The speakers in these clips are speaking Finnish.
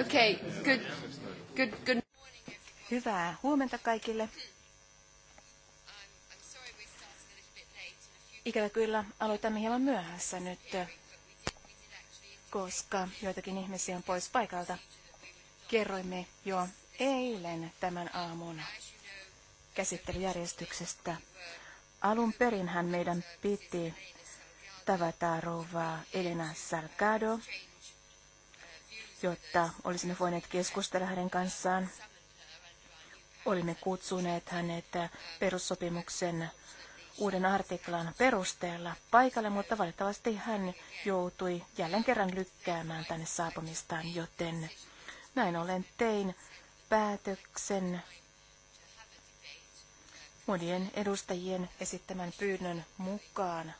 Okay, good, good, good. Hyvää huomenta kaikille. Ikävä kyllä aloitamme hieman myöhässä nyt, koska joitakin ihmisiä on pois paikalta. Kerroimme jo eilen tämän aamun käsittelyjärjestyksestä. Alun perinhän meidän piti tavata rouva Elena Salgado jotta olisimme voineet keskustella hänen kanssaan. Olimme kutsuneet hänet perussopimuksen uuden artiklan perusteella paikalle, mutta valitettavasti hän joutui jälleen kerran lykkäämään tänne saapumistaan, joten näin ollen tein päätöksen monien edustajien esittämän pyynnön mukaan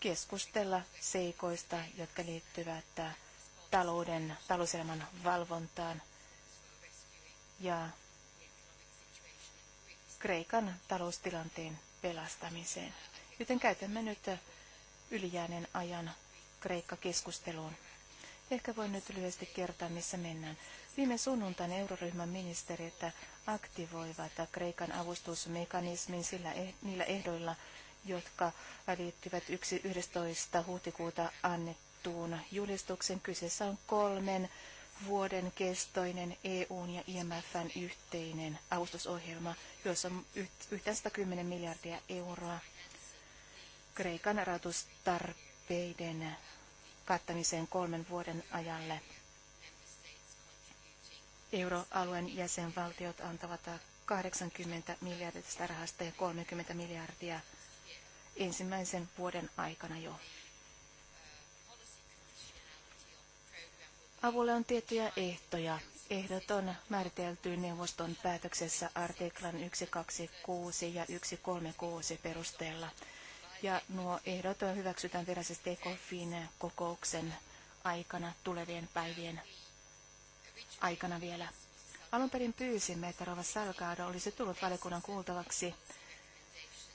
keskustella seikoista, jotka liittyvät talouden, talouselämän valvontaan ja Kreikan taloustilanteen pelastamiseen. Joten käytämme nyt ylijääneen ajan Kreikka-keskusteluun. Ehkä voin nyt lyhyesti kertoa, missä mennään. Viime sunnuntain euroryhmän ministerit aktivoivat Kreikan avustusmekanismin sillä, eh-, niillä ehdoilla, jotka liittyvät 11. huhtikuuta annettuun annettuun julistuksen. Kyseessä on kolmen vuoden kestoinen EUn ja IMFn yhteinen avustusohjelma, jossa on yhteensä 110 miljardia euroa Kreikan rahoitustarpeiden kattamiseen kolmen vuoden ajalle. Euroalueen jäsenvaltiot antavat 80 miljardia tästä rahasta ja 30 miljardia ensimmäisen vuoden aikana jo. Avulle on tiettyjä ehtoja. Ehdot on määritelty neuvoston päätöksessä artiklan 126 ja 136 perusteella. Ja nuo ehdot hyväksytään virallisesti ECOFIN kokouksen aikana tulevien päivien aikana vielä. Alun perin pyysimme, että Rova Salgado olisi tullut valiokunnan kuultavaksi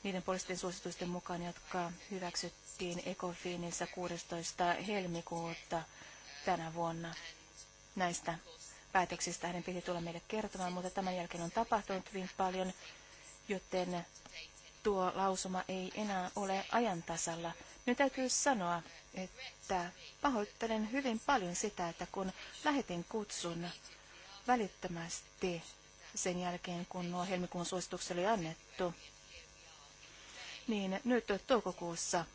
niiden poliittisten suositusten mukaan, jotka hyväksyttiin ECOFINissa 16. helmikuuta tänä vuonna. Näistä päätöksistä hänen piti tulla meille kertomaan, mutta tämän jälkeen on tapahtunut hyvin paljon, joten tuo lausuma ei enää ole ajan tasalla. Nyt täytyy sanoa, että pahoittelen hyvin paljon sitä, että kun lähetin kutsun välittömästi sen jälkeen, kun nuo helmikuun suositukset oli annettu, niin nyt toukokuussa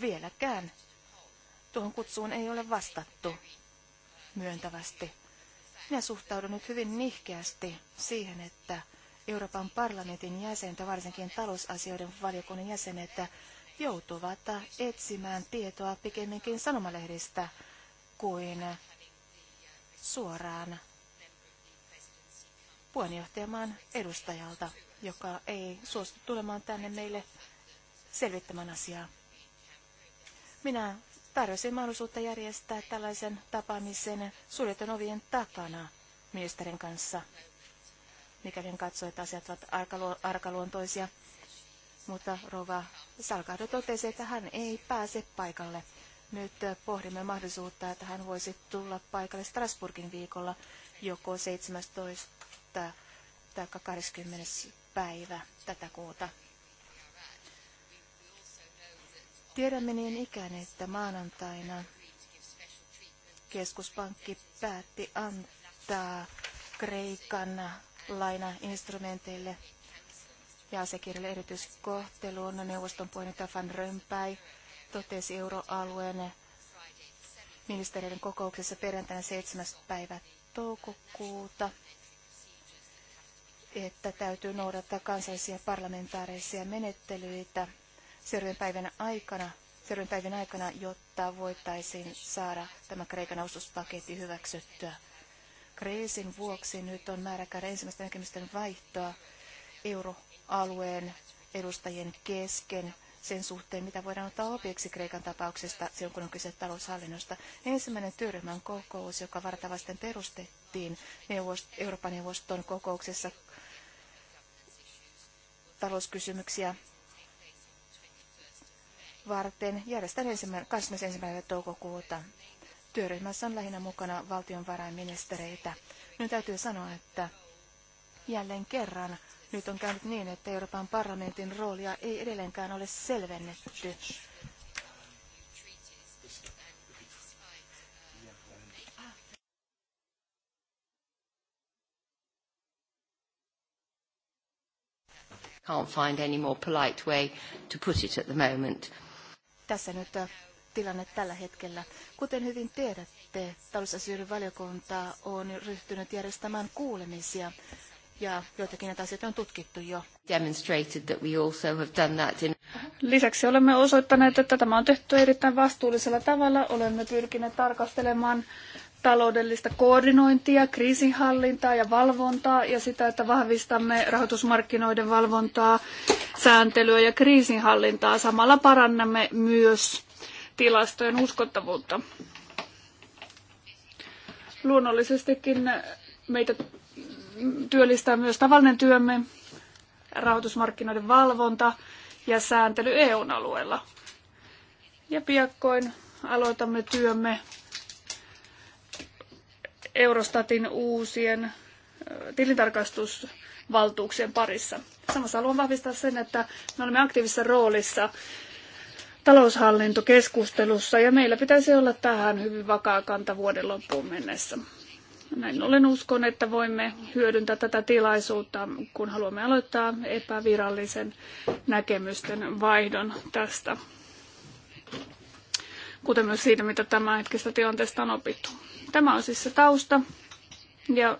vieläkään Tuohon kutsuun ei ole vastattu myöntävästi. Minä suhtaudun nyt hyvin nihkeästi siihen, että Euroopan parlamentin jäsentä, varsinkin talousasioiden valiokunnan jäsenet, joutuvat etsimään tietoa pikemminkin sanomalehdistä kuin suoraan puheenjohtajamaan edustajalta, joka ei suostu tulemaan tänne meille selvittämään asiaa. Minä tarjosi mahdollisuutta järjestää tällaisen tapaamisen suljetun ovien takana ministerin kanssa, mikäli hän katsoi, että asiat ovat arkaluontoisia. Mutta Rova Salkahdo totesi, että hän ei pääse paikalle. Nyt pohdimme mahdollisuutta, että hän voisi tulla paikalle Strasburgin viikolla joko 17. tai 20. päivä tätä kuuta. Tiedämme niin ikään, että maanantaina keskuspankki päätti antaa Kreikan lainainstrumenteille ja asiakirjalle erityiskohteluun. Neuvoston puheenjohtaja Van Römpäi totesi euroalueen ministeriöiden kokouksessa perjantaina 7. päivä toukokuuta, että täytyy noudattaa kansallisia parlamentaarisia menettelyitä – seuraavien päivän aikana, seuraavien päivän aikana, jotta voitaisiin saada tämä Kreikan avustuspaketti hyväksyttyä. Kriisin vuoksi nyt on määrä käydä ensimmäisten näkemysten vaihtoa euroalueen edustajien kesken sen suhteen, mitä voidaan ottaa opiksi Kreikan tapauksesta silloin, kun on kyse taloushallinnosta. Ensimmäinen työryhmän kokous, joka vartavasten perustettiin neuvost- Euroopan neuvoston kokouksessa talouskysymyksiä varten järjestetään 21. toukokuuta. Työryhmässä on lähinnä mukana valtionvarainministereitä. Nyt täytyy sanoa, että jälleen kerran nyt on käynyt niin, että Euroopan parlamentin roolia ei edelleenkään ole selvennetty. can't find any more polite way to put it at the moment. Tässä nyt äh, tilanne tällä hetkellä. Kuten hyvin tiedätte, talousasioiden valiokunta on ryhtynyt järjestämään kuulemisia ja joitakin näitä asioita on tutkittu jo. Lisäksi olemme osoittaneet, että tämä on tehty erittäin vastuullisella tavalla. Olemme pyrkineet tarkastelemaan taloudellista koordinointia, kriisinhallintaa ja valvontaa ja sitä, että vahvistamme rahoitusmarkkinoiden valvontaa sääntelyä ja kriisinhallintaa. Samalla parannamme myös tilastojen uskottavuutta. Luonnollisestikin meitä työllistää myös tavallinen työmme, rahoitusmarkkinoiden valvonta ja sääntely eu alueella. Ja piakkoin aloitamme työmme Eurostatin uusien tilintarkastus- valtuuksien parissa. Samassa haluan vahvistaa sen, että me olemme aktiivisessa roolissa taloushallintokeskustelussa ja meillä pitäisi olla tähän hyvin vakaa kanta vuoden loppuun mennessä. Näin olen uskon, että voimme hyödyntää tätä tilaisuutta, kun haluamme aloittaa epävirallisen näkemysten vaihdon tästä, kuten myös siitä, mitä tämä hetkistä tilanteesta on opittu. Tämä on siis se tausta ja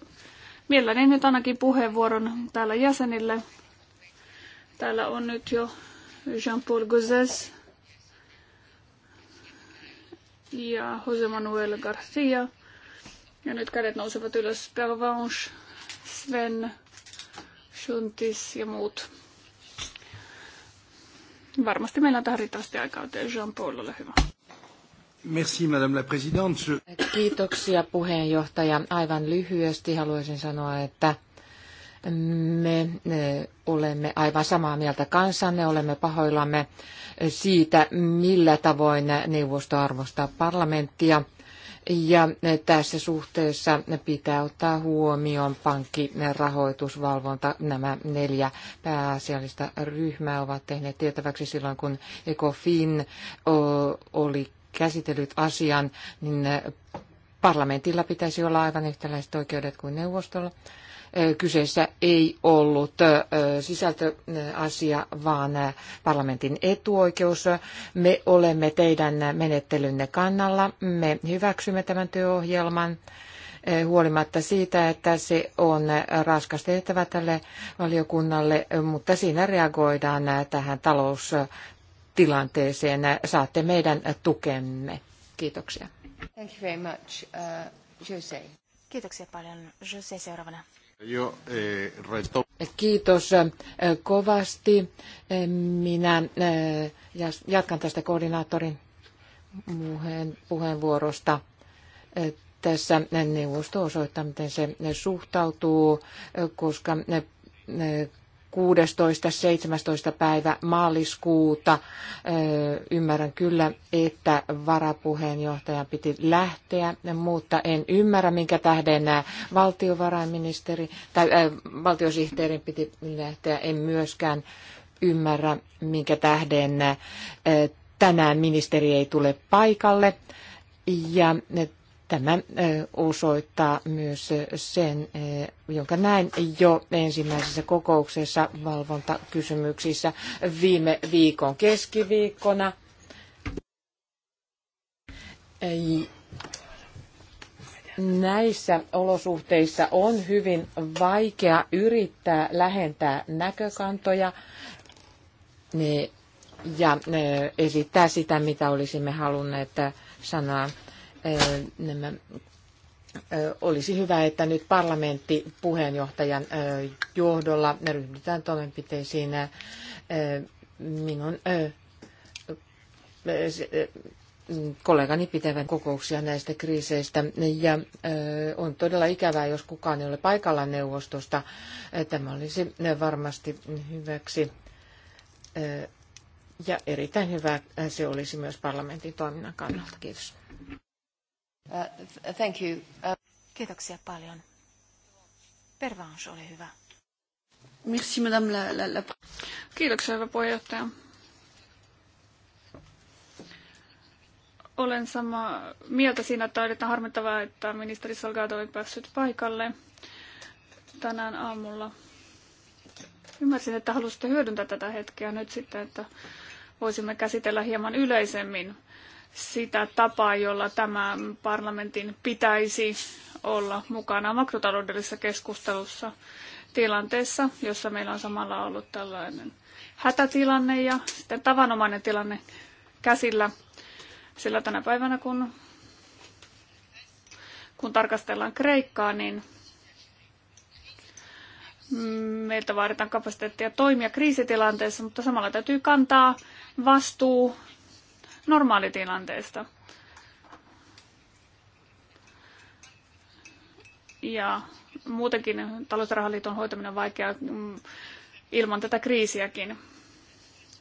Mielelläni nyt ainakin puheenvuoron täällä jäsenille. Täällä on nyt jo Jean-Paul Gouzès ja Jose Manuel Garcia. Ja nyt kädet nousevat ylös. Pervanche, Sven, Shuntis ja muut. Varmasti meillä on tähän riittävästi aikaa, joten Jean-Paul, ole hyvä. Merci, Madame la Présidente. Kiitoksia puheenjohtaja. Aivan lyhyesti haluaisin sanoa, että me olemme aivan samaa mieltä kanssanne, olemme pahoillamme siitä, millä tavoin neuvosto arvostaa parlamenttia. Ja tässä suhteessa pitää ottaa huomioon pankki, rahoitusvalvonta. Nämä neljä pääasiallista ryhmää ovat tehneet tietäväksi silloin, kun ECOFIN oli käsitellyt asian, niin eh, parlamentilla pitäisi olla aivan yhtäläiset oikeudet kuin neuvostolla. Eh, kyseessä ei ollut eh, sisältöasia, vaan parlamentin etuoikeus. Me olemme teidän menettelynne kannalla. Me hyväksymme tämän työohjelman huolimatta siitä, että se on raskas tehtävä tälle valiokunnalle, mutta siinä reagoidaan tähän talous- tilanteeseen. Saatte meidän tukemme. Kiitoksia. Thank you very much, uh, Jose. Kiitoksia paljon. Jose seuraavana. Eh, Kiitos eh, kovasti. Eh, minä jatkan tästä koordinaattorin puheenvuorosta. Tässä neuvosto osoittaa, miten se suhtautuu, koska 16.17. päivä maaliskuuta. Ymmärrän kyllä, että varapuheenjohtajan piti lähteä, mutta en ymmärrä, minkä tähden äh, valtiovarainministeri tai äh, valtiosihteerin piti lähteä. En myöskään ymmärrä, minkä tähden äh, tänään ministeri ei tule paikalle. Ja Tämä osoittaa myös sen, jonka näin jo ensimmäisessä kokouksessa valvontakysymyksissä viime viikon keskiviikkona. Näissä olosuhteissa on hyvin vaikea yrittää lähentää näkökantoja ja esittää sitä, mitä olisimme halunneet sanoa nämä olisi hyvä, että nyt parlamentti puheenjohtajan johdolla ryhdytään toimenpiteisiin. Minun kollegani pitävän kokouksia näistä kriiseistä. Ja on todella ikävää, jos kukaan ei ole paikalla neuvostosta. Tämä olisi varmasti hyväksi ja erittäin hyvä se olisi myös parlamentin toiminnan kannalta. Kiitos. Uh, thank you. Uh, Kiitoksia paljon. Pervanche, ole hyvä. Merci, madame la, la, la... Kiitoksia, hyvä puheenjohtaja. Olen samaa mieltä siinä, että on harmittavaa, että ministeri Salgado ei päässyt paikalle tänään aamulla. Ymmärsin, että halusitte hyödyntää tätä hetkeä nyt sitten, että voisimme käsitellä hieman yleisemmin sitä tapaa, jolla tämä parlamentin pitäisi olla mukana makrotaloudellisessa keskustelussa tilanteessa, jossa meillä on samalla ollut tällainen hätätilanne ja sitten tavanomainen tilanne käsillä. Sillä tänä päivänä, kun, kun tarkastellaan Kreikkaa, niin meiltä vaaditaan kapasiteettia toimia kriisitilanteessa, mutta samalla täytyy kantaa vastuu normaalitilanteesta. Ja muutenkin talous- ja rahaliiton hoitaminen on vaikeaa mm, ilman tätä kriisiäkin.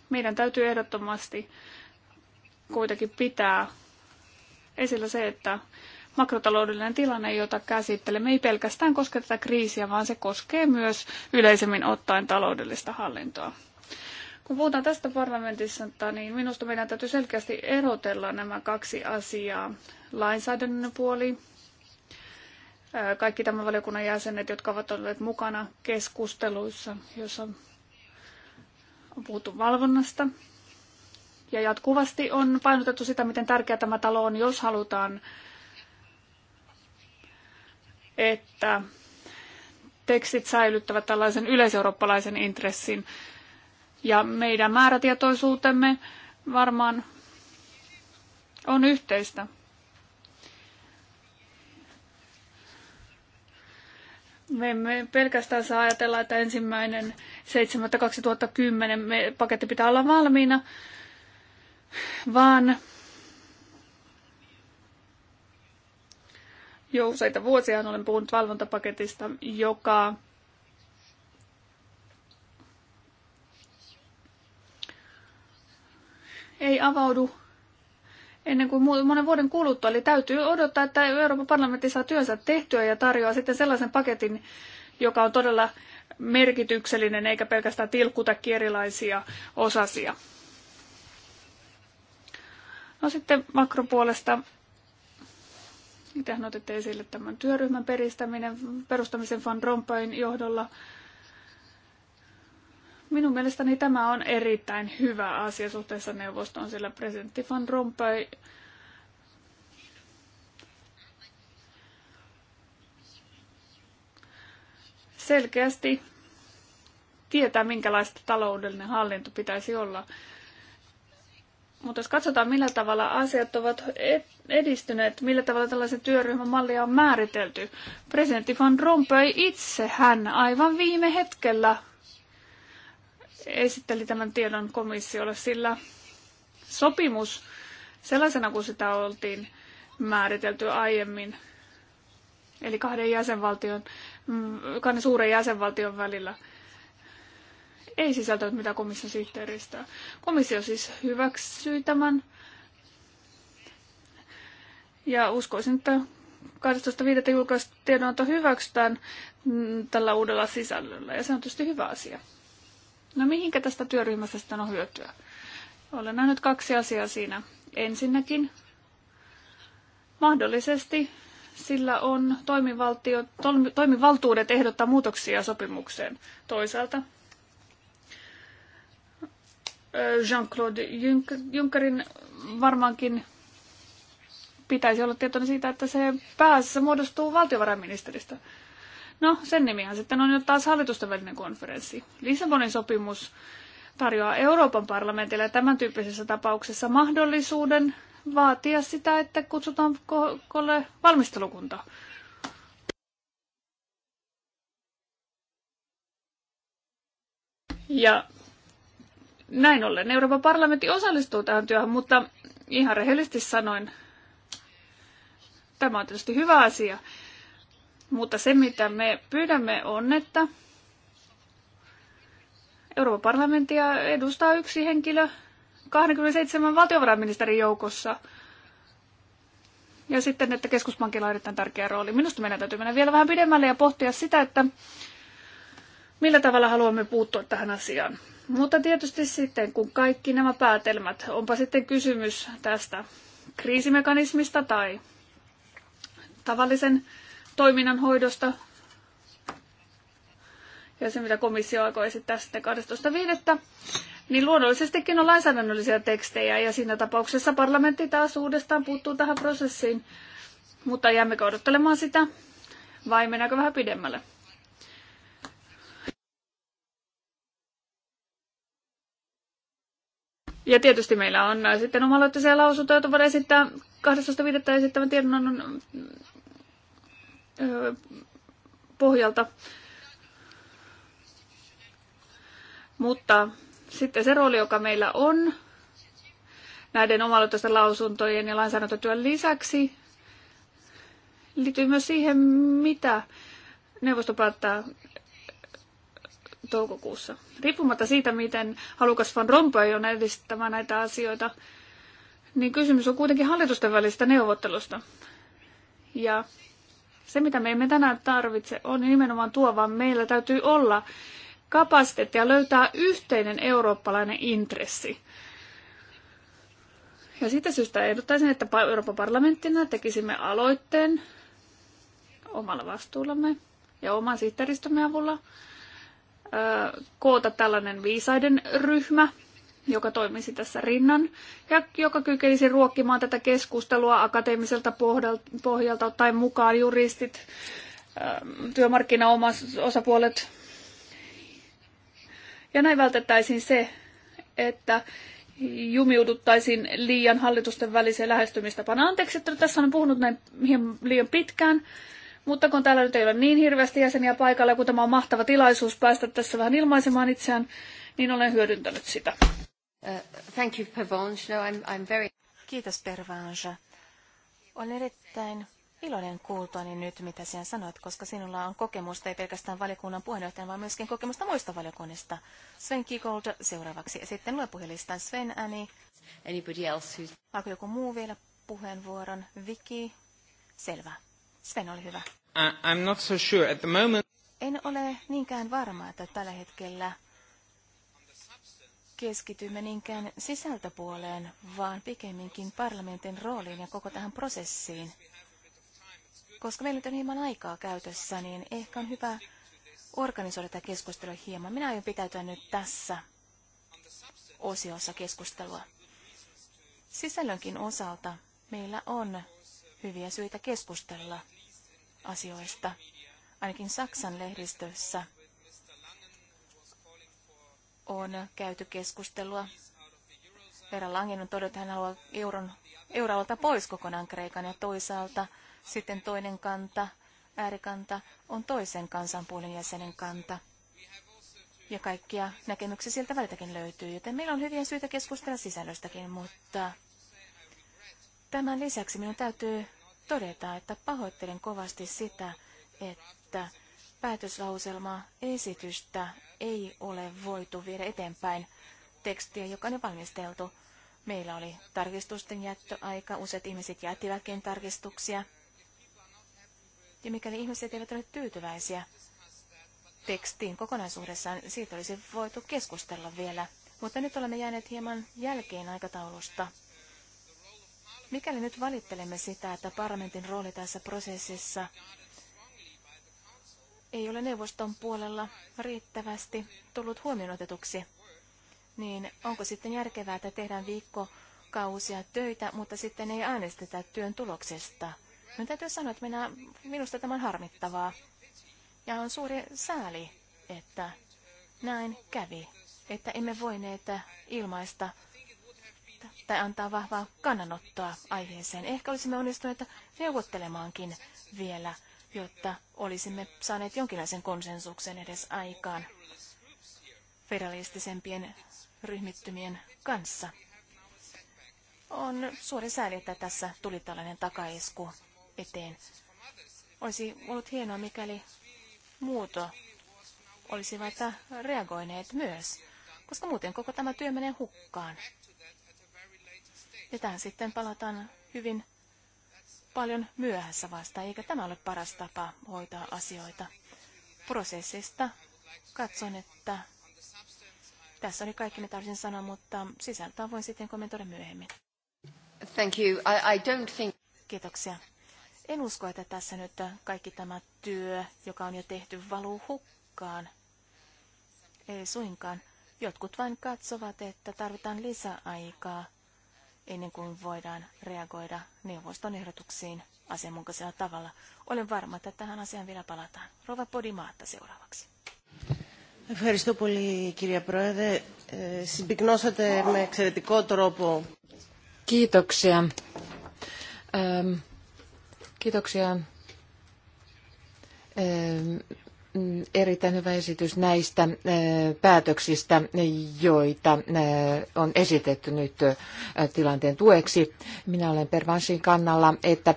Meidän täytyy ehdottomasti kuitenkin pitää esillä se, että makrotaloudellinen tilanne, jota käsittelemme, ei pelkästään koske tätä kriisiä, vaan se koskee myös yleisemmin ottaen taloudellista hallintoa. Kun puhutaan tästä parlamentissa, niin minusta meidän täytyy selkeästi erotella nämä kaksi asiaa. Lainsäädännön puoli, kaikki tämän valiokunnan jäsenet, jotka ovat olleet mukana keskusteluissa, jossa on puhuttu valvonnasta. Ja jatkuvasti on painotettu sitä, miten tärkeä tämä talo on, jos halutaan, että tekstit säilyttävät tällaisen yleiseurooppalaisen intressin ja meidän määrätietoisuutemme varmaan on yhteistä. Me emme pelkästään saa ajatella, että ensimmäinen 7.2010 paketti pitää olla valmiina, vaan jo useita vuosia olen puhunut valvontapaketista, joka ei avaudu ennen kuin monen vuoden kuluttua. Eli täytyy odottaa, että Euroopan parlamentti saa työnsä tehtyä ja tarjoaa sitten sellaisen paketin, joka on todella merkityksellinen eikä pelkästään tilkuta erilaisia osasia. No sitten makropuolesta. Mitähän otette esille tämän työryhmän peristäminen, perustamisen Van Rompuyn johdolla? Minun mielestäni tämä on erittäin hyvä asia suhteessa neuvostoon, sillä presidentti Van Rompuy selkeästi tietää, minkälaista taloudellinen hallinto pitäisi olla. Mutta jos katsotaan, millä tavalla asiat ovat edistyneet, millä tavalla tällaisen työryhmän mallia on määritelty, presidentti Van Rompuy itse hän aivan viime hetkellä esitteli tämän tiedon komissiolle, sillä sopimus sellaisena kuin sitä oltiin määritelty aiemmin, eli kahden jäsenvaltion, mm, kahden suuren jäsenvaltion välillä, ei sisältänyt mitä komission sihteeristä. Komissio siis hyväksyi tämän. Ja uskoisin, että 12.5. julkaistu tiedonanto hyväksytään mm, tällä uudella sisällöllä, ja se on tietysti hyvä asia. No mihinkä tästä työryhmästä sitten on hyötyä? Olen nähnyt kaksi asiaa siinä. Ensinnäkin mahdollisesti sillä on toimivaltuudet ehdottaa muutoksia sopimukseen. Toisaalta Jean-Claude Junckerin varmaankin pitäisi olla tietoinen siitä, että se päässä muodostuu valtiovarainministeristä. No, sen nimihan sitten on jo taas hallitusten välinen konferenssi. Lissabonin sopimus tarjoaa Euroopan parlamentille tämän tyyppisessä tapauksessa mahdollisuuden vaatia sitä, että kutsutaan kolle valmistelukunta. Ja näin ollen Euroopan parlamentti osallistuu tähän työhön, mutta ihan rehellisesti sanoen, tämä on tietysti hyvä asia. Mutta se, mitä me pyydämme, on, että Euroopan parlamenttia edustaa yksi henkilö 27 valtiovarainministerin joukossa. Ja sitten, että keskuspankilla on erittäin tärkeä rooli. Minusta meidän täytyy mennä vielä vähän pidemmälle ja pohtia sitä, että millä tavalla haluamme puuttua tähän asiaan. Mutta tietysti sitten, kun kaikki nämä päätelmät, onpa sitten kysymys tästä kriisimekanismista tai tavallisen toiminnan hoidosta. Ja se, mitä komissio aikoo esittää sitten 12.5. Niin luonnollisestikin on lainsäädännöllisiä tekstejä ja siinä tapauksessa parlamentti taas uudestaan puuttuu tähän prosessiin. Mutta jäämme odottelemaan sitä vai mennäänkö vähän pidemmälle? Ja tietysti meillä on sitten omaloitteisia lausuntoja, joita voidaan esittää 12.5. esittävän tiedonannon pohjalta. Mutta sitten se rooli, joka meillä on näiden omaloitosten lausuntojen ja lainsäädäntötyön lisäksi, liittyy myös siihen, mitä neuvosto päättää toukokuussa. Riippumatta siitä, miten halukas Van Rompuy on edistämään näitä asioita, niin kysymys on kuitenkin hallitusten välistä neuvottelusta. Ja se, mitä me emme tänään tarvitse, on nimenomaan tuo, vaan meillä täytyy olla ja löytää yhteinen eurooppalainen intressi. Ja siitä syystä ehdottaisin, että Euroopan parlamenttina tekisimme aloitteen omalla vastuullamme ja oman sihteeristömme avulla koota tällainen viisaiden ryhmä, joka toimisi tässä rinnan ja joka kykenisi ruokkimaan tätä keskustelua akateemiselta pohjalta tai mukaan juristit, ähm, työmarkkinaosapuolet. Ja näin vältettäisiin se, että jumiuduttaisiin liian hallitusten väliseen lähestymistapaan. Anteeksi, että tässä on puhunut näin liian pitkään, mutta kun täällä nyt ei ole niin hirveästi jäseniä paikalla, kun tämä on mahtava tilaisuus päästä tässä vähän ilmaisemaan itseään, niin olen hyödyntänyt sitä. Uh, thank you, No, I'm, I'm very... Kiitos, Pervanche. Olen erittäin iloinen kuultuani nyt, mitä sinä sanoit, koska sinulla on kokemusta ei pelkästään valiokunnan puheenjohtajan, vaan myöskin kokemusta muista valiokunnista. Sven Kikold seuraavaksi ja sitten luo puhelistaan Sven Ani. Anybody else joku muu vielä puheenvuoron? Viki? Selvä. Sven, oli hyvä. I, I'm not so sure at the moment. En ole niinkään varma, että tällä hetkellä keskitymme niinkään sisältöpuoleen, vaan pikemminkin parlamentin rooliin ja koko tähän prosessiin. Koska meillä on hieman aikaa käytössä, niin ehkä on hyvä organisoida tätä keskustelua hieman. Minä aion pitäytyä nyt tässä osiossa keskustelua. Sisällönkin osalta meillä on hyviä syitä keskustella asioista, ainakin Saksan lehdistössä – on käyty keskustelua. Vera Langen on todettu, että hän haluaa euron, euroalta pois kokonaan Kreikan ja toisaalta sitten toinen kanta, äärikanta, on toisen kansanpuolen jäsenen kanta. Ja kaikkia näkemyksiä sieltä väliltäkin löytyy, joten meillä on hyviä syitä keskustella sisällöstäkin, mutta tämän lisäksi minun täytyy todeta, että pahoittelen kovasti sitä, että päätöslauselmaa esitystä ei ole voitu viedä eteenpäin tekstiä, joka on jo valmisteltu. Meillä oli tarkistusten jättöaika, useat ihmiset jättivätkin tarkistuksia. Ja mikäli ihmiset eivät ole tyytyväisiä tekstiin kokonaisuudessaan, siitä olisi voitu keskustella vielä. Mutta nyt olemme jääneet hieman jälkeen aikataulusta. Mikäli nyt valittelemme sitä, että parlamentin rooli tässä prosessissa ei ole neuvoston puolella riittävästi tullut huomioon otetuksi, niin onko sitten järkevää, että tehdään viikkokausia töitä, mutta sitten ei äänestetä työn tuloksesta? Minun täytyy sanoa, että minä, minusta tämä on harmittavaa. Ja on suuri sääli, että näin kävi, että emme voineet ilmaista tai antaa vahvaa kannanottoa aiheeseen. Ehkä olisimme onnistuneet neuvottelemaankin vielä jotta olisimme saaneet jonkinlaisen konsensuksen edes aikaan federalistisempien ryhmittymien kanssa. On suuri sääli, että tässä tuli tällainen takaisku eteen. Olisi ollut hienoa, mikäli muuto olisivat reagoineet myös, koska muuten koko tämä työ menee hukkaan. Ja tähän sitten palataan hyvin paljon myöhässä vasta, eikä tämä ole paras tapa hoitaa asioita. Prosessista katson, että tässä oli kaikki, mitä olisin sanoa, mutta sisältöä voin sitten kommentoida myöhemmin. Thank you. I, I don't think... Kiitoksia. En usko, että tässä nyt kaikki tämä työ, joka on jo tehty, valuu hukkaan. Ei suinkaan. Jotkut vain katsovat, että tarvitaan lisäaikaa ennen kuin voidaan reagoida neuvoston ehdotuksiin asianmukaisella tavalla. Olen varma, että tähän asiaan vielä palataan. Rova Podimaatta seuraavaksi. Ευχαριστώ πολύ Mm, erittäin hyvä esitys näistä äh, päätöksistä, joita äh, on esitetty nyt äh, tilanteen tueksi. Minä olen Pervansin kannalla, että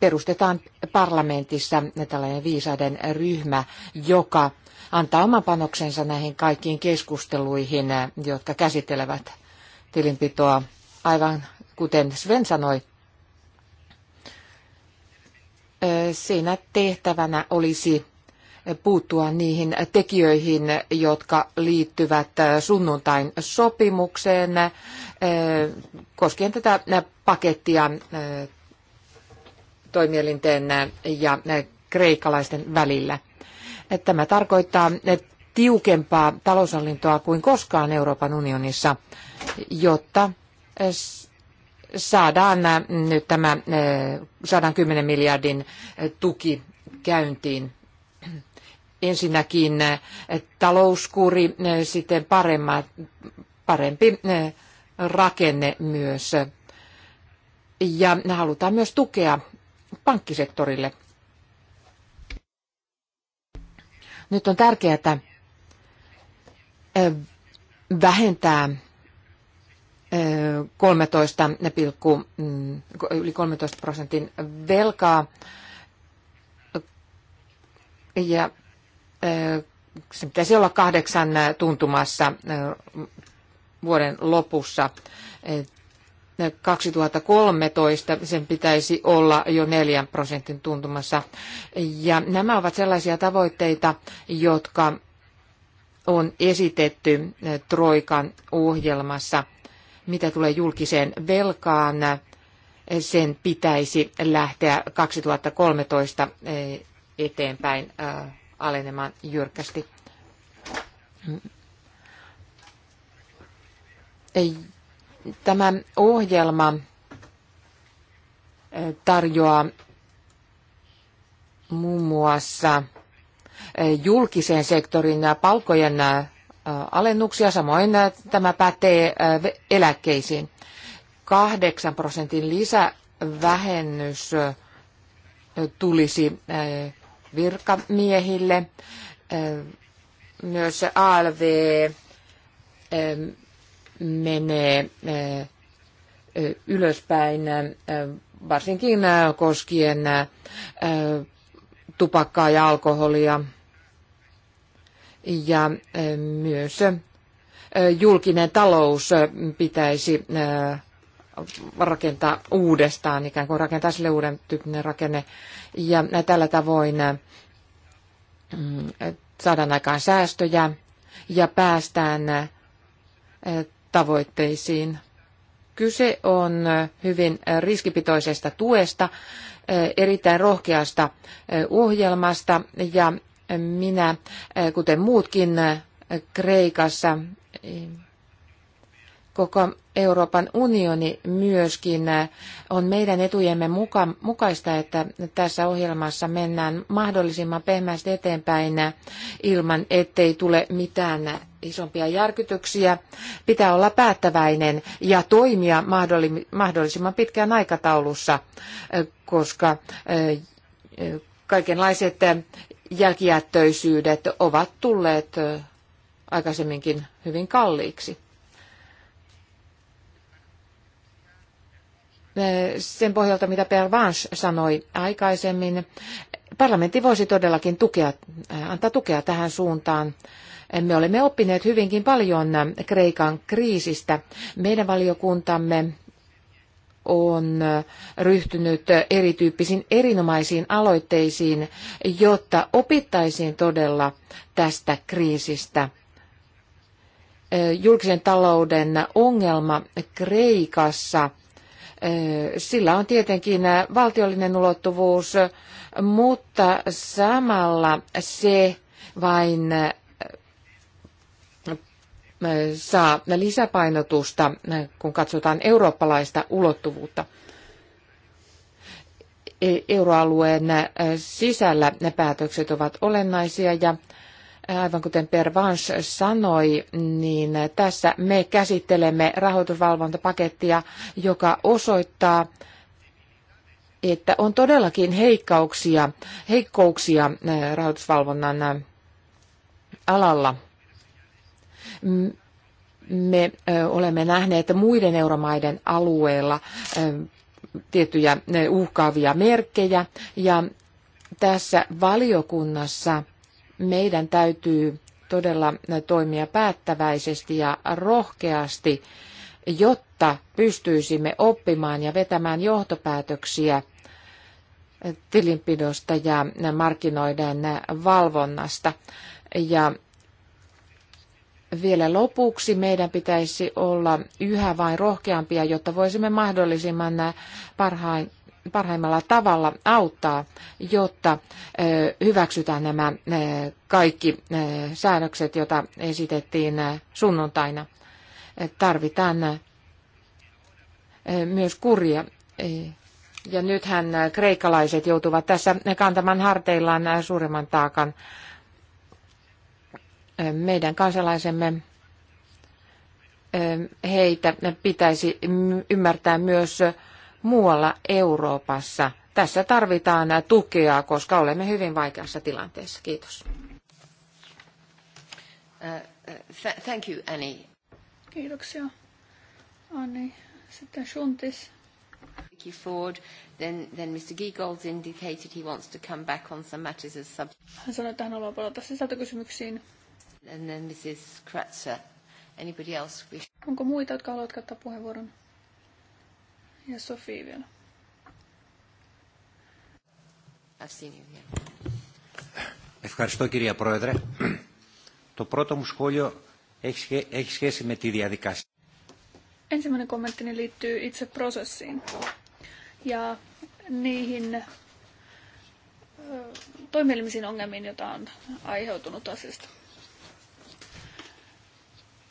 perustetaan parlamentissa tällainen viisaiden ryhmä, joka antaa oman panoksensa näihin kaikkiin keskusteluihin, jotka käsittelevät tilinpitoa. Aivan kuten Sven sanoi, Siinä tehtävänä olisi puuttua niihin tekijöihin, jotka liittyvät sunnuntain sopimukseen eh, koskien tätä pakettia eh, toimielinten ja kreikalaisten välillä. Tämä tarkoittaa tiukempaa taloushallintoa kuin koskaan Euroopan unionissa, jotta saadaan äh, nyt tämä 110 äh, miljardin äh, tuki käyntiin. Ensinnäkin talouskuri, sitten paremmat, parempi rakenne myös. Ja halutaan myös tukea pankkisektorille. Nyt on tärkeää vähentää 13, mm, yli 13 prosentin velkaa. Ja äh, se pitäisi olla kahdeksan tuntumassa äh, vuoden lopussa. 2013 äh, sen pitäisi olla jo neljän prosentin tuntumassa. Ja nämä ovat sellaisia tavoitteita, jotka on esitetty Troikan ohjelmassa – mitä tulee julkiseen velkaan, sen pitäisi lähteä 2013 eh, eteenpäin eh, alenemaan jyrkästi. Tämä ohjelma eh, tarjoaa muun muassa julkisen sektorin palkojen alennuksia, samoin äh, tämä pätee äh, eläkkeisiin. 8 prosentin lisävähennys äh, tulisi virkamiehille. Myös ALV menee ylöspäin, varsinkin koskien tupakkaa ja alkoholia ja myös julkinen talous pitäisi rakentaa uudestaan, ikään kuin rakentaa sille uuden tyyppinen rakenne. Ja tällä tavoin saadaan aikaan säästöjä ja päästään tavoitteisiin. Kyse on hyvin riskipitoisesta tuesta, erittäin rohkeasta ohjelmasta ja minä, eh, kuten muutkin eh, Kreikassa, eh, koko Euroopan unioni myöskin on meidän etujemme muka, mukaista, että tässä ohjelmassa mennään mahdollisimman pehmeästi eteenpäin ilman, ettei tule mitään isompia järkytyksiä. Pitää olla päättäväinen ja toimia mahdollisimman pitkään aikataulussa, koska kaikenlaiset jälkijättöisyydet ovat tulleet aikaisemminkin hyvin kalliiksi. Sen pohjalta, mitä Pervanche sanoi aikaisemmin, parlamentti voisi todellakin tukea, antaa tukea tähän suuntaan. Me olemme oppineet hyvinkin paljon Kreikan kriisistä. Meidän valiokuntamme on ryhtynyt erityyppisiin erinomaisiin aloitteisiin, jotta opittaisiin todella tästä kriisistä. Julkisen talouden ongelma Kreikassa, sillä on tietenkin valtiollinen ulottuvuus, mutta samalla se vain saa lisäpainotusta, kun katsotaan eurooppalaista ulottuvuutta. E- euroalueen sisällä ne päätökset ovat olennaisia ja aivan kuten Pervans sanoi, niin tässä me käsittelemme rahoitusvalvontapakettia, joka osoittaa, että on todellakin heikkouksia, heikkouksia rahoitusvalvonnan alalla – me olemme nähneet muiden euromaiden alueella tiettyjä uhkaavia merkkejä ja tässä valiokunnassa meidän täytyy todella toimia päättäväisesti ja rohkeasti, jotta pystyisimme oppimaan ja vetämään johtopäätöksiä tilinpidosta ja markkinoiden valvonnasta. Ja vielä lopuksi meidän pitäisi olla yhä vain rohkeampia, jotta voisimme mahdollisimman äh, parhain, parhaimmalla tavalla auttaa, jotta äh, hyväksytään nämä äh, kaikki säädökset, joita esitettiin sunnuntaina. Tarvitaan myös kuria. Ja nythän kreikalaiset joutuvat tässä kantamaan harteillaan suuremman taakan meidän kansalaisemme heitä pitäisi ymmärtää myös muualla Euroopassa. Tässä tarvitaan tukea, koska olemme hyvin vaikeassa tilanteessa. Kiitos. Uh, uh, thank you, Annie. Kiitoksia, Annie Sitten Shuntis. you Ford, then, then Mr. Giegold indicated he wants to come back on some matters as sub... Hän sanoi, että hän haluaa palata sisältökysymyksiin. And then Mrs. Kratzer. Anybody else wish? Onko muita, jotka haluavat käyttää puheenvuoron? Ja Sophie vielä. Ευχαριστώ κυρία Πρόεδρε. Το πρώτο μου σχόλιο έχει σχέση με τη διαδικασία. Ensimmäinen kommenttini liittyy itse prosessiin ja niihin toimielimisiin ongelmiin, joita on aiheutunut asiasta.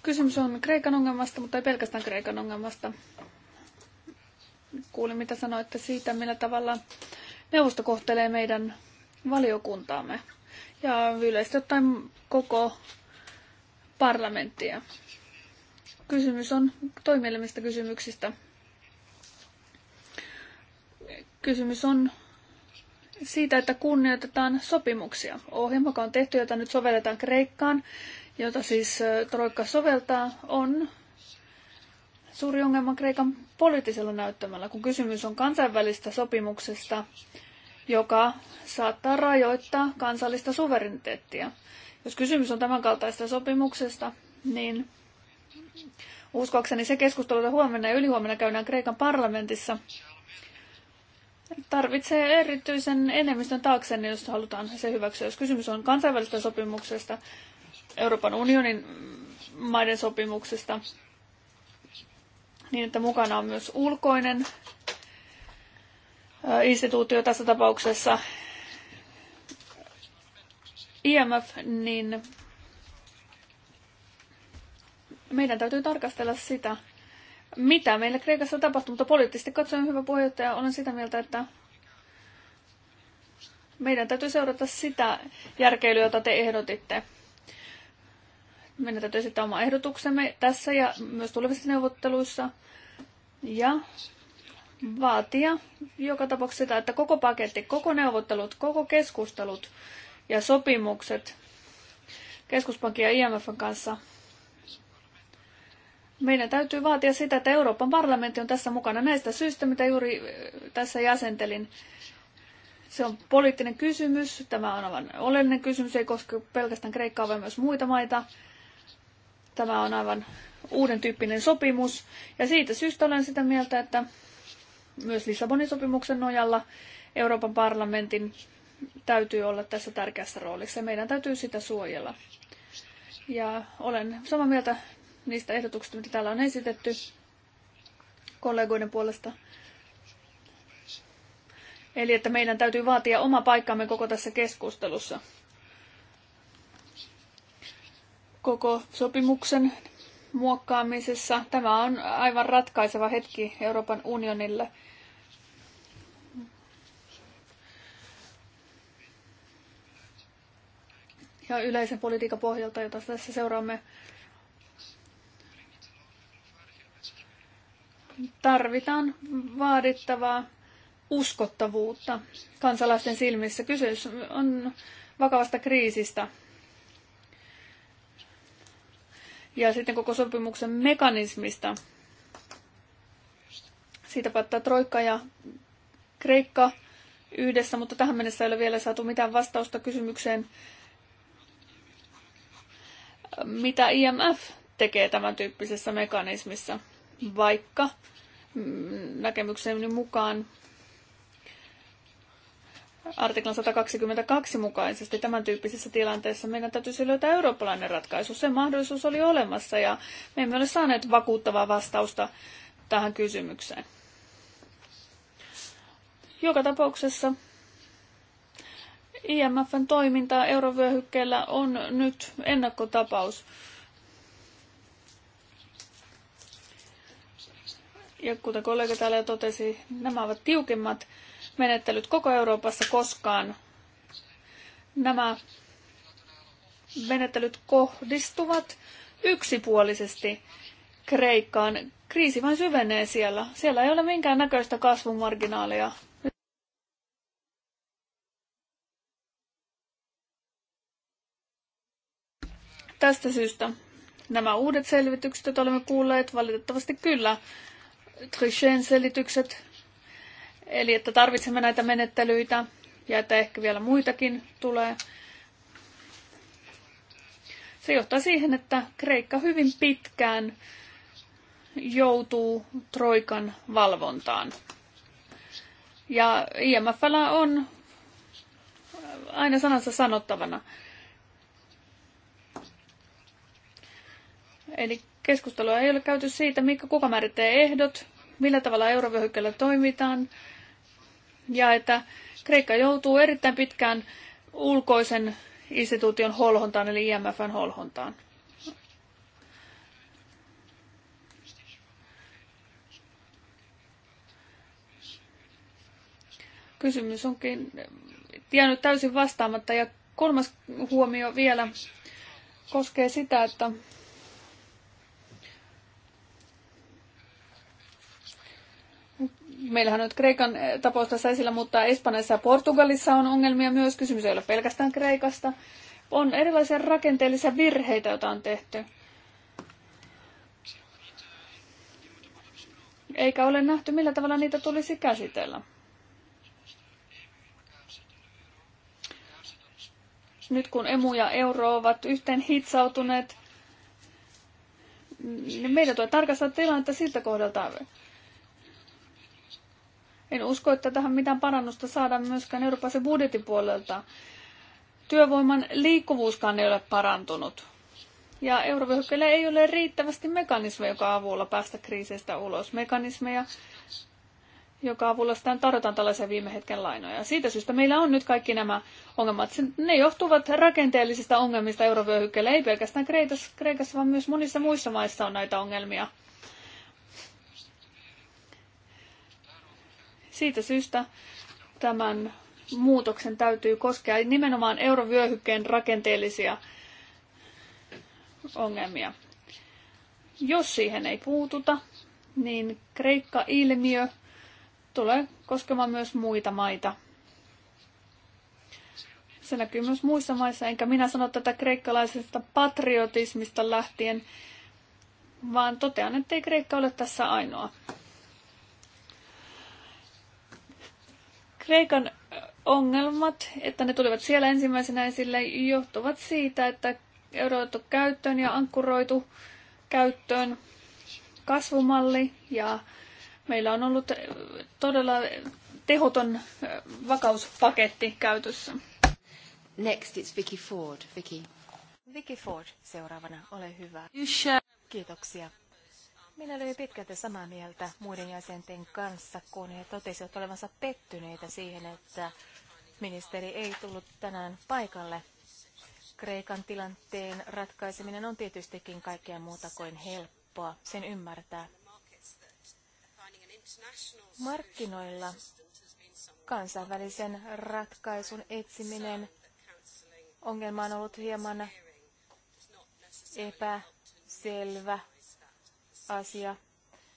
Kysymys on Kreikan ongelmasta, mutta ei pelkästään Kreikan ongelmasta. Kuulin, mitä sanoitte siitä, millä tavalla neuvosto kohtelee meidän valiokuntaamme ja yleisesti ottaen koko parlamenttia. Kysymys on toimielimistä kysymyksistä. Kysymys on siitä, että kunnioitetaan sopimuksia. Ohjelma, joka on tehty, jota nyt sovelletaan Kreikkaan, jota siis Troikka soveltaa, on suuri ongelma Kreikan poliittisella näyttämällä, kun kysymys on kansainvälistä sopimuksesta, joka saattaa rajoittaa kansallista suvereniteettia. Jos kysymys on tämänkaltaista sopimuksesta, niin uskoakseni se keskustelu, jota huomenna ja ylihuomenna käydään Kreikan parlamentissa, tarvitsee erityisen enemmistön taakse, jos halutaan se hyväksyä. Jos kysymys on kansainvälisestä sopimuksesta, Euroopan unionin maiden sopimuksesta, niin että mukana on myös ulkoinen instituutio tässä tapauksessa IMF, niin meidän täytyy tarkastella sitä, mitä meillä Kreikassa tapahtunut, mutta poliittisesti katsoen hyvä puheenjohtaja, olen sitä mieltä, että meidän täytyy seurata sitä järkeilyä, jota te ehdotitte. Meidän täytyy esittää oma ehdotuksemme tässä ja myös tulevissa neuvotteluissa. Ja vaatia joka tapauksessa sitä, että koko paketti, koko neuvottelut, koko keskustelut ja sopimukset keskuspankin ja IMFn kanssa. Meidän täytyy vaatia sitä, että Euroopan parlamentti on tässä mukana näistä syistä, mitä juuri eh, tässä jäsentelin. Se on poliittinen kysymys, tämä on aivan oleellinen kysymys, ei koske pelkästään Kreikkaa, vaan myös muita maita. Tämä on aivan uuden tyyppinen sopimus ja siitä syystä olen sitä mieltä, että myös Lissabonin sopimuksen nojalla Euroopan parlamentin täytyy olla tässä tärkeässä roolissa. Meidän täytyy sitä suojella. Ja olen samaa mieltä niistä ehdotuksista, mitä täällä on esitetty kollegoiden puolesta. Eli että meidän täytyy vaatia oma paikkaamme koko tässä keskustelussa koko sopimuksen muokkaamisessa. Tämä on aivan ratkaiseva hetki Euroopan unionille. Ja yleisen politiikan pohjalta, jota tässä seuraamme, tarvitaan vaadittavaa uskottavuutta kansalaisten silmissä. Kysymys on vakavasta kriisistä, ja sitten koko sopimuksen mekanismista. Siitä päättää Troikka ja Kreikka yhdessä, mutta tähän mennessä ei ole vielä saatu mitään vastausta kysymykseen, mitä IMF tekee tämän tyyppisessä mekanismissa, vaikka mm, näkemykseni mukaan artiklan 122 mukaisesti tämän tyyppisessä tilanteessa meidän täytyisi löytää eurooppalainen ratkaisu. Se mahdollisuus oli olemassa ja me emme ole saaneet vakuuttavaa vastausta tähän kysymykseen. Joka tapauksessa IMFn toiminta eurovyöhykkeellä on nyt ennakkotapaus. Ja kuten kollega täällä jo totesi, nämä ovat tiukemmat menettelyt koko Euroopassa koskaan. Nämä menettelyt kohdistuvat yksipuolisesti Kreikkaan. Kriisi vain syvenee siellä. Siellä ei ole minkään näköistä kasvumarginaalia. Tästä syystä nämä uudet selvitykset, joita olemme kuulleet, valitettavasti kyllä Trichen selitykset Eli että tarvitsemme näitä menettelyitä ja että ehkä vielä muitakin tulee. Se johtaa siihen, että Kreikka hyvin pitkään joutuu Troikan valvontaan. Ja IMFllä on aina sanansa sanottavana. Eli keskustelua ei ole käyty siitä, mikä kuka määrittelee ehdot, millä tavalla eurovyöhykkeellä toimitaan, ja että Kreikka joutuu erittäin pitkään ulkoisen instituution holhontaan, eli IMFn holhontaan. Kysymys onkin jäänyt täysin vastaamatta. Ja kolmas huomio vielä koskee sitä, että Meillähän on nyt Kreikan eh, tapaus tässä esillä, mutta Espanjassa ja Portugalissa on ongelmia myös. Kysymys ei ole pelkästään Kreikasta. On erilaisia rakenteellisia virheitä, joita on tehty. Eikä ole nähty, millä tavalla niitä tulisi käsitellä. Nyt kun emu ja euro ovat yhteen hitsautuneet, niin meidän tulee tarkastaa tilannetta siltä kohdalta, en usko, että tähän mitään parannusta saadaan myöskään Euroopan budjetin puolelta. Työvoiman liikkuvuuskaan ei ole parantunut. Ja eurovyöhykkeellä ei ole riittävästi mekanismeja, joka avulla päästä kriiseistä ulos. Mekanismeja, joka avulla sitä tarjotaan tällaisia viime hetken lainoja. Siitä syystä meillä on nyt kaikki nämä ongelmat. Ne johtuvat rakenteellisista ongelmista eurovyöhykkeellä, ei pelkästään Kreikassa, Kreikassa, vaan myös monissa muissa maissa on näitä ongelmia. Siitä syystä tämän muutoksen täytyy koskea nimenomaan eurovyöhykkeen rakenteellisia ongelmia. Jos siihen ei puututa, niin Kreikka-ilmiö tulee koskemaan myös muita maita. Se näkyy myös muissa maissa, enkä minä sano tätä kreikkalaisesta patriotismista lähtien, vaan totean, ettei Kreikka ole tässä ainoa. Kreikan ongelmat, että ne tulivat siellä ensimmäisenä esille, johtuvat siitä, että euroitu käyttöön ja ankkuroitu käyttöön kasvumalli ja meillä on ollut todella tehoton vakauspaketti käytössä. Next it's Vicky Ford. Vicky. Vicky Ford seuraavana, ole hyvä. Kiitoksia minä olin pitkälti samaa mieltä muiden jäsenten kanssa, kun he totesivat olevansa pettyneitä siihen, että ministeri ei tullut tänään paikalle. Kreikan tilanteen ratkaiseminen on tietystikin kaikkea muuta kuin helppoa, sen ymmärtää. Markkinoilla kansainvälisen ratkaisun etsiminen ongelma on ollut hieman epäselvä asia,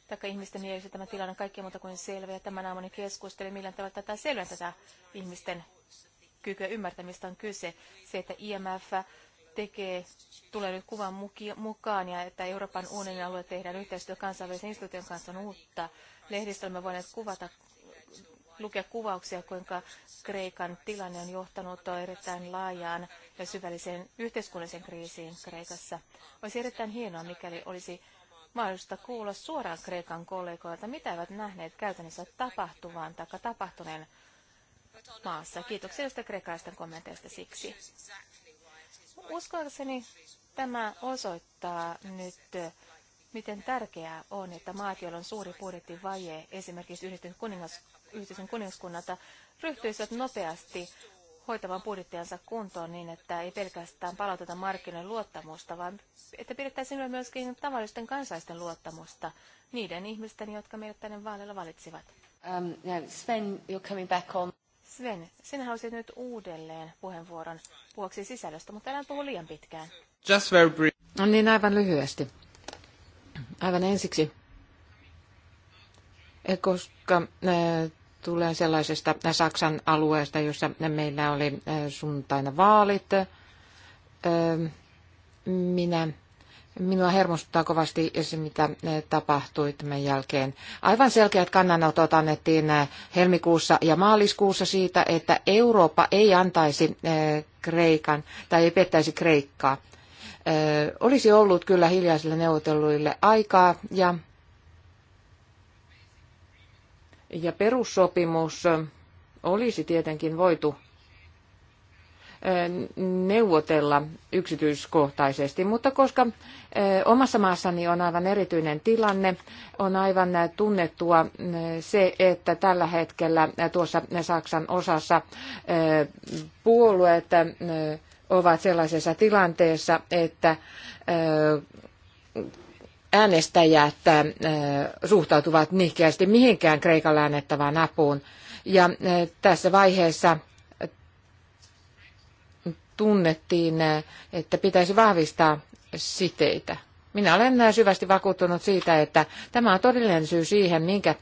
taikka ihmisten mielessä tämä tilanne on kaikkea muuta kuin selvä. Ja tämän aamun keskusteli, millä tavalla tätä selventää ihmisten kykyä ymmärtämistä on kyse. Se, että IMF tekee, tulee nyt kuvan mukaan ja että Euroopan unionin alue tehdään yhteistyö kansainvälisen instituution kanssa on uutta. Lehdistöllä me voineet kuvata, lukea kuvauksia, kuinka Kreikan tilanne on johtanut erittäin laajaan ja syvälliseen yhteiskunnalliseen kriisiin Kreikassa. Olisi erittäin hienoa, mikäli olisi mahdollista kuulla suoraan Kreikan kollegoilta, mitä eivät nähneet käytännössä tapahtuvan tai tapahtuneen maassa. Kiitoksia tästä kreikkalaisten kommenteista siksi. Uskoakseni tämä osoittaa nyt, miten tärkeää on, että maat, joilla on suuri budjettivaje, esimerkiksi yhdistyn kuningas, yhdistyn kuningaskunnalta, ryhtyisivät nopeasti hoitavan budjettiansa kuntoon niin, että ei pelkästään palauteta markkinoiden luottamusta, vaan että pidettäisiin myöskin tavallisten kansalaisten luottamusta niiden ihmisten, jotka meidät tänne vaaleilla valitsivat. Um, Sven, you're coming back on. Sven, sinä halusit nyt uudelleen puheenvuoron vuoksi sisällöstä, mutta älä puhu liian pitkään. Just very brief. No niin, aivan lyhyesti. Aivan ensiksi, eh, koska eh, tulee sellaisesta Saksan alueesta, jossa meillä oli äh, sunnuntaina vaalit. Äh, minä, minua hermostuttaa kovasti se, mitä äh, tapahtui tämän jälkeen. Aivan selkeät kannanotot annettiin helmikuussa ja maaliskuussa siitä, että Eurooppa ei antaisi Kreikan tai ei pettäisi Kreikkaa. Olisi ollut kyllä hiljaisille neuvotteluille aikaa ja ja perussopimus olisi tietenkin voitu neuvotella yksityiskohtaisesti, mutta koska omassa maassani on aivan erityinen tilanne, on aivan tunnettua se, että tällä hetkellä tuossa Saksan osassa puolueet ovat sellaisessa tilanteessa, että äänestäjät suhtautuvat nihkeästi mihinkään Kreikalle annettavaan apuun. Ja tässä vaiheessa tunnettiin, että pitäisi vahvistaa siteitä. Minä olen syvästi vakuuttunut siitä, että tämä on todellinen syy siihen, minkä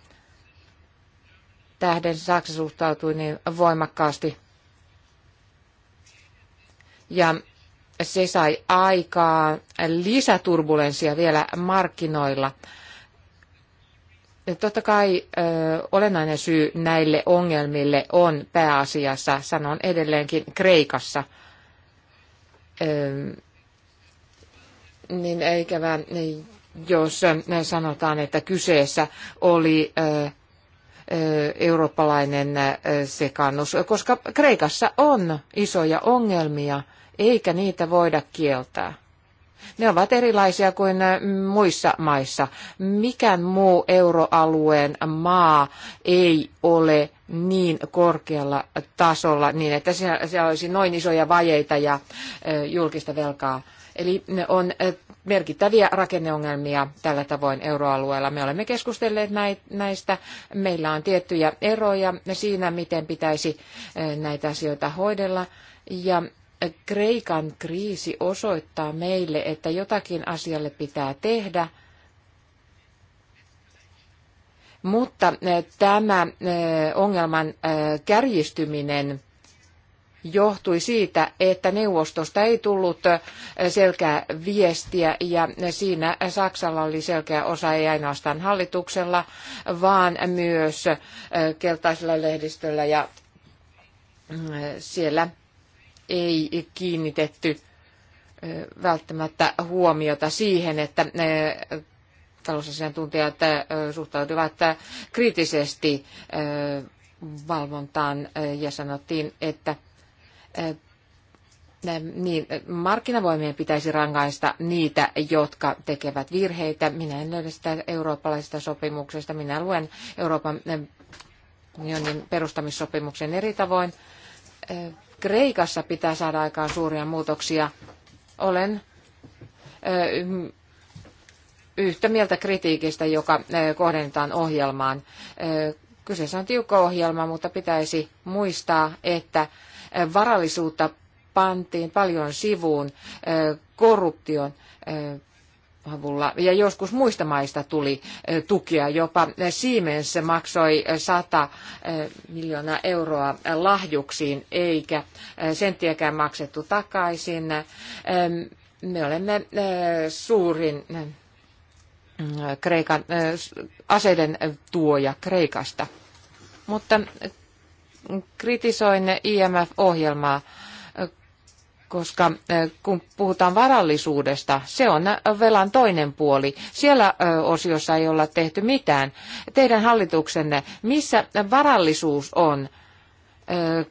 tähden Saksa suhtautui niin voimakkaasti. Ja se sai aikaa lisäturbulenssia vielä markkinoilla. Totta kai ö, olennainen syy näille ongelmille on pääasiassa, sanon edelleenkin, Kreikassa. Ö, niin eikävä, jos sanotaan, että kyseessä oli ö, eurooppalainen sekannus, koska Kreikassa on isoja ongelmia – eikä niitä voida kieltää. Ne ovat erilaisia kuin muissa maissa. Mikään muu euroalueen maa ei ole niin korkealla tasolla, niin että siellä olisi noin isoja vajeita ja julkista velkaa. Eli on merkittäviä rakenneongelmia tällä tavoin euroalueella. Me olemme keskustelleet näistä. Meillä on tiettyjä eroja siinä, miten pitäisi näitä asioita hoidella. Ja Kreikan kriisi osoittaa meille, että jotakin asialle pitää tehdä, mutta eh, tämä eh, ongelman eh, kärjistyminen johtui siitä, että neuvostosta ei tullut selkeää viestiä ja siinä Saksalla oli selkeä osa ei ainoastaan hallituksella, vaan myös keltaisella lehdistöllä ja mm, siellä ei kiinnitetty välttämättä huomiota siihen, että talousasiantuntijat suhtautuivat kriittisesti valvontaan ja sanottiin, että niin, markkinavoimien pitäisi rangaista niitä, jotka tekevät virheitä. Minä en löydä sitä eurooppalaisesta sopimuksesta. Minä luen Euroopan unionin perustamissopimuksen eri tavoin. Kreikassa pitää saada aikaan suuria muutoksia. Olen yhtä mieltä kritiikistä, joka kohdennetaan ohjelmaan. Kyseessä on tiukka ohjelma, mutta pitäisi muistaa, että varallisuutta pantiin paljon sivuun korruption avulla. Ja joskus muista maista tuli eh, tukea, jopa eh, Siemens maksoi 100 eh, miljoonaa euroa lahjuksiin, eikä senttiäkään maksettu takaisin. Me olemme suurin Kreikan, aseiden tuoja Kreikasta. Mutta kritisoin IMF-ohjelmaa koska eh, kun puhutaan varallisuudesta, se on eh, velan toinen puoli. Siellä eh, osiossa ei olla tehty mitään. Teidän hallituksenne, missä varallisuus on,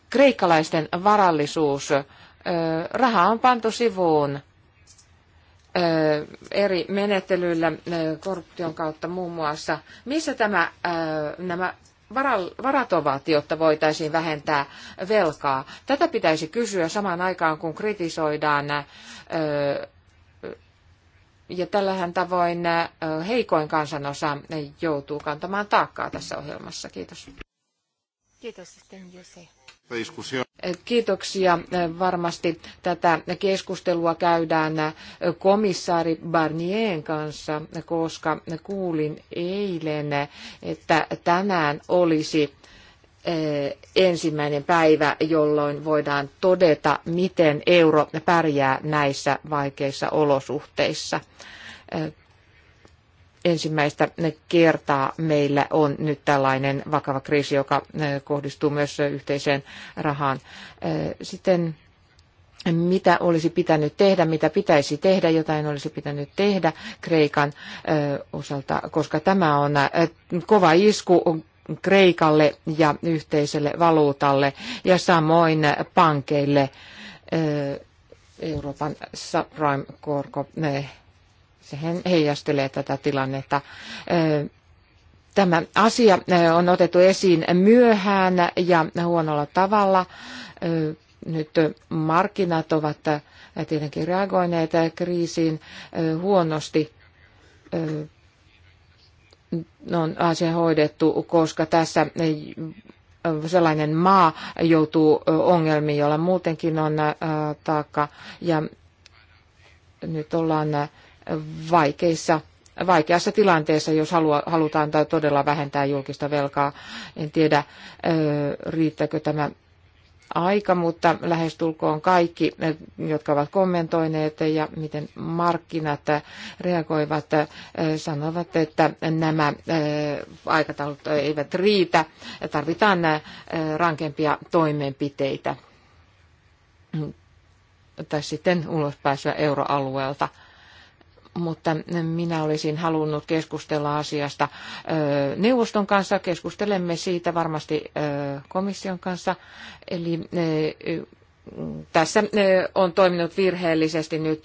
kreikkalaisten varallisuus, raha on pantu sivuun eri menettelyillä korruption kautta muun muassa. Missä tämä, nämä varat ovat, jotta voitaisiin vähentää velkaa? Tätä pitäisi kysyä samaan aikaan, kun kritisoidaan ja tällähän tavoin heikoin kansanosa joutuu kantamaan taakkaa tässä ohjelmassa. Kiitos. Kiitos sitten Jose. Kiitoksia. Varmasti tätä keskustelua käydään komissaari Barnien kanssa, koska kuulin eilen, että tänään olisi eh, ensimmäinen päivä, jolloin voidaan todeta, miten euro pärjää näissä vaikeissa olosuhteissa. Eh, ensimmäistä kertaa meillä on nyt tällainen vakava kriisi, joka eh, kohdistuu myös yhteiseen rahaan. Eh, sitten mitä olisi pitänyt tehdä, mitä pitäisi tehdä, jotain olisi pitänyt tehdä Kreikan eh, osalta, koska tämä on kova isku Kreikalle ja yhteiselle valuutalle ja samoin pankeille Euroopan subprime-korko sehän heijastelee tätä tilannetta. Tämä asia on otettu esiin myöhään ja huonolla tavalla. Nyt markkinat ovat tietenkin reagoineet kriisiin huonosti. On asia hoidettu, koska tässä sellainen maa joutuu ongelmiin, jolla muutenkin on taakka. Ja nyt ollaan vaikeissa vaikeassa tilanteessa, jos halua, halutaan todella vähentää julkista velkaa. En tiedä, riittääkö tämä aika, mutta lähestulkoon kaikki, jotka ovat kommentoineet ja miten markkinat reagoivat, sanovat, että nämä aikataulut eivät riitä. Tarvitaan rankempia toimenpiteitä tai sitten ulospääsyä euroalueelta mutta minä olisin halunnut keskustella asiasta neuvoston kanssa. Keskustelemme siitä varmasti komission kanssa. Eli tässä on toiminut virheellisesti nyt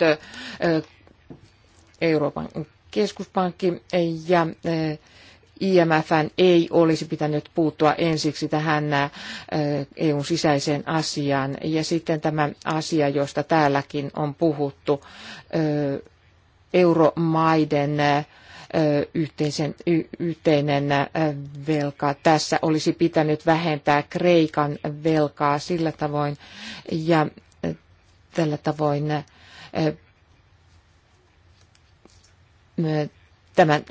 Euroopan keskuspankki ja IMFn ei olisi pitänyt puuttua ensiksi tähän EUn sisäiseen asiaan. Ja sitten tämä asia, josta täälläkin on puhuttu, euromaiden yhteisen, yhteinen velka. Tässä olisi pitänyt vähentää Kreikan velkaa sillä tavoin ja tällä tavoin tämän,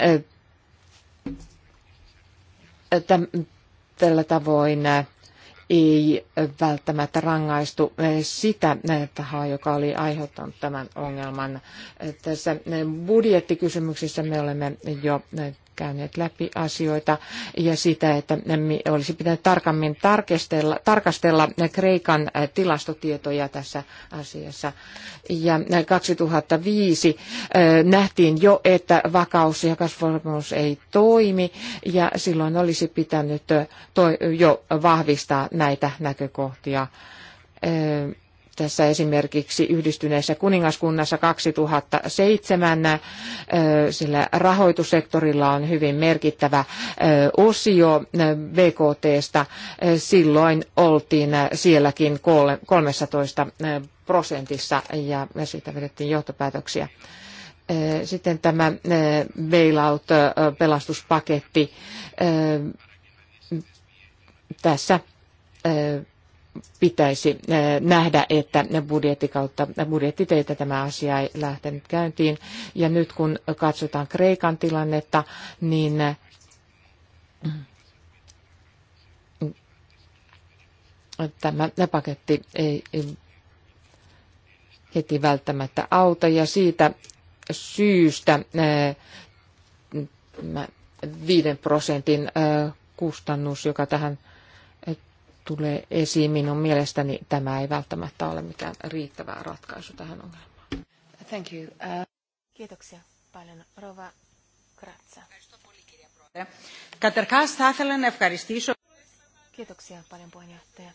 tämän, tällä tavoin ei välttämättä rangaistu sitä tahaa, joka oli aiheuttanut tämän ongelman. Tässä budjettikysymyksessä me olemme jo käyneet läpi asioita ja sitä, että olisi pitänyt tarkemmin tarkastella, tarkastella Kreikan äh, tilastotietoja tässä asiassa. Ja 2005 äh, äh, nähtiin jo, että vakaus- ja kasvusopimus ei toimi ja silloin olisi pitänyt jo vahvistaa näitä näkökohtia tässä esimerkiksi yhdistyneessä kuningaskunnassa 2007 sillä rahoitussektorilla on hyvin merkittävä osio BKTstä. Silloin oltiin sielläkin 13 prosentissa ja siitä vedettiin johtopäätöksiä. Sitten tämä bailout-pelastuspaketti. Tässä pitäisi nähdä, että budjettikautta, budjettiteitä tämä asia ei lähtenyt käyntiin. Ja nyt kun katsotaan Kreikan tilannetta, niin tämä paketti ei heti välttämättä auta ja siitä syystä viiden prosentin kustannus, joka tähän tulee esiin, minun mielestäni tämä ei välttämättä ole mikään riittävä ratkaisu tähän ongelmaan. Thank you. Uh... Kiitoksia paljon, Rova Kratsa. Καταρχάς θα ήθελα να ευχαριστήσω... Κοίταξια paljon puheenjohtaja.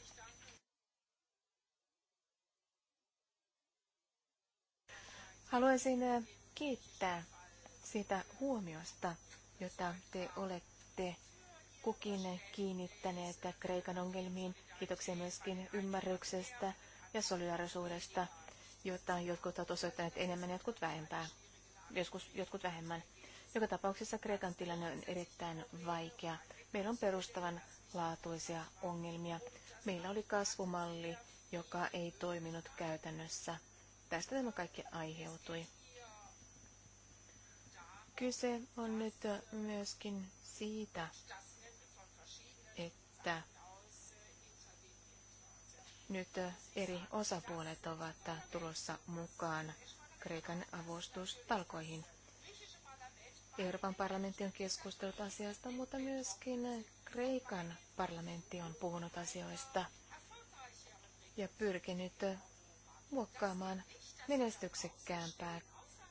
Haluaisin äh, kiittää siitä huomiosta, jota te olette kukin kiinnittäneet Kreikan ongelmiin. Kiitoksia myöskin ymmärryksestä ja solidarisuudesta, jota jotkut ovat osoittaneet enemmän, jotkut vähempää. Joskus jotkut vähemmän. Joka tapauksessa Kreikan tilanne on erittäin vaikea. Meillä on perustavan laatuisia ongelmia. Meillä oli kasvumalli, joka ei toiminut käytännössä. Tästä tämä kaikki aiheutui. Kyse on nyt myöskin siitä, että nyt eri osapuolet ovat tulossa mukaan Kreikan avustustalkoihin. Euroopan parlamentti on keskustellut asiasta, mutta myöskin Kreikan parlamentti on puhunut asioista ja pyrkinyt muokkaamaan menestyksekkäämpää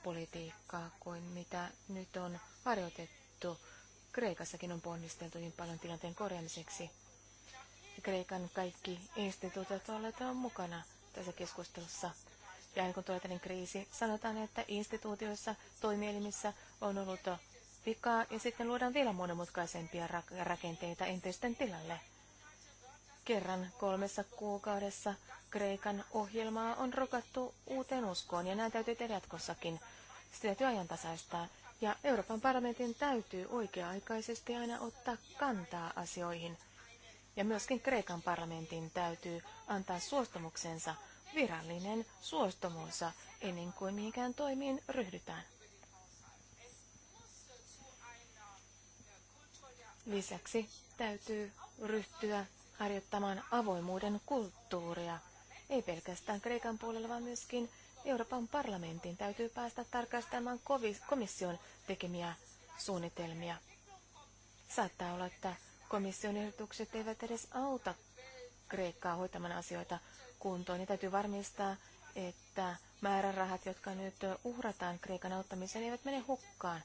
politiikkaa kuin mitä nyt on harjoitettu. Kreikassakin on ponnisteltu hyvin paljon tilanteen korjaamiseksi. Kreikan kaikki instituutiot olleet on mukana tässä keskustelussa. Ja aina kun tulee tällainen kriisi, sanotaan, että instituutioissa, toimielimissä on ollut vikaa ja sitten luodaan vielä monimutkaisempia rakenteita entisten tilalle. Kerran kolmessa kuukaudessa Kreikan ohjelmaa on rokattu uuteen uskoon ja näin täytyy tehdä jatkossakin. Sitä täytyy ajantasaistaa ja Euroopan parlamentin täytyy oikea-aikaisesti aina ottaa kantaa asioihin. Ja myöskin Kreikan parlamentin täytyy antaa suostumuksensa, virallinen suostumunsa, ennen kuin mihinkään toimiin ryhdytään. Lisäksi täytyy ryhtyä harjoittamaan avoimuuden kulttuuria. Ei pelkästään Kreikan puolella, vaan myöskin Euroopan parlamentin täytyy päästä tarkastamaan komission tekemiä suunnitelmia. Saattaa olla, että Komission ehdotukset eivät edes auta Kreikkaa hoitamaan asioita kuntoon. Niin täytyy varmistaa, että määrärahat, jotka nyt uhrataan Kreikan auttamiseen, eivät mene hukkaan.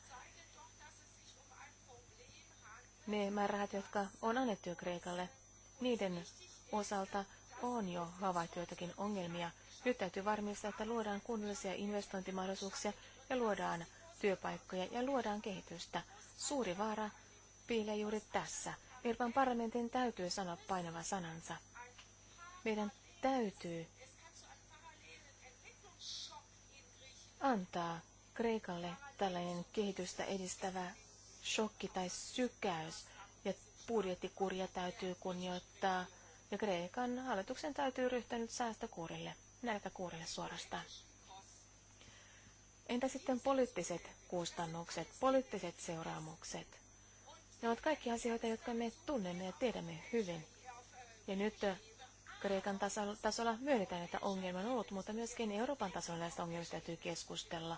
Ne määrärahat, jotka on annettu Kreikalle, niiden osalta on jo havaittu joitakin ongelmia. Nyt täytyy varmistaa, että luodaan kunnollisia investointimahdollisuuksia ja luodaan työpaikkoja ja luodaan kehitystä. Suuri vaara piilee juuri tässä. Euroopan parlamentin täytyy sanoa painava sanansa. Meidän täytyy antaa Kreikalle tällainen kehitystä edistävä shokki tai sykäys. Ja budjettikuria täytyy kunnioittaa. Ja Kreikan hallituksen täytyy ryhtyä nyt säästökuurille, nälkäkuurille suorastaan. Entä sitten poliittiset kustannukset, poliittiset seuraamukset? Ne ovat kaikki asioita, jotka me tunnemme ja tiedämme hyvin. Ja nyt äh, Kreikan tasolla myönnetään, että ongelma on ollut, mutta myöskin Euroopan tasolla näistä ongelmista täytyy keskustella.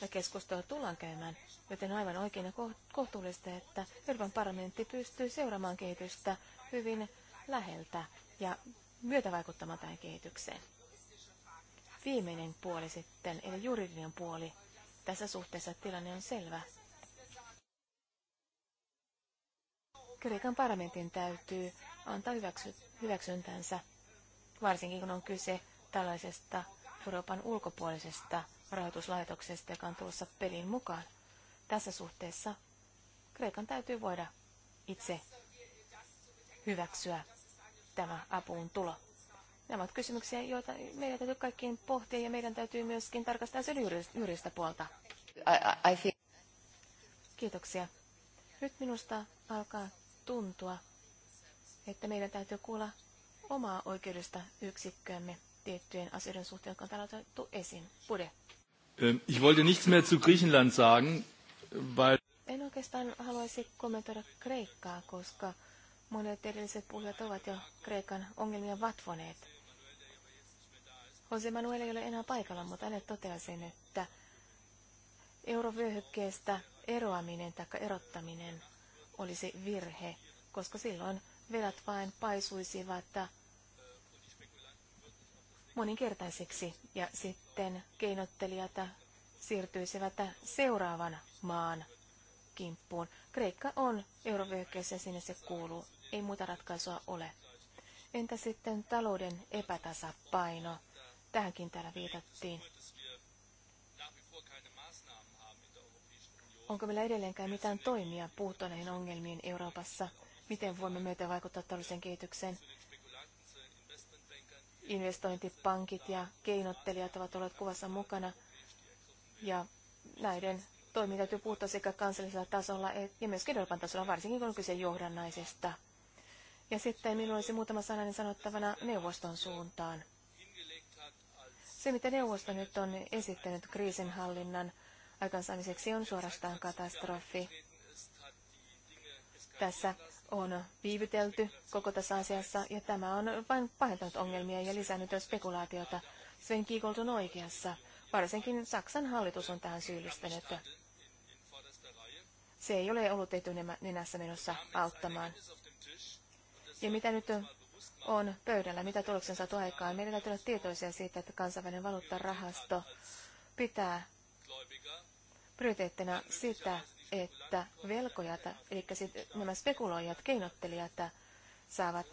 Ja keskustelua tullaan käymään, joten aivan oikein ja kohtuullista, että Euroopan parlamentti pystyy seuraamaan kehitystä hyvin läheltä ja myötävaikuttamaan tähän kehitykseen. Viimeinen puoli sitten, eli juridinen puoli. Tässä suhteessa tilanne on selvä. Kreikan parlamentin täytyy antaa hyväksy, hyväksyntänsä, varsinkin kun on kyse tällaisesta Euroopan ulkopuolisesta rahoituslaitoksesta, joka on tulossa pelin mukaan. Tässä suhteessa Kreikan täytyy voida itse hyväksyä tämä apuun tulo. Nämä ovat kysymyksiä, joita meidän täytyy kaikkiin pohtia ja meidän täytyy myöskin tarkastaa sen juridista puolta. I, I think... Kiitoksia. Nyt minusta alkaa tuntua, että meidän täytyy kuulla omaa oikeudesta yksikköämme tiettyjen asioiden suhteen, jotka on täällä otettu esiin. Pude. Ähm, ich wollte nichts mehr zu Griechenland sagen, weil... En oikeastaan haluaisi kommentoida Kreikkaa, koska monet edelliset puhujat ovat jo Kreikan ongelmia vatvoneet. Jose Manuel ei ole enää paikalla, mutta hänet toteaisin, että eurovyöhykkeestä eroaminen tai erottaminen olisi virhe, koska silloin velat vain paisuisivat moninkertaiseksi ja sitten keinottelijat siirtyisivät seuraavan maan kimppuun. Kreikka on eurovyöhykkeessä ja sinne se kuuluu. Ei muuta ratkaisua ole. Entä sitten talouden epätasapaino? Tähänkin täällä viitattiin. Onko meillä edelleenkään mitään toimia puuttua näihin ongelmiin Euroopassa? Miten voimme myötä vaikuttaa taloudelliseen kehitykseen? Investointipankit ja keinottelijat ovat olleet kuvassa mukana ja näiden toimiin täytyy puuttua sekä kansallisella tasolla ja myös Euroopan tasolla, varsinkin kun on kyse johdannaisesta. Ja sitten minulla olisi muutama sananen sanottavana neuvoston suuntaan. Se, mitä neuvosto nyt on esittänyt kriisinhallinnan aikaansaamiseksi on suorastaan katastrofi. Tässä on viivytelty koko tässä asiassa ja tämä on vain pahentanut ongelmia ja lisännyt spekulaatiota. Sven Kiegold on oikeassa. Varsinkin Saksan hallitus on tähän syyllistänyt. Se ei ole ollut etunenässä menossa auttamaan. Ja mitä nyt on pöydällä, mitä tuloksen saatu aikaan? Meidän täytyy olla tietoisia siitä, että kansainvälinen valuuttarahasto pitää prioriteettina sitä, että velkojat, eli sit nämä spekuloijat, keinottelijat saavat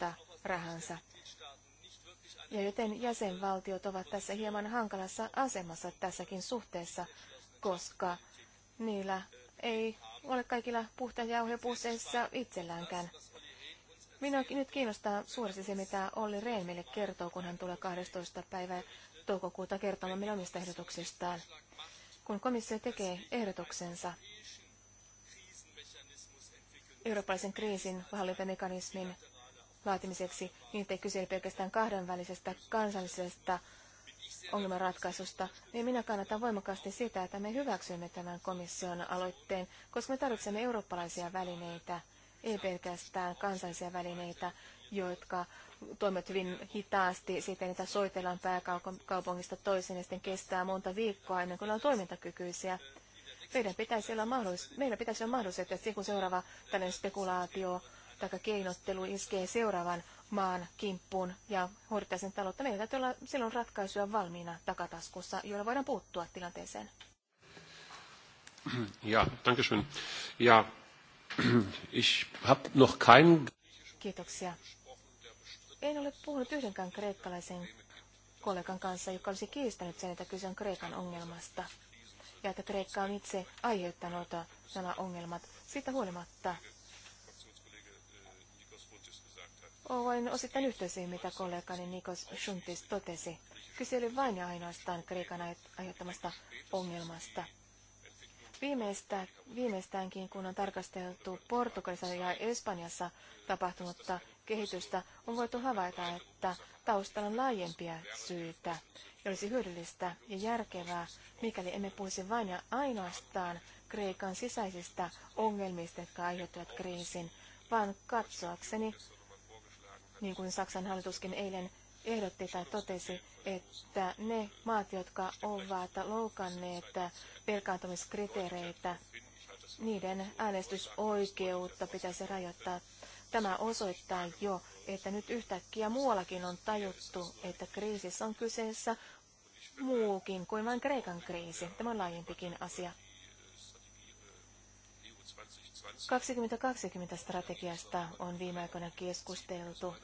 rahansa. Ja joten jäsenvaltiot ovat tässä hieman hankalassa asemassa tässäkin suhteessa, koska niillä ei ole kaikilla puhtaita jauhepuusseissa itselläänkään. Minua nyt kiinnostaa suuresti se, mitä Olli Rehn meille kertoo, kun hän tulee 12. päivä toukokuuta kertomaan meidän omista ehdotuksistaan kun komissio tekee ehdotuksensa eurooppalaisen kriisin hallintamekanismin laatimiseksi, niin ettei kyse pelkästään kahdenvälisestä kansallisesta ongelmanratkaisusta, niin minä kannatan voimakkaasti sitä, että me hyväksymme tämän komission aloitteen, koska me tarvitsemme eurooppalaisia välineitä, ei pelkästään kansallisia välineitä, jotka toimivat hyvin hitaasti, sitten niitä soitellaan pääkaupungista toiseen ja sitten kestää monta viikkoa ennen kuin ne on toimintakykyisiä. Meidän pitäisi olla mahdollis- meillä pitäisi olla mahdollisuus, että kun seuraava tällainen spekulaatio tai keinottelu iskee seuraavan maan kimppuun ja hoidetaan sen taloutta, meillä täytyy olla silloin ratkaisuja valmiina takataskussa, joilla voidaan puuttua tilanteeseen. Ja, danke schön. Ja, ich hab noch keinen... Kiitoksia. En ole puhunut yhdenkään kreikkalaisen kollegan kanssa, joka olisi kiistänyt sen, että kyse on Kreikan ongelmasta. Ja että Kreikka on itse aiheuttanut nämä ongelmat. Siitä huolimatta olen osittain yhteisiä, mitä kollegani Nikos Shuntis totesi. Kyse oli vain ja ainoastaan Kreikan aiheuttamasta ongelmasta. Viimeistä, viimeistäänkin, kun on tarkasteltu Portugalissa ja Espanjassa tapahtunutta kehitystä, on voitu havaita, että taustalla on laajempia syitä. Ja olisi hyödyllistä ja järkevää, mikäli emme puhuisi vain ja ainoastaan Kreikan sisäisistä ongelmista, jotka aiheuttavat kriisin, vaan katsoakseni, niin kuin Saksan hallituskin eilen ehdotti tai totesi, että ne maat, jotka ovat loukanneet velkaantumiskriteereitä, niiden äänestysoikeutta pitäisi rajoittaa Tämä osoittaa jo, että nyt yhtäkkiä muuallakin on tajuttu, että kriisissä on kyseessä muukin kuin vain Kreikan kriisi. Tämä on laajempikin asia. 2020 strategiasta on viime aikoina keskusteltu.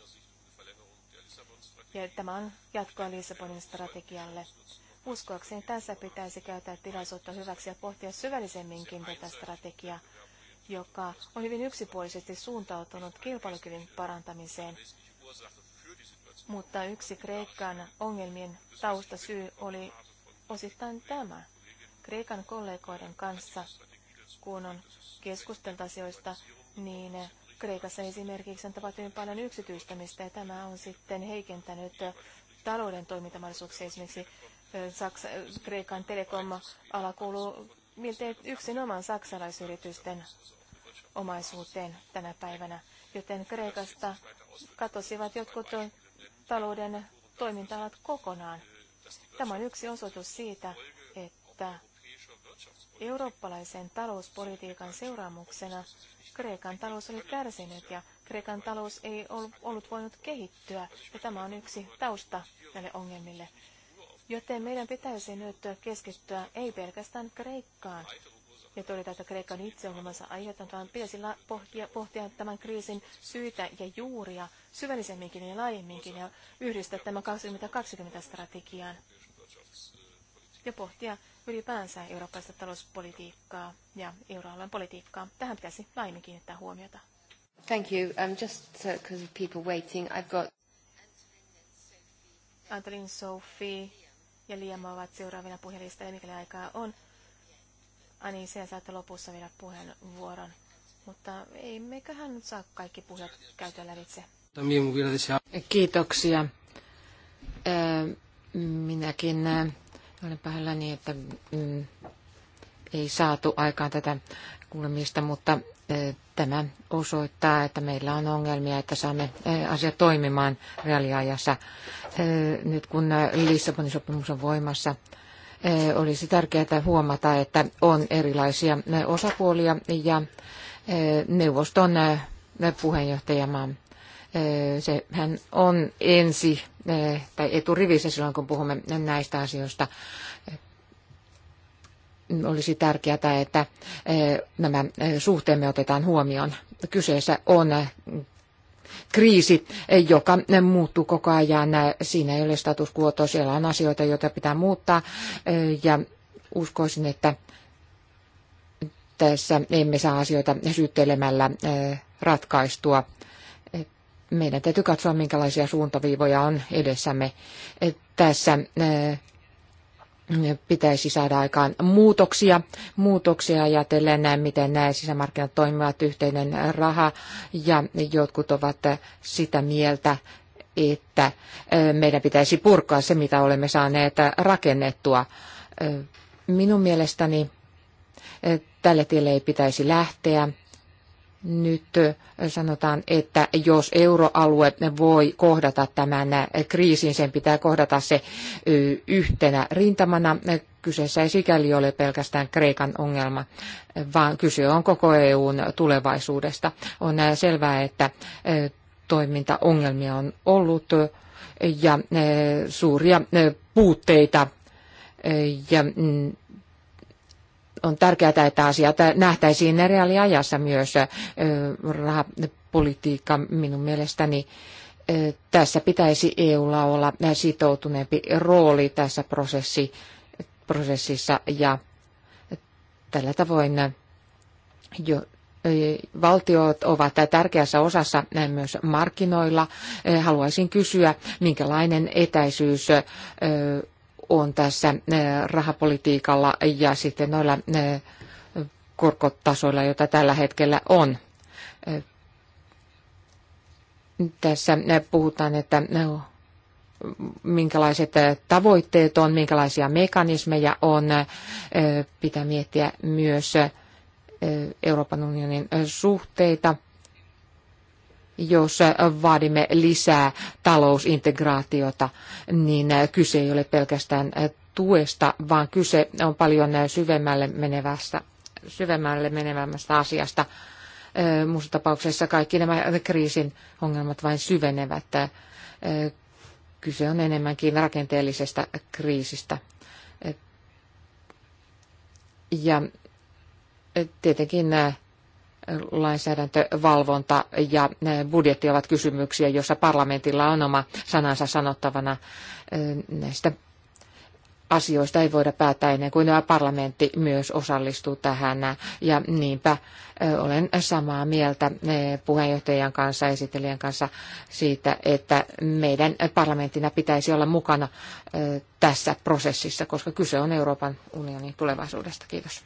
Ja tämä on jatkoa Lissabonin strategialle. Uskoakseni tässä pitäisi käyttää tilaisuutta hyväksi ja pohtia syvällisemminkin tätä strategiaa joka on hyvin yksipuolisesti suuntautunut kilpailukyvyn parantamiseen. Mutta yksi Kreikan ongelmien taustasyy oli osittain tämä. Kreikan kollegoiden kanssa, kun on keskusteltu asioista, niin Kreikassa esimerkiksi on tapahtunut paljon yksityistämistä ja tämä on sitten heikentänyt talouden toimintamahdollisuuksia. Esimerkiksi Saksa, Kreikan telekom-ala kuuluu miltei yksinomaan saksalaisyritysten omaisuuteen tänä päivänä, joten Kreikasta katosivat jotkut talouden toiminta kokonaan. Tämä on yksi osoitus siitä, että eurooppalaisen talouspolitiikan seuraamuksena Kreikan talous oli kärsinyt ja Kreikan talous ei ollut voinut kehittyä, ja tämä on yksi tausta näille ongelmille. Joten meidän pitäisi nyt keskittyä ei pelkästään Kreikkaan ja todeta, että Kreikka on itse ongelmansa aiheuttanut, vaan pitäisi pohtia, pohtia tämän kriisin syitä ja juuria syvällisemminkin ja laajemminkin ja yhdistää tämä 2020-strategiaan ja pohtia ylipäänsä eurooppalaista talouspolitiikkaa ja euroalueen politiikkaa. Tähän pitäisi laajemmin kiinnittää huomiota. Thank you. Um, just because uh, of people waiting, I've got... Sophie, ja Liema ovat seuraavina puhelista, mikäli aikaa on. Ani, niin siellä saatte lopussa vielä puheenvuoron. Mutta ei meiköhän nyt saa kaikki puhujat käytyä lävitse. Kiitoksia. Minäkin olen niin, että mm, ei saatu aikaan tätä kuulemista, mutta Tämä osoittaa, että meillä on ongelmia, että saamme asia toimimaan reaaliajassa. Nyt kun Lissabonin sopimus on voimassa, olisi tärkeää huomata, että on erilaisia osapuolia ja neuvoston puheenjohtajamaan sehän on ensi tai eturivissä silloin, kun puhumme näistä asioista olisi tärkeää, että eh, nämä eh, suhteemme otetaan huomioon. Kyseessä on eh, kriisi, joka muuttuu koko ajan. Siinä ei ole status quo, siellä on asioita, joita pitää muuttaa. Ja uskoisin, että tässä emme saa asioita syyttelemällä ratkaistua. Meidän täytyy katsoa, minkälaisia suuntaviivoja on edessämme. Tässä pitäisi saada aikaan muutoksia, muutoksia ajatellen, miten nämä sisämarkkinat toimivat, yhteinen raha, ja jotkut ovat sitä mieltä, että meidän pitäisi purkaa se, mitä olemme saaneet rakennettua. Minun mielestäni tälle tielle ei pitäisi lähteä nyt sanotaan, että jos euroalue voi kohdata tämän kriisin, sen pitää kohdata se yhtenä rintamana. Kyseessä ei sikäli ole pelkästään Kreikan ongelma, vaan kyse on koko EUn tulevaisuudesta. On selvää, että toimintaongelmia on ollut ja suuria puutteita ja mm, on tärkeää, että asiat nähtäisiin reaaliajassa myös rahapolitiikka minun mielestäni. Tässä pitäisi EUlla olla sitoutuneempi rooli tässä prosessi, prosessissa ja tällä tavoin jo valtiot ovat tärkeässä osassa myös markkinoilla. Haluaisin kysyä, minkälainen etäisyys on tässä äh, rahapolitiikalla ja sitten noilla äh, korkotasoilla, joita tällä hetkellä on. Äh, tässä puhutaan, että minkälaiset tavoitteet on, minkälaisia mekanismeja on. Pitää miettiä myös Euroopan unionin suhteita jos vaadimme lisää talousintegraatiota, niin kyse ei ole pelkästään tuesta, vaan kyse on paljon syvemmälle menevästä, syvemmälle menevämmästä asiasta. Muussa tapauksessa kaikki nämä kriisin ongelmat vain syvenevät. Kyse on enemmänkin rakenteellisesta kriisistä. Ja tietenkin lainsäädäntövalvonta ja eh, budjetti ovat kysymyksiä, joissa parlamentilla on oma sanansa sanottavana eh, näistä asioista ei voida päättää ennen kuin parlamentti myös osallistuu tähän. Ja niinpä eh, olen samaa mieltä puheenjohtajan kanssa, esittelijän kanssa siitä, että meidän parlamenttina pitäisi olla mukana tässä prosessissa, koska kyse on Euroopan unionin tulevaisuudesta. Kiitos.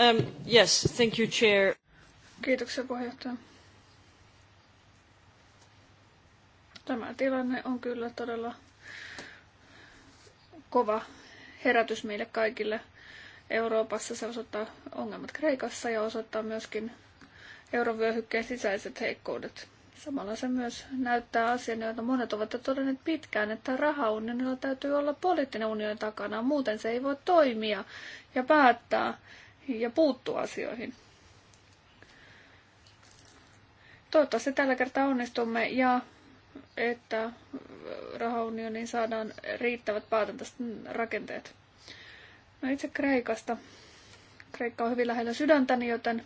Um, yes, thank you, chair. Kiitoksia puheenjohtaja. Tämä tilanne on kyllä todella kova herätys meille kaikille Euroopassa. Se osoittaa ongelmat Kreikassa ja osoittaa myöskin eurovyöhykkeen sisäiset heikkoudet. Samalla se myös näyttää asian, jota monet ovat todenneet pitkään, että rahaunionilla täytyy olla poliittinen unioni takana, muuten se ei voi toimia ja päättää ja puuttua asioihin. Toivottavasti tällä kertaa onnistumme ja että rahaunioniin saadaan riittävät rakenteet. No itse Kreikasta. Kreikka on hyvin lähellä sydäntäni, joten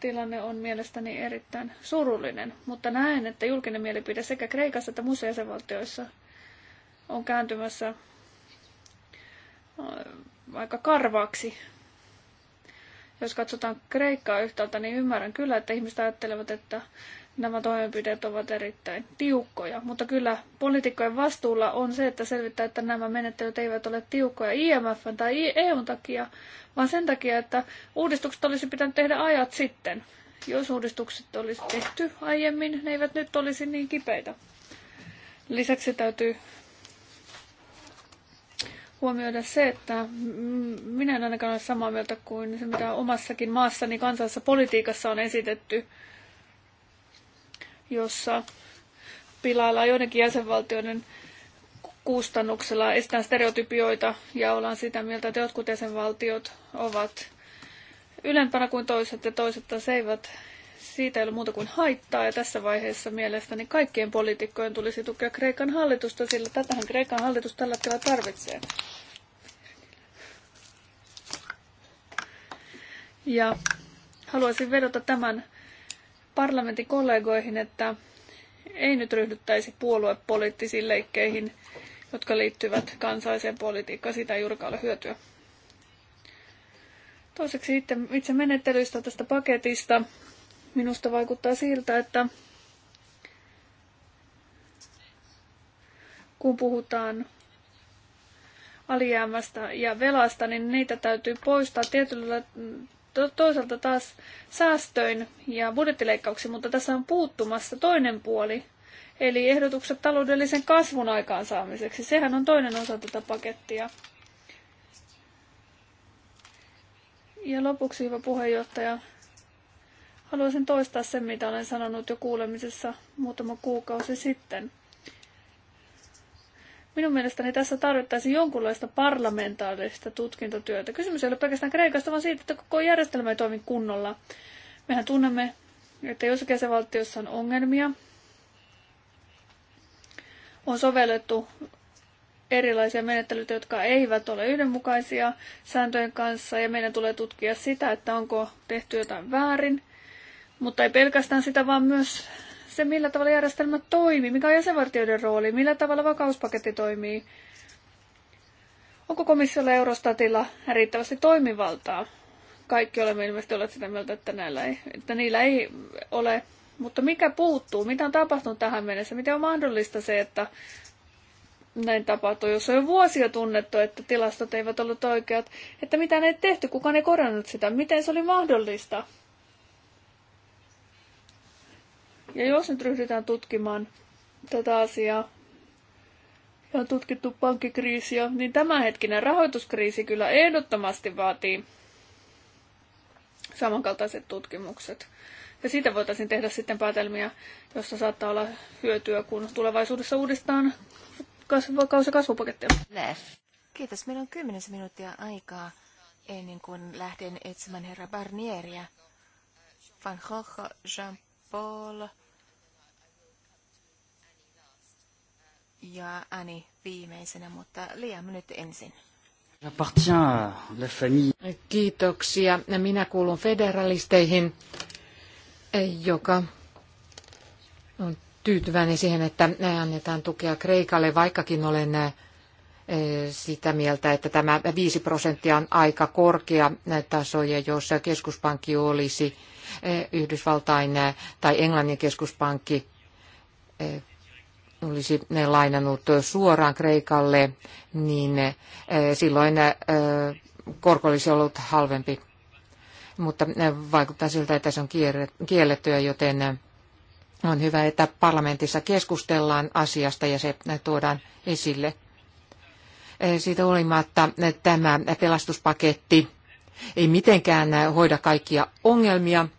tilanne on mielestäni erittäin surullinen. Mutta näen, että julkinen mielipide sekä Kreikassa että muissa jäsenvaltioissa on kääntymässä äh, aika karvaaksi jos katsotaan Kreikkaa yhtäältä, niin ymmärrän kyllä, että ihmiset ajattelevat, että nämä toimenpiteet ovat erittäin tiukkoja. Mutta kyllä poliitikkojen vastuulla on se, että selvittää, että nämä menettelyt eivät ole tiukkoja IMF tai EUn takia, vaan sen takia, että uudistukset olisi pitänyt tehdä ajat sitten. Jos uudistukset olisi tehty aiemmin, ne eivät nyt olisi niin kipeitä. Lisäksi täytyy huomioida se, että minä en ainakaan ole samaa mieltä kuin se, mitä omassakin maassani kansallisessa politiikassa on esitetty, jossa pilaillaan joidenkin jäsenvaltioiden kustannuksella, estetään stereotypioita ja ollaan sitä mieltä, että jotkut jäsenvaltiot ovat ylempänä kuin toiset ja toiset taas eivät. Siitä ei ole muuta kuin haittaa ja tässä vaiheessa mielestäni kaikkien poliitikkojen tulisi tukea Kreikan hallitusta, sillä tätähän Kreikan hallitus tällä hetkellä tarvitsee. Ja haluaisin vedota tämän parlamentin kollegoihin, että ei nyt ryhdyttäisi puoluepoliittisiin leikkeihin, jotka liittyvät kansalliseen politiikkaan. sitä ei juurikaan ole hyötyä. Toiseksi sitten itse menettelyistä tästä paketista. Minusta vaikuttaa siltä, että kun puhutaan alijäämästä ja velasta, niin niitä täytyy poistaa tietyllä toisaalta taas säästöin ja budjettileikkauksiin, mutta tässä on puuttumassa toinen puoli, eli ehdotukset taloudellisen kasvun aikaansaamiseksi. Sehän on toinen osa tätä pakettia. Ja lopuksi, hyvä puheenjohtaja, Haluaisin toistaa sen, mitä olen sanonut jo kuulemisessa muutama kuukausi sitten. Minun mielestäni tässä tarvittaisiin jonkunlaista parlamentaarista tutkintotyötä. Kysymys ei ole pelkästään Kreikasta, vaan siitä, että koko järjestelmä ei toimi kunnolla. Mehän tunnemme, että jos jäsenvaltiossa on ongelmia. On sovellettu erilaisia menettelyitä, jotka eivät ole yhdenmukaisia sääntöjen kanssa, ja meidän tulee tutkia sitä, että onko tehty jotain väärin. Mutta ei pelkästään sitä, vaan myös se, millä tavalla järjestelmä toimii, mikä on jäsenvaltioiden rooli, millä tavalla vakauspaketti toimii. Onko komissiolla Eurostatilla riittävästi toimivaltaa? Kaikki olemme ilmeisesti olleet sitä mieltä, että, näillä ei, että niillä ei ole. Mutta mikä puuttuu? Mitä on tapahtunut tähän mennessä? Miten on mahdollista se, että näin tapahtuu, jos on jo vuosia tunnettu, että tilastot eivät olleet oikeat, että mitä ei tehty, kukaan ei korjannut sitä, miten se oli mahdollista? Ja jos nyt ryhdytään tutkimaan tätä asiaa ja on tutkittu pankkikriisiä, niin tämänhetkinen rahoituskriisi kyllä ehdottomasti vaatii samankaltaiset tutkimukset. Ja siitä voitaisiin tehdä sitten päätelmiä, josta saattaa olla hyötyä, kun tulevaisuudessa uudestaan kasvakaus- ja kasvupakettia. Kiitos. Meillä on kymmenen minuuttia aikaa ennen kuin lähden etsimään herra Barnieria. Van Gogh, Jean-Paul, ja Ani viimeisenä, mutta Liam nyt ensin. Kiitoksia. Minä kuulun federalisteihin, joka on tyytyväinen siihen, että annetaan tukea Kreikalle, vaikkakin olen eh, sitä mieltä, että tämä viisi prosenttia on aika korkea taso, ja jos keskuspankki olisi eh, Yhdysvaltain eh, tai Englannin keskuspankki, olisi lainannut suoraan Kreikalle, niin eh, silloin eh, korko olisi ollut halvempi. Mutta eh, vaikuttaa siltä, että se on kiellettyä, joten on hyvä, että parlamentissa keskustellaan asiasta ja se tuodaan esille. Siitä olimatta tämä pelastuspaketti ei mitenkään hoida kaikkia ongelmia –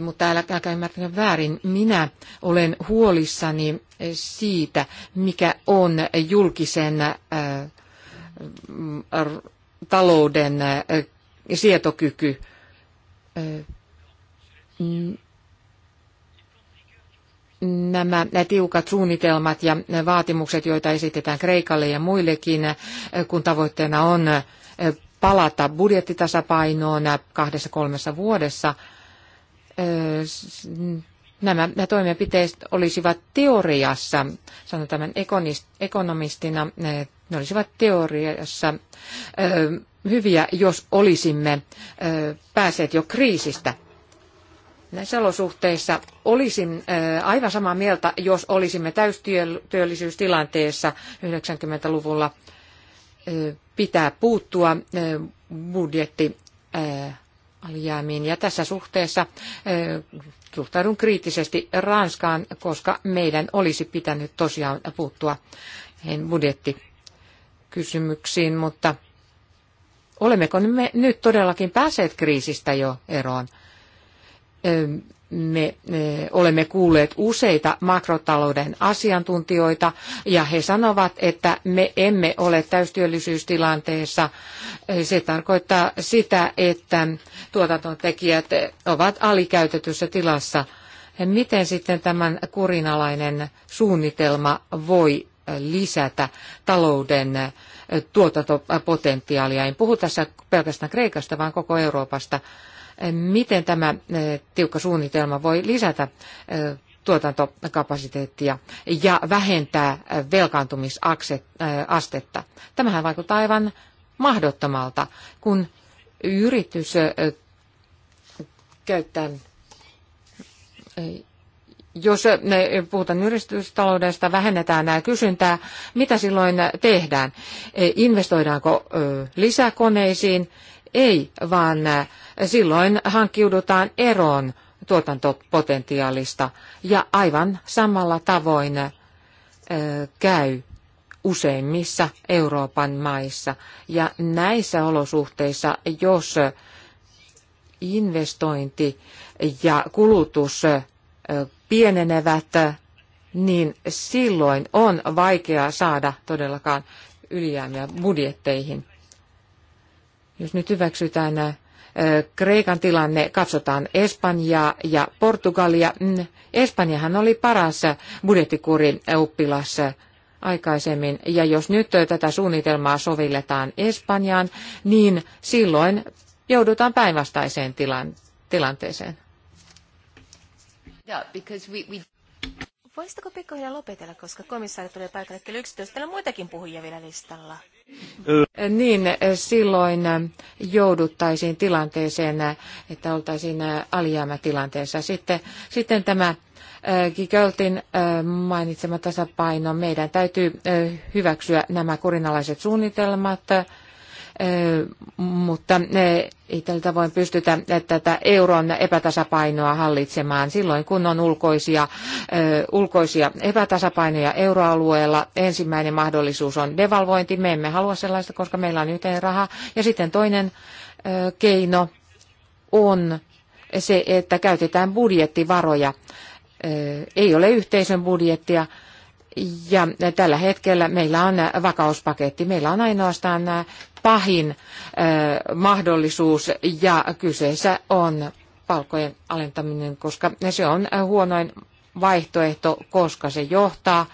mutta älkää ymmärtäkö väärin. Minä olen huolissani siitä, mikä on julkisen äh, talouden äh, sietokyky. Äh, nämä tiukat suunnitelmat ja vaatimukset, joita esitetään Kreikalle ja muillekin, kun tavoitteena on palata budjettitasapainoon kahdessa kolmessa vuodessa – nämä toimenpiteet olisivat teoriassa, sanon tämän ekonomistina, ne olisivat teoriassa hyviä, jos olisimme päässeet jo kriisistä. Näissä olosuhteissa olisin aivan samaa mieltä, jos olisimme täystyöllisyystilanteessa 90-luvulla pitää puuttua budjetti alijäämiin. Ja tässä suhteessa suhtaudun kriittisesti Ranskaan, koska meidän olisi pitänyt tosiaan puuttua budjettikysymyksiin, mutta olemmeko me nyt todellakin päässeet kriisistä jo eroon? me e, olemme kuulleet useita makrotalouden asiantuntijoita ja he sanovat, että me emme ole täystyöllisyystilanteessa. E, se tarkoittaa sitä, että tuotantotekijät ovat alikäytetyssä tilassa. E, miten sitten tämän kurinalainen suunnitelma voi lisätä talouden tuotantopotentiaalia? En puhu tässä pelkästään Kreikasta, vaan koko Euroopasta miten tämä eh, tiukka suunnitelma voi lisätä eh, tuotantokapasiteettia ja vähentää eh, velkaantumisastetta. Tämähän vaikuttaa aivan mahdottomalta, kun yritys käyttää, jos ne, puhutaan yritystaloudesta, vähennetään nämä kysyntää, mitä silloin tehdään? Investoidaanko lisäkoneisiin? Ei, vaan silloin hankkiudutaan eroon tuotantopotentiaalista ja aivan samalla tavoin käy useimmissa Euroopan maissa. Ja näissä olosuhteissa, jos investointi ja kulutus pienenevät, niin silloin on vaikea saada todellakaan ylijäämiä budjetteihin. Jos nyt hyväksytään äh, Kreikan tilanne, katsotaan Espanjaa ja Portugalia. Mm, Espanjahan oli paras budjettikurin oppilas äh, äh, aikaisemmin. Ja jos nyt tätä suunnitelmaa sovelletaan Espanjaan, niin silloin joudutaan päinvastaiseen tilan, tilanteeseen. Yeah, we, we... Voisitko pikkuhiljaa lopetella, koska komissaari tulee paikalle kello 11. Täällä on muitakin puhujia vielä listalla. Niin silloin jouduttaisiin tilanteeseen, että oltaisiin alijäämätilanteessa. Sitten, sitten tämä äh, Gigöltin äh, mainitsema tasapaino. Meidän täytyy äh, hyväksyä nämä kurinalaiset suunnitelmat mutta ei tältä voi pystytä tätä euron epätasapainoa hallitsemaan silloin, kun on ulkoisia, ulkoisia epätasapainoja euroalueella. Ensimmäinen mahdollisuus on devalvointi. Me emme halua sellaista, koska meillä on yhteen raha. Ja sitten toinen keino on se, että käytetään budjettivaroja. Ei ole yhteisön budjettia, ja tällä hetkellä meillä on vakauspaketti, meillä on ainoastaan pahin mahdollisuus ja kyseessä on palkojen alentaminen, koska se on huonoin vaihtoehto, koska se johtaa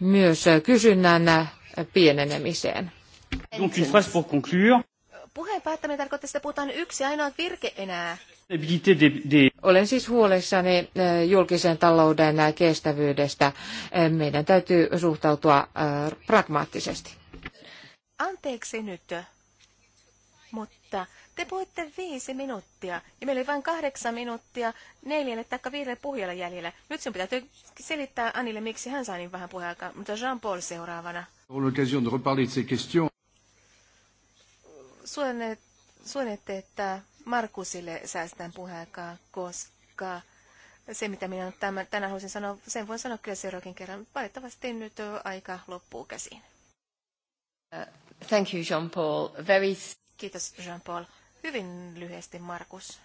myös kysynnän pienenemiseen. Puheen päättäminen tarkoittaa, että puhutaan yksi ainoa virke enää. Olen siis huolissani eh, julkisen talouden kestävyydestä. Eh, meidän täytyy suhtautua eh, pragmaattisesti. Anteeksi nyt, mutta te puhuitte viisi minuuttia ja meillä oli vain kahdeksan minuuttia neljälle tai viidelle puhujalle jäljellä. Nyt sinun pitää selittää Anille, miksi hän sai niin vähän puheaikaa, mutta Jean-Paul seuraavana. Suonette, että Markusille säästän puheenkaan, koska se, mitä minä tämän, tänään haluaisin sanoa, sen voin sanoa kyllä seuraavakin kerran. Valitettavasti nyt aika loppuu käsiin. Thank you, Jean-Paul. Very... Kiitos, Jean-Paul. Hyvin lyhyesti, Markus.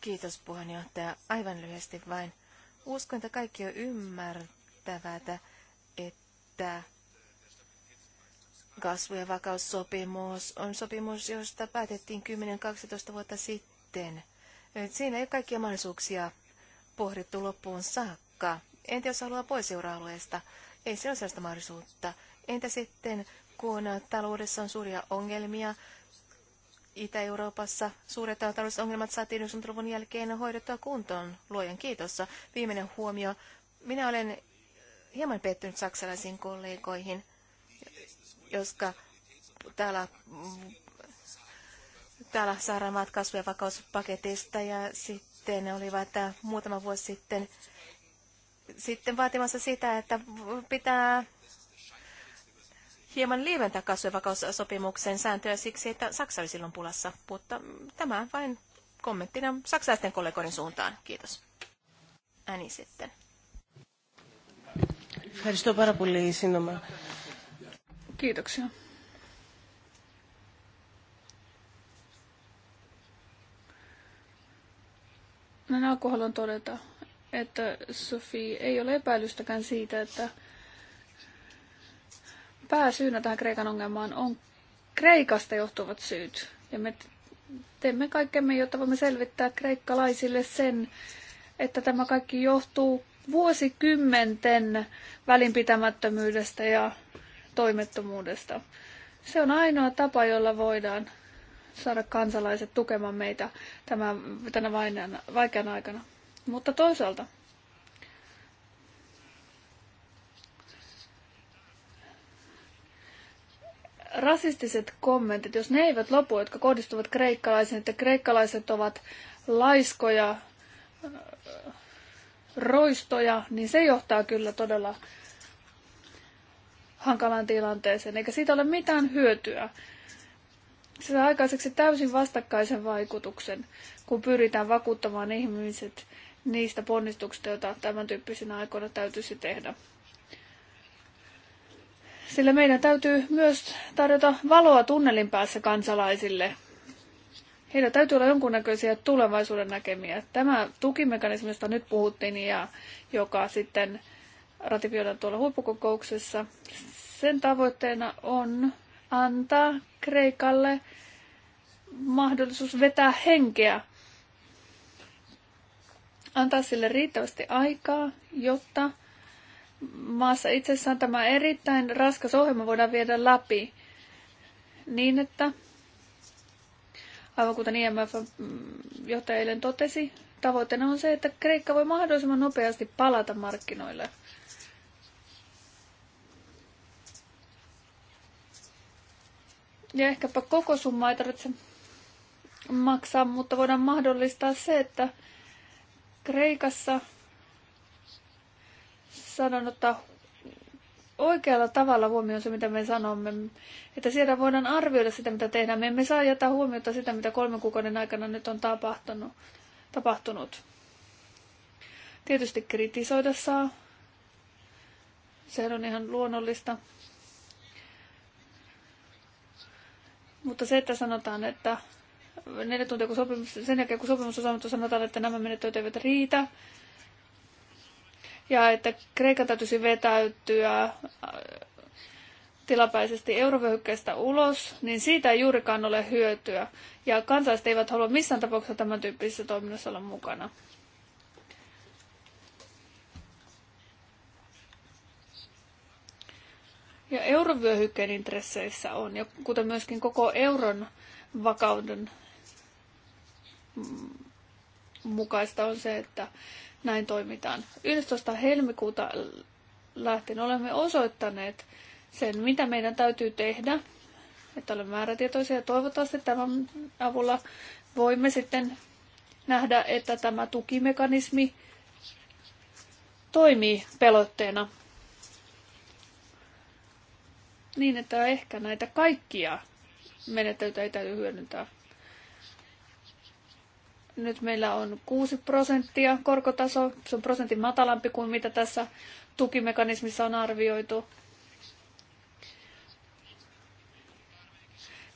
Kiitos, puheenjohtaja. Aivan lyhyesti vain. Uskon, että kaikki on ymmärtävät, että kasvu- ja vakaussopimus on sopimus, josta päätettiin 10-12 vuotta sitten. Siinä ei kaikkia mahdollisuuksia pohdittu loppuun saakka. Entä jos haluaa pois euroalueesta? Ei se ole sellaista mahdollisuutta. Entä sitten, kun taloudessa on suuria ongelmia, Itä-Euroopassa suuret taloudelliset ongelmat saatiin 90-luvun jälkeen hoidettua kuntoon, luojan kiitos. Viimeinen huomio. Minä olen hieman pettynyt saksalaisiin kollegoihin joska täällä täällä saadaan maat kasvu- ja vakauspaketista ja sitten ne olivat äh, muutama vuosi sitten, sitten vaatimassa sitä, että pitää hieman lieventää kasvu- ja vakaussopimuksen sääntöjä siksi, että Saksa oli silloin pulassa. Mutta tämä vain kommenttina saksalaisten kollegoiden suuntaan. Kiitos. Ääni sitten. Kiitos πάρα Kiitoksia. Näin alkuun haluan todeta, että Sofi ei ole epäilystäkään siitä, että pääsyynä tähän Kreikan ongelmaan on Kreikasta johtuvat syyt. Ja me teemme kaikkemme, jotta voimme selvittää kreikkalaisille sen, että tämä kaikki johtuu vuosikymmenten välinpitämättömyydestä ja toimettomuudesta. Se on ainoa tapa, jolla voidaan saada kansalaiset tukemaan meitä tämän, tänä vaikeana, vaikeana aikana. Mutta toisaalta rasistiset kommentit, jos ne eivät lopu, jotka kohdistuvat kreikkalaisiin, että kreikkalaiset ovat laiskoja, roistoja, niin se johtaa kyllä todella hankalaan tilanteeseen, eikä siitä ole mitään hyötyä. Se saa aikaiseksi täysin vastakkaisen vaikutuksen, kun pyritään vakuuttamaan ihmiset niistä ponnistuksista, joita tämän tyyppisinä aikoina täytyisi tehdä. Sillä meidän täytyy myös tarjota valoa tunnelin päässä kansalaisille. Heillä täytyy olla jonkunnäköisiä tulevaisuuden näkemiä. Tämä tukimekanismista nyt puhuttiin ja joka sitten ratifioidaan tuolla huippukokouksessa. Sen tavoitteena on antaa Kreikalle mahdollisuus vetää henkeä, antaa sille riittävästi aikaa, jotta maassa itsessään tämä erittäin raskas ohjelma voidaan viedä läpi niin, että aivan kuten IMF johtaja eilen totesi, tavoitteena on se, että Kreikka voi mahdollisimman nopeasti palata markkinoille – Ja ehkäpä koko summa ei tarvitse maksaa, mutta voidaan mahdollistaa se, että Kreikassa sanon ottaa oikealla tavalla huomioon se, mitä me sanomme. Että siellä voidaan arvioida sitä, mitä tehdään. Me emme saa jättää huomiota sitä, mitä kolmen kuukauden aikana nyt on tapahtunut. tapahtunut. Tietysti kritisoida saa. Sehän on ihan luonnollista. Mutta se, että sanotaan, että neljä tuntia kun sopimus, sen jälkeen kun sopimus on saanut, sanotaan, että nämä menettelyt eivät riitä. Ja että Kreikan täytyisi vetäytyä äh, tilapäisesti eurovyöhykkeestä ulos, niin siitä ei juurikaan ole hyötyä. Ja kansalaiset eivät halua missään tapauksessa tämän tyyppisessä toiminnassa olla mukana. ja eurovyöhykkeen intresseissä on, ja kuten myöskin koko euron vakauden mukaista on se, että näin toimitaan. 11. helmikuuta lähtien olemme osoittaneet sen, mitä meidän täytyy tehdä, että olemme määrätietoisia. Toivottavasti tämän avulla voimme sitten nähdä, että tämä tukimekanismi toimii pelotteena niin, että ehkä näitä kaikkia menettelyitä ei täytyy hyödyntää. Nyt meillä on 6 prosenttia korkotaso. Se on prosentin matalampi kuin mitä tässä tukimekanismissa on arvioitu.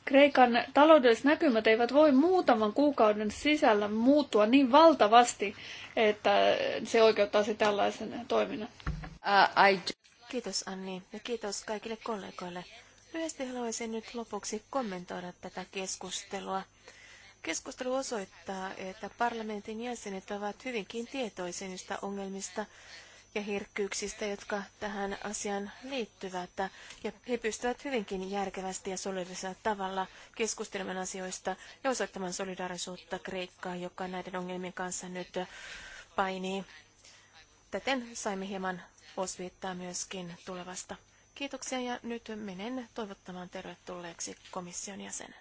Kreikan taloudelliset näkymät eivät voi muutaman kuukauden sisällä muuttua niin valtavasti, että se oikeuttaisi tällaisen toiminnan. Uh, I... Kiitos Anni ja kiitos kaikille kollegoille. Lyhyesti haluaisin nyt lopuksi kommentoida tätä keskustelua. Keskustelu osoittaa, että parlamentin jäsenet ovat hyvinkin tietoisia niistä ongelmista ja herkkyyksistä, jotka tähän asiaan liittyvät. Ja he pystyvät hyvinkin järkevästi ja solidaarisella tavalla keskustelemaan asioista ja osoittamaan solidaarisuutta Kreikkaa, joka näiden ongelmien kanssa nyt painii. Täten saimme hieman osviittaa myöskin tulevasta. Kiitoksia ja nyt menen toivottamaan tervetulleeksi komission jäsenen.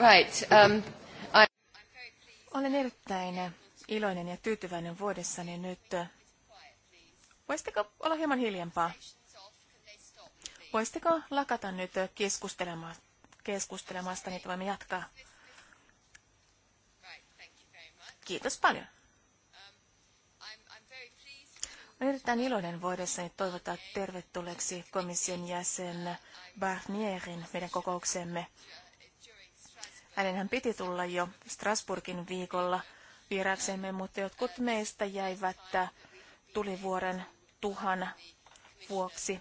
Right. Um, I... Olen erittäin iloinen ja tyytyväinen vuodessani nyt. Voisitteko olla hieman hiljempaa? Voisitteko lakata nyt keskustelema, keskustelemasta, niin voimme jatkaa? Kiitos paljon. Olen erittäin iloinen vuodessani toivottaa tervetulleeksi komission jäsen Barnierin meidän kokouksemme. Hänenhän piti tulla jo Strasburgin viikolla vieraksemme, mutta jotkut meistä jäivät tulivuoren tuhan vuoksi.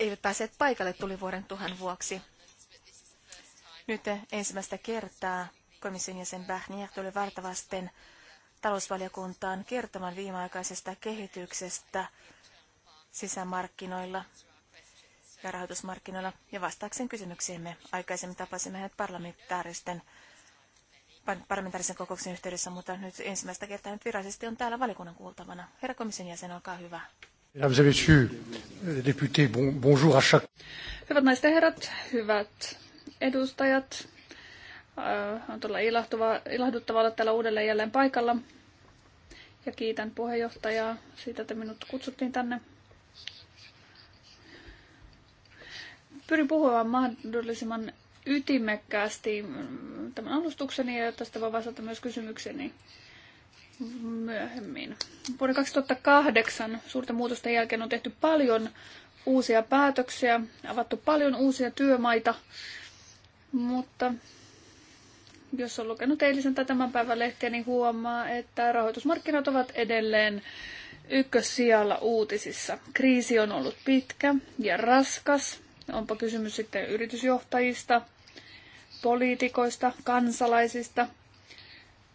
Eivät päässeet paikalle tulivuoren tuhan vuoksi. Nyt ensimmäistä kertaa komission jäsen Bähniä tuli vartavasten talousvaliokuntaan kertomaan viimeaikaisesta kehityksestä sisämarkkinoilla ja rahoitusmarkkinoilla. Ja vastaakseen kysymyksiimme aikaisemmin tapasimme hänet parlamentaaristen parlamentaarisen kokouksen yhteydessä, mutta nyt ensimmäistä kertaa nyt virallisesti on täällä valikunnan kuultavana. Herra komission jäsen, olkaa hyvä. députés, bonjour à chaque... Hyvät naiset ja herrat, hyvät edustajat. Äh, on todella ilahduttavaa olla täällä uudelleen jälleen paikalla. Ja kiitän puheenjohtajaa siitä, että minut kutsuttiin tänne Pyrin puhumaan mahdollisimman ytimekkäästi tämän alustukseni ja tästä voi vastata myös kysymykseni myöhemmin. Vuoden 2008 suurten muutosten jälkeen on tehty paljon uusia päätöksiä, avattu paljon uusia työmaita, mutta jos on lukenut eilisen tai tämän päivän lehtiä, niin huomaa, että rahoitusmarkkinat ovat edelleen ykkössijalla uutisissa. Kriisi on ollut pitkä ja raskas, Onpa kysymys sitten yritysjohtajista, poliitikoista, kansalaisista,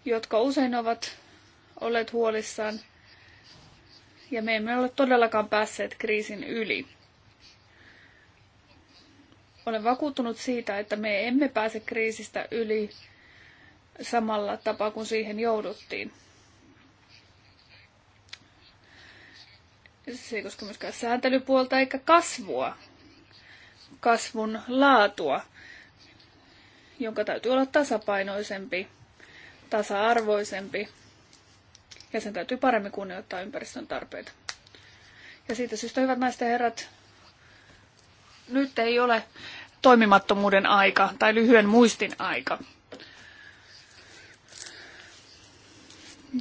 jotka usein ovat olleet huolissaan ja me emme ole todellakaan päässeet kriisin yli. Olen vakuuttunut siitä, että me emme pääse kriisistä yli samalla tapaa kuin siihen jouduttiin. Se ei koske myöskään sääntelypuolta eikä kasvua, kasvun laatua, jonka täytyy olla tasapainoisempi, tasa-arvoisempi ja sen täytyy paremmin kunnioittaa ympäristön tarpeita. Ja siitä syystä, hyvät naiset ja herrat, nyt ei ole toimimattomuuden aika tai lyhyen muistin aika.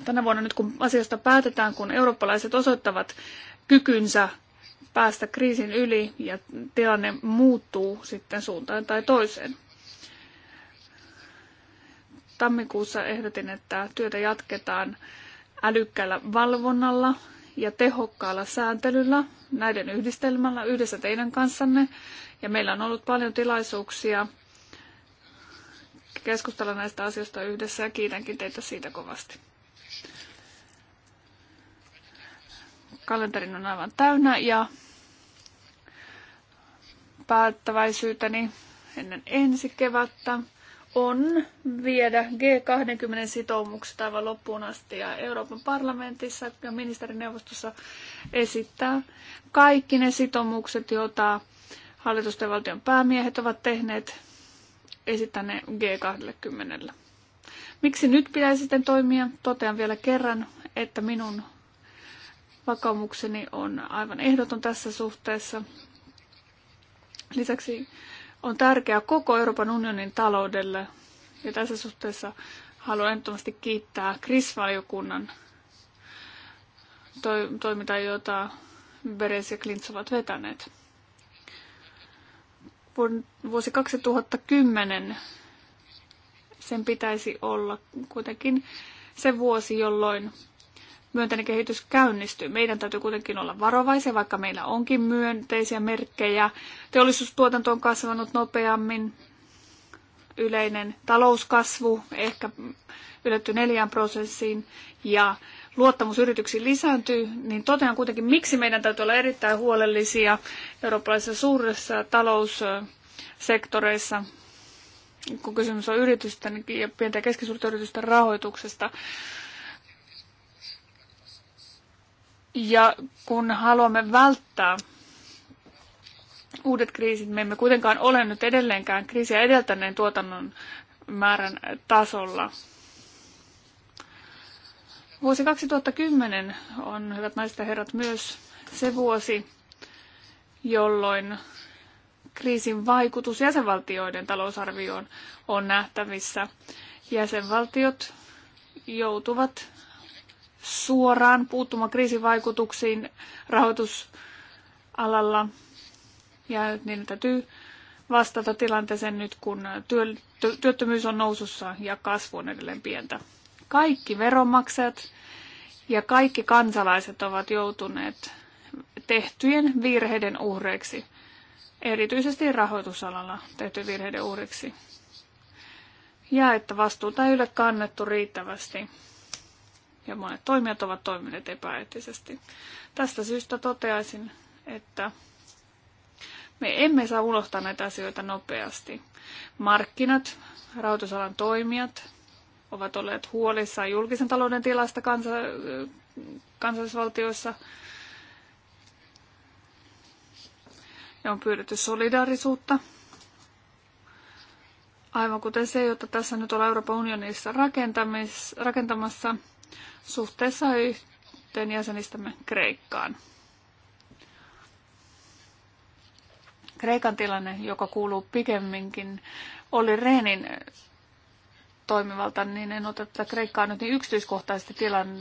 Tänä vuonna nyt kun asiasta päätetään, kun eurooppalaiset osoittavat kykynsä päästä kriisin yli ja tilanne muuttuu sitten suuntaan tai toiseen. Tammikuussa ehdotin, että työtä jatketaan älykkäällä valvonnalla ja tehokkaalla sääntelyllä, näiden yhdistelmällä yhdessä teidän kanssanne. Ja meillä on ollut paljon tilaisuuksia keskustella näistä asioista yhdessä ja kiitänkin teitä siitä kovasti. Kalenterin on aivan täynnä ja päättäväisyyteni ennen ensi kevättä on viedä G20-sitoumukset aivan loppuun asti ja Euroopan parlamentissa ja ministerineuvostossa esittää kaikki ne sitoumukset, joita hallitusten valtion päämiehet ovat tehneet, esittää ne G20. Miksi nyt pitäisi sitten toimia? Totean vielä kerran, että minun vakaumukseni on aivan ehdoton tässä suhteessa. Lisäksi on tärkeää koko Euroopan unionin taloudelle, ja tässä suhteessa haluan ehdottomasti kiittää Kris-valiokunnan toimintaa, jota Beres ja Klintz ovat vetäneet. Vuosi 2010 sen pitäisi olla kuitenkin se vuosi, jolloin myönteinen kehitys käynnistyy. Meidän täytyy kuitenkin olla varovaisia, vaikka meillä onkin myönteisiä merkkejä. Teollisuustuotanto on kasvanut nopeammin, yleinen talouskasvu ehkä ylätty neljään prosessiin ja luottamus yrityksiin lisääntyy, niin totean kuitenkin, miksi meidän täytyy olla erittäin huolellisia eurooppalaisissa suurissa taloussektoreissa, kun kysymys on yritysten ja pientä ja keskisuurten yritysten rahoituksesta. Ja kun haluamme välttää uudet kriisit, me emme kuitenkaan ole nyt edelleenkään kriisiä edeltäneen tuotannon määrän tasolla. Vuosi 2010 on, hyvät naiset ja herrat, myös se vuosi, jolloin kriisin vaikutus jäsenvaltioiden talousarvioon on nähtävissä. Jäsenvaltiot joutuvat suoraan puuttumaan kriisivaikutuksiin rahoitusalalla. Ja niillä täytyy vastata tilanteeseen nyt, kun työttömyys on nousussa ja kasvu on edelleen pientä. Kaikki veronmaksajat ja kaikki kansalaiset ovat joutuneet tehtyjen virheiden uhreiksi, erityisesti rahoitusalalla tehty virheiden uhreiksi. Ja että vastuuta ei ole kannettu riittävästi ja monet toimijat ovat toimineet epäeettisesti. Tästä syystä toteaisin, että me emme saa unohtaa näitä asioita nopeasti. Markkinat, rahoitusalan toimijat ovat olleet huolissaan julkisen talouden tilasta kansa, kansallisvaltioissa ja on pyydetty solidaarisuutta. Aivan kuten se, jota tässä nyt ollaan Euroopan unionissa rakentamassa, suhteessa yhteen jäsenistämme Kreikkaan. Kreikan tilanne, joka kuuluu pikemminkin oli Reenin toimivalta, niin en ota tätä Kreikkaa nyt niin yksityiskohtaisesti tilan,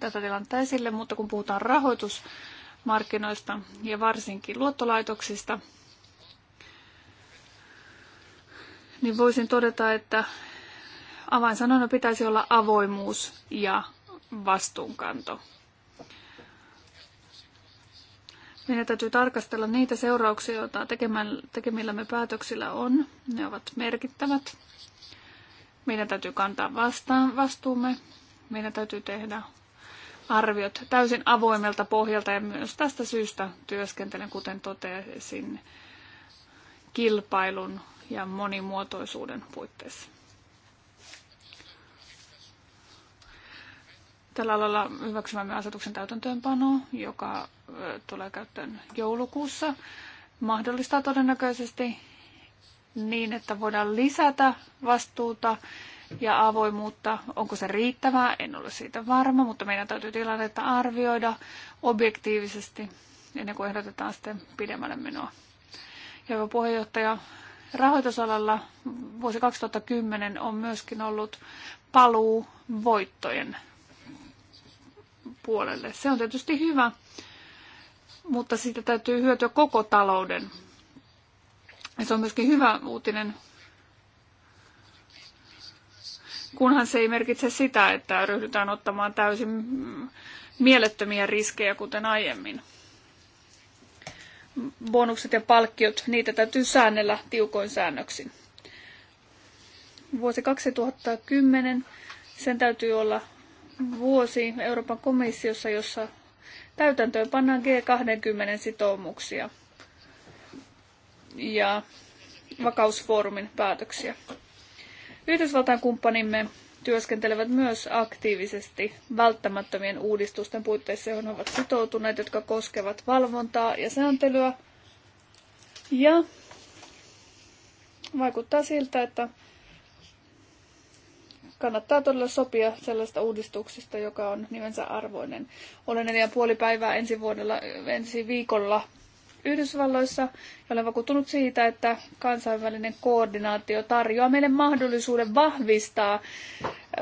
tätä tilannetta esille, mutta kun puhutaan rahoitusmarkkinoista ja varsinkin luottolaitoksista, niin voisin todeta, että avainsanana pitäisi olla avoimuus ja vastuunkanto. Meidän täytyy tarkastella niitä seurauksia, joita tekemillämme päätöksillä on. Ne ovat merkittävät. Meidän täytyy kantaa vastaan vastuumme. Meidän täytyy tehdä arviot täysin avoimelta pohjalta ja myös tästä syystä työskentelen, kuten totesin, kilpailun ja monimuotoisuuden puitteissa. tällä lailla hyväksymämme asetuksen täytäntöönpano, joka tulee käyttöön joulukuussa, mahdollistaa todennäköisesti niin, että voidaan lisätä vastuuta ja avoimuutta. Onko se riittävää? En ole siitä varma, mutta meidän täytyy tilannetta arvioida objektiivisesti ennen kuin ehdotetaan sitten pidemmälle menoa. Ja hyvä puheenjohtaja, rahoitusalalla vuosi 2010 on myöskin ollut paluu voittojen puolelle. Se on tietysti hyvä, mutta siitä täytyy hyötyä koko talouden. Ja se on myöskin hyvä uutinen, kunhan se ei merkitse sitä, että ryhdytään ottamaan täysin mielettömiä riskejä, kuten aiemmin. Bonukset ja palkkiot, niitä täytyy säännellä tiukoin säännöksin. Vuosi 2010, sen täytyy olla vuosi Euroopan komissiossa, jossa täytäntöön pannaan G20 sitoumuksia ja vakausfoorumin päätöksiä. Yhdysvaltain kumppanimme työskentelevät myös aktiivisesti välttämättömien uudistusten puitteissa, johon ovat sitoutuneet, jotka koskevat valvontaa ja sääntelyä. Ja vaikuttaa siltä, että kannattaa todella sopia sellaista uudistuksesta, joka on nimensä arvoinen. Olen neljä puoli päivää ensi, vuodella, ensi viikolla Yhdysvalloissa ja olen vakuuttunut siitä, että kansainvälinen koordinaatio tarjoaa meille mahdollisuuden vahvistaa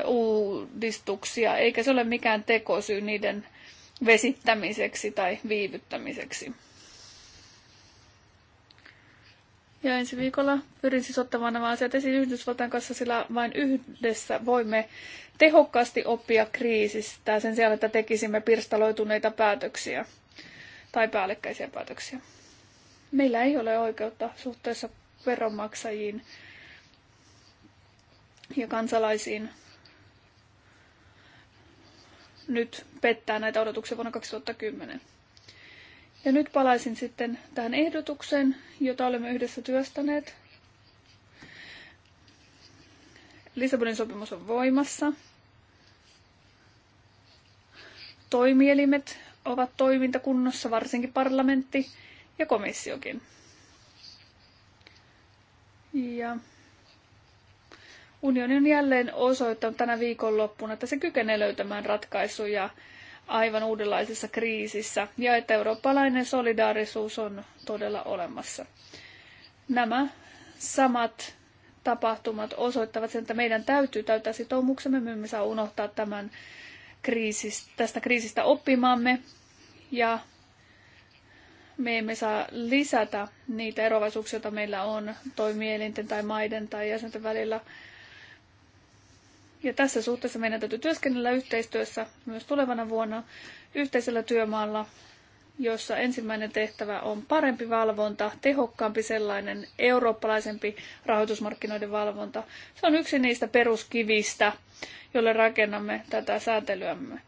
uudistuksia, eikä se ole mikään tekosyy niiden vesittämiseksi tai viivyttämiseksi. Ja ensi viikolla pyrin siis ottamaan nämä asiat esiin Yhdysvaltain kanssa, sillä vain yhdessä voimme tehokkaasti oppia kriisistä sen sijaan, että tekisimme pirstaloituneita päätöksiä tai päällekkäisiä päätöksiä. Meillä ei ole oikeutta suhteessa veronmaksajiin ja kansalaisiin nyt pettää näitä odotuksia vuonna 2010. Ja nyt palaisin sitten tähän ehdotukseen, jota olemme yhdessä työstäneet. Lissabonin sopimus on voimassa. Toimielimet ovat toimintakunnossa, varsinkin parlamentti ja komissiokin. Ja unioni on jälleen osoittanut tänä viikonloppuna, että se kykenee löytämään ratkaisuja aivan uudenlaisessa kriisissä ja että eurooppalainen solidaarisuus on todella olemassa. Nämä samat tapahtumat osoittavat sen, että meidän täytyy täyttää sitoumuksemme. Me emme saa unohtaa tämän kriisistä, tästä kriisistä oppimamme ja me emme saa lisätä niitä eroavaisuuksia, joita meillä on toimielinten tai maiden tai jäsenten välillä – ja tässä suhteessa meidän täytyy työskennellä yhteistyössä myös tulevana vuonna yhteisellä työmaalla, jossa ensimmäinen tehtävä on parempi valvonta, tehokkaampi sellainen, eurooppalaisempi rahoitusmarkkinoiden valvonta. Se on yksi niistä peruskivistä, jolle rakennamme tätä säätelyämme.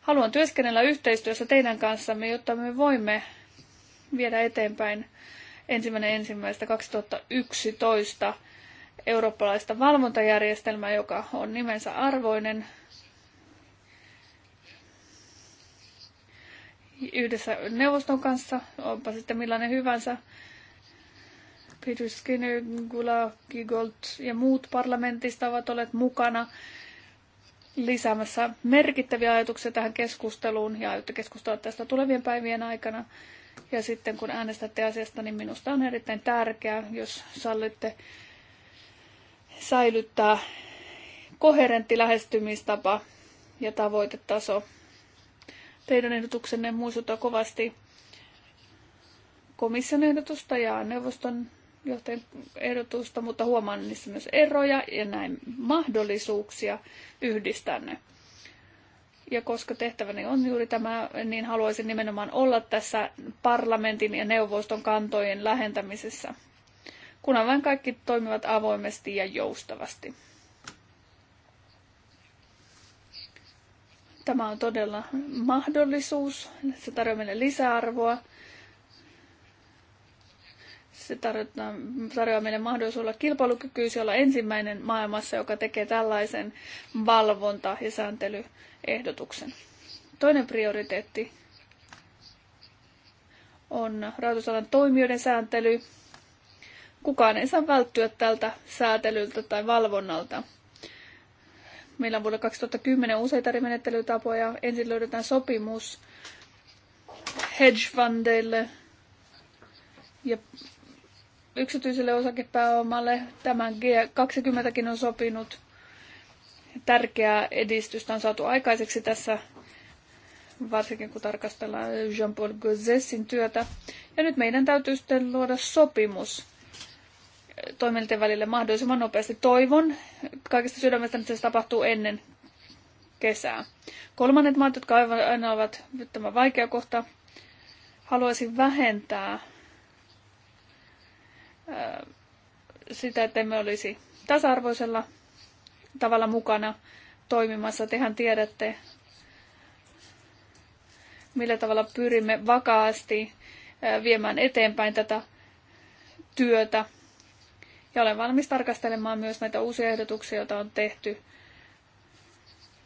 Haluan työskennellä yhteistyössä teidän kanssamme, jotta me voimme viedä eteenpäin ensimmäinen ensimmäistä 2011 eurooppalaista valvontajärjestelmää, joka on nimensä arvoinen. Yhdessä neuvoston kanssa, onpa sitten millainen hyvänsä, Peter Skinner, Gula, Gigold ja muut parlamentista ovat olleet mukana lisäämässä merkittäviä ajatuksia tähän keskusteluun ja aiotte keskustella tästä tulevien päivien aikana. Ja sitten kun äänestätte asiasta, niin minusta on erittäin tärkeää, jos sallitte säilyttää koherentti lähestymistapa ja tavoitetaso. Teidän ehdotuksenne muistuttaa kovasti komission ehdotusta ja neuvoston johtajan ehdotusta, mutta huomaan niissä myös eroja ja näin mahdollisuuksia yhdistää ne. Ja koska tehtäväni on juuri tämä, niin haluaisin nimenomaan olla tässä parlamentin ja neuvoston kantojen lähentämisessä kunhan vain kaikki toimivat avoimesti ja joustavasti. Tämä on todella mahdollisuus. Se tarjoaa meille lisäarvoa. Se tarjoaa meille mahdollisuus olla kilpailukykyisiä, olla ensimmäinen maailmassa, joka tekee tällaisen valvonta- ja sääntelyehdotuksen. Toinen prioriteetti on rahoitusalan toimijoiden sääntely, Kukaan ei saa välttyä tältä säätelyltä tai valvonnalta. Meillä on vuonna 2010 useita eri menettelytapoja. Ensin löydetään sopimus hedge-fundeille ja yksityiselle osakepääomalle. Tämän G20kin on sopinut. Tärkeää edistystä on saatu aikaiseksi tässä, varsinkin kun tarkastellaan Jean-Paul Gauzessin työtä. Ja nyt meidän täytyy sitten luoda sopimus toimielinten välille mahdollisimman nopeasti. Toivon kaikesta sydämestä, että se tapahtuu ennen kesää. Kolmannet maat, jotka aina ovat tämä vaikea kohta, haluaisin vähentää sitä, että me olisi tasa-arvoisella tavalla mukana toimimassa. Tehän tiedätte, millä tavalla pyrimme vakaasti viemään eteenpäin tätä työtä ja olen valmis tarkastelemaan myös näitä uusia ehdotuksia, joita on tehty,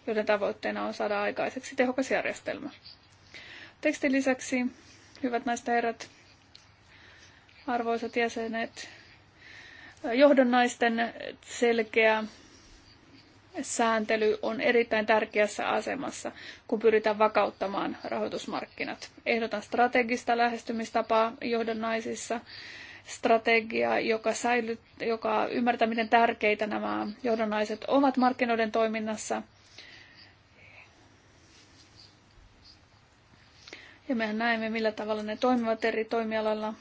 joiden tavoitteena on saada aikaiseksi tehokas järjestelmä. Tekstin lisäksi, hyvät naiset herrat, arvoisat jäsenet, johdonnaisten selkeä sääntely on erittäin tärkeässä asemassa, kun pyritään vakauttamaan rahoitusmarkkinat. Ehdotan strategista lähestymistapaa johdonnaisissa strategia, joka, säilyt, joka ymmärtää, miten tärkeitä nämä johdonnaiset ovat markkinoiden toiminnassa. Ja mehän näemme, millä tavalla ne toimivat eri toimialoilla.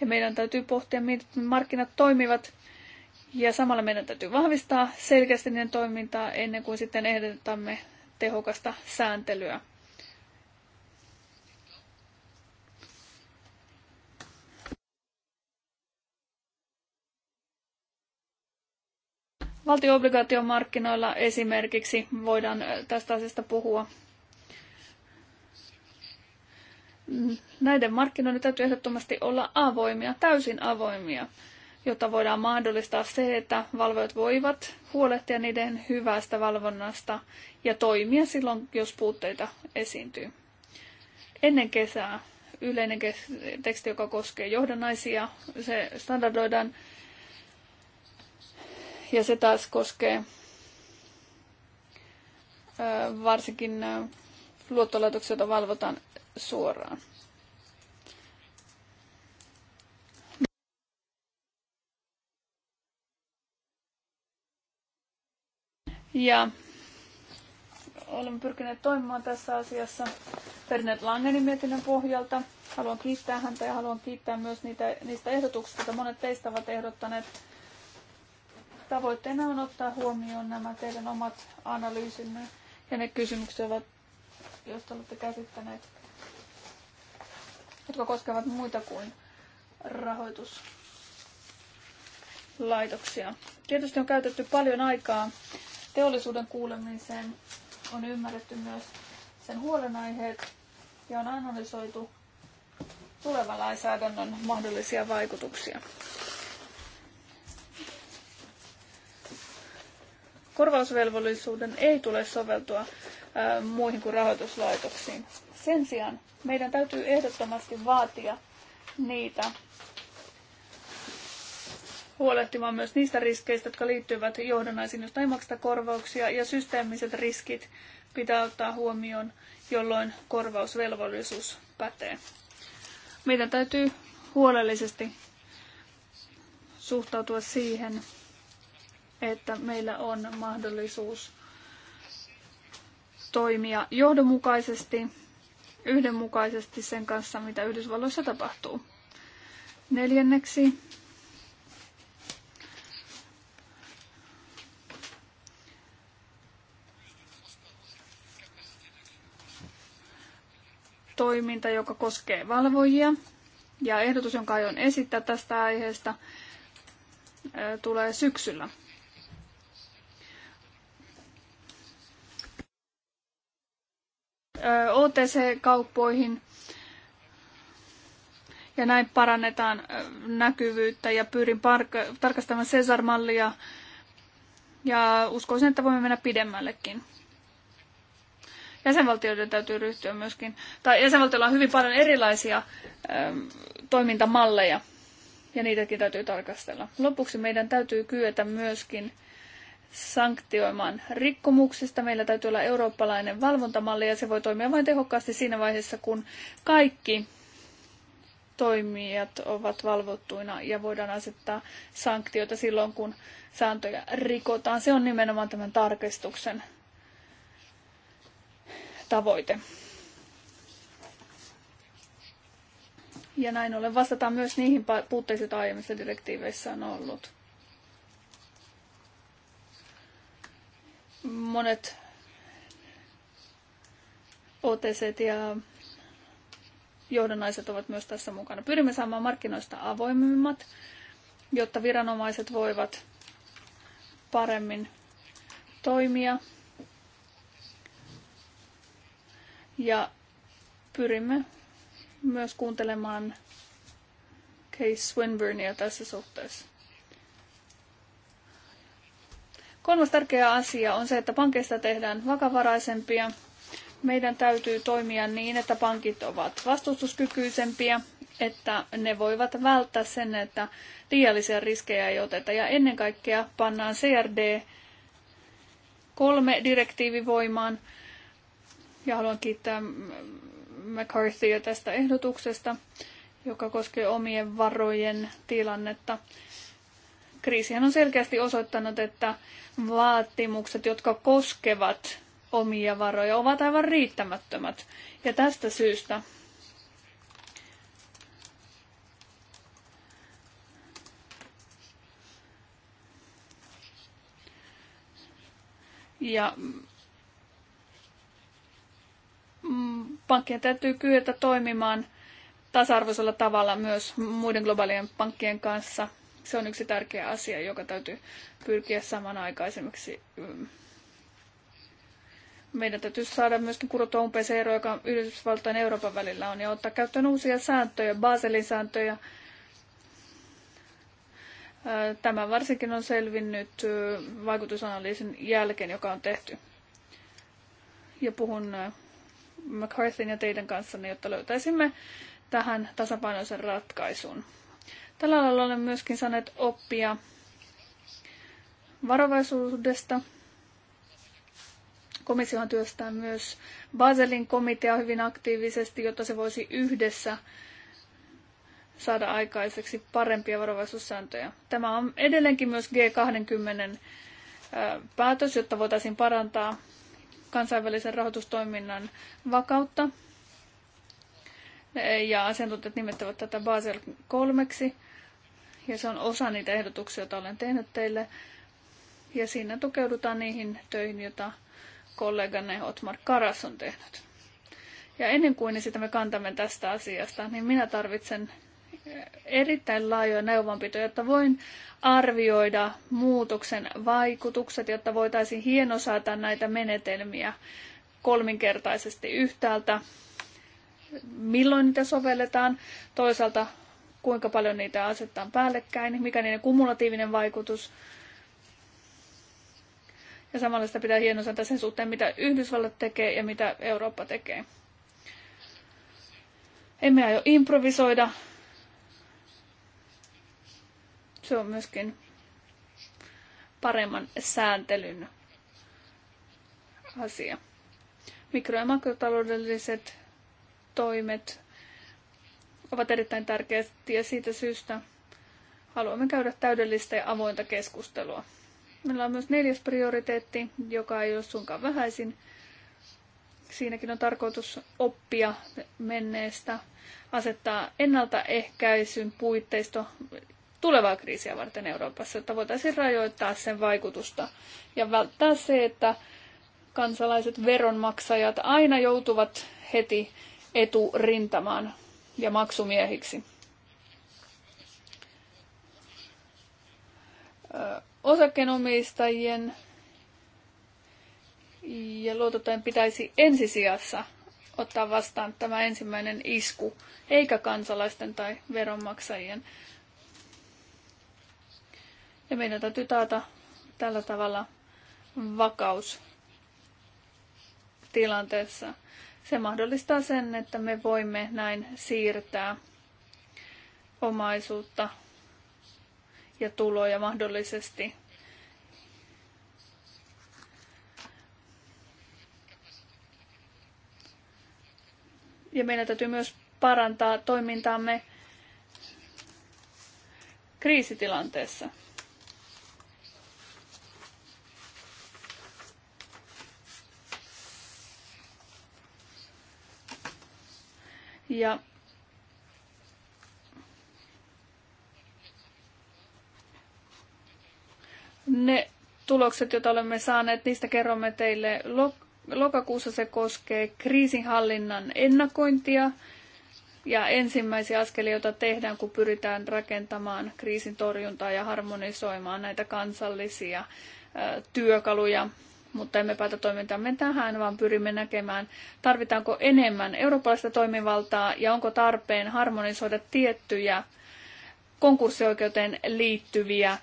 Ja meidän täytyy pohtia, miten markkinat toimivat. Ja samalla meidän täytyy vahvistaa selkeästi niiden toimintaa ennen kuin sitten ehdotamme tehokasta sääntelyä. Valtioobligaatiomarkkinoilla esimerkiksi voidaan tästä asiasta puhua. Näiden markkinoiden täytyy ehdottomasti olla avoimia, täysin avoimia, jotta voidaan mahdollistaa se, että valvojat voivat huolehtia niiden hyvästä valvonnasta ja toimia silloin, jos puutteita esiintyy. Ennen kesää yleinen teksti, joka koskee johdannaisia, se standardoidaan ja se taas koskee varsinkin luottolaitoksia, joita valvotaan suoraan. Ja olemme pyrkineet toimimaan tässä asiassa Ferdinand Langenin mietinnön pohjalta. Haluan kiittää häntä ja haluan kiittää myös niitä, niistä ehdotuksista, joita monet teistä ovat ehdottaneet Tavoitteena on ottaa huomioon nämä teidän omat analyysinne ja ne kysymykset, joista olette käsittäneet, jotka koskevat muita kuin rahoituslaitoksia. Tietysti on käytetty paljon aikaa teollisuuden kuulemiseen, on ymmärretty myös sen huolenaiheet ja on analysoitu tulevan lainsäädännön mahdollisia vaikutuksia. korvausvelvollisuuden ei tule soveltua ää, muihin kuin rahoituslaitoksiin. Sen sijaan meidän täytyy ehdottomasti vaatia niitä huolehtimaan myös niistä riskeistä, jotka liittyvät johdonnaisiin, josta ei makseta korvauksia, ja systeemiset riskit pitää ottaa huomioon, jolloin korvausvelvollisuus pätee. Meidän täytyy huolellisesti suhtautua siihen, että meillä on mahdollisuus toimia johdonmukaisesti, yhdenmukaisesti sen kanssa, mitä Yhdysvalloissa tapahtuu. Neljänneksi toiminta, joka koskee valvojia. Ja ehdotus, jonka aion esittää tästä aiheesta, tulee syksyllä. OTC-kauppoihin. Ja näin parannetaan näkyvyyttä ja pyrin tarkastamaan Cesar-mallia. Ja uskoisin, että voimme mennä pidemmällekin jäsenvaltioiden täytyy ryhtyä myöskin, tai jäsenvaltioilla on hyvin paljon erilaisia äm, toimintamalleja, ja niitäkin täytyy tarkastella. Lopuksi meidän täytyy kyetä myöskin sanktioimaan rikkomuksista. Meillä täytyy olla eurooppalainen valvontamalli ja se voi toimia vain tehokkaasti siinä vaiheessa, kun kaikki toimijat ovat valvottuina ja voidaan asettaa sanktioita silloin, kun sääntöjä rikotaan. Se on nimenomaan tämän tarkistuksen tavoite. Ja näin ollen vastataan myös niihin puutteisiin, joita aiemmissa direktiiveissä on ollut. monet OTC ja johdonnaiset ovat myös tässä mukana. Pyrimme saamaan markkinoista avoimemmat, jotta viranomaiset voivat paremmin toimia. Ja pyrimme myös kuuntelemaan Case Swinburnia tässä suhteessa. Kolmas tärkeä asia on se, että pankeista tehdään vakavaraisempia. Meidän täytyy toimia niin, että pankit ovat vastustuskykyisempiä, että ne voivat välttää sen, että liiallisia riskejä ei oteta. Ja ennen kaikkea pannaan CRD 3 direktiivi voimaan. Ja haluan kiittää McCarthyä tästä ehdotuksesta, joka koskee omien varojen tilannetta kriisihän on selkeästi osoittanut, että vaatimukset, jotka koskevat omia varoja, ovat aivan riittämättömät. Ja tästä syystä Ja pankkien täytyy kyetä toimimaan tasa-arvoisella tavalla myös muiden globaalien pankkien kanssa – se on yksi tärkeä asia, joka täytyy pyrkiä samanaikaisemmaksi. Mm. Meidän täytyy saada myöskin kurottua umpeen se ero, joka Yhdysvaltain Euroopan välillä on, ja ottaa käyttöön uusia sääntöjä, Baselin sääntöjä. Tämä varsinkin on selvinnyt vaikutusanalyysin jälkeen, joka on tehty. Ja puhun McCarthyn ja teidän kanssanne, jotta löytäisimme tähän tasapainoisen ratkaisun. Tällä lailla olen myöskin saaneet oppia varovaisuudesta. Komissio työstää myös Baselin komitea hyvin aktiivisesti, jotta se voisi yhdessä saada aikaiseksi parempia varovaisuussääntöjä. Tämä on edelleenkin myös G20 päätös, jotta voitaisiin parantaa kansainvälisen rahoitustoiminnan vakautta. Ja asiantuntijat nimettävät tätä Basel kolmeksi ja se on osa niitä ehdotuksia, joita olen tehnyt teille. Ja siinä tukeudutaan niihin töihin, joita kolleganne Otmar Karas on tehnyt. Ja ennen kuin me kantamme tästä asiasta, niin minä tarvitsen eh, erittäin laajoja neuvonpitoja, jotta voin arvioida muutoksen vaikutukset, jotta voitaisiin hienosata näitä menetelmiä kolminkertaisesti yhtäältä, milloin niitä sovelletaan, toisaalta kuinka paljon niitä asetetaan päällekkäin, mikä niiden kumulatiivinen vaikutus. Ja samalla sitä pitää hienosata sen suhteen, mitä Yhdysvallat tekee ja mitä Eurooppa tekee. Emme aio improvisoida. Se on myöskin paremman sääntelyn asia. Mikro- ja makrotaloudelliset toimet ovat erittäin tärkeitä ja siitä syystä haluamme käydä täydellistä ja avointa keskustelua. Meillä on myös neljäs prioriteetti, joka ei ole suinkaan vähäisin. Siinäkin on tarkoitus oppia menneestä, asettaa ennaltaehkäisyn puitteisto tulevaa kriisiä varten Euroopassa, että voitaisiin rajoittaa sen vaikutusta ja välttää se, että kansalaiset veronmaksajat aina joutuvat heti eturintamaan ja maksumiehiksi. Osakkeenomistajien ja luotottajan pitäisi ensisijassa ottaa vastaan tämä ensimmäinen isku, eikä kansalaisten tai veronmaksajien. Ja meidän täytyy taata tällä tavalla vakaus tilanteessa. Se mahdollistaa sen, että me voimme näin siirtää omaisuutta ja tuloja mahdollisesti ja meidän täytyy myös parantaa toimintaamme kriisitilanteessa. Ja ne tulokset, joita olemme saaneet, niistä kerromme teille lokakuussa. Se koskee kriisinhallinnan ennakointia ja ensimmäisiä askelia, joita tehdään, kun pyritään rakentamaan kriisin torjuntaa ja harmonisoimaan näitä kansallisia työkaluja mutta emme päätä toimintamme tähän, vaan pyrimme näkemään, tarvitaanko enemmän eurooppalaista toimivaltaa ja onko tarpeen harmonisoida tiettyjä konkurssioikeuteen liittyviä äh,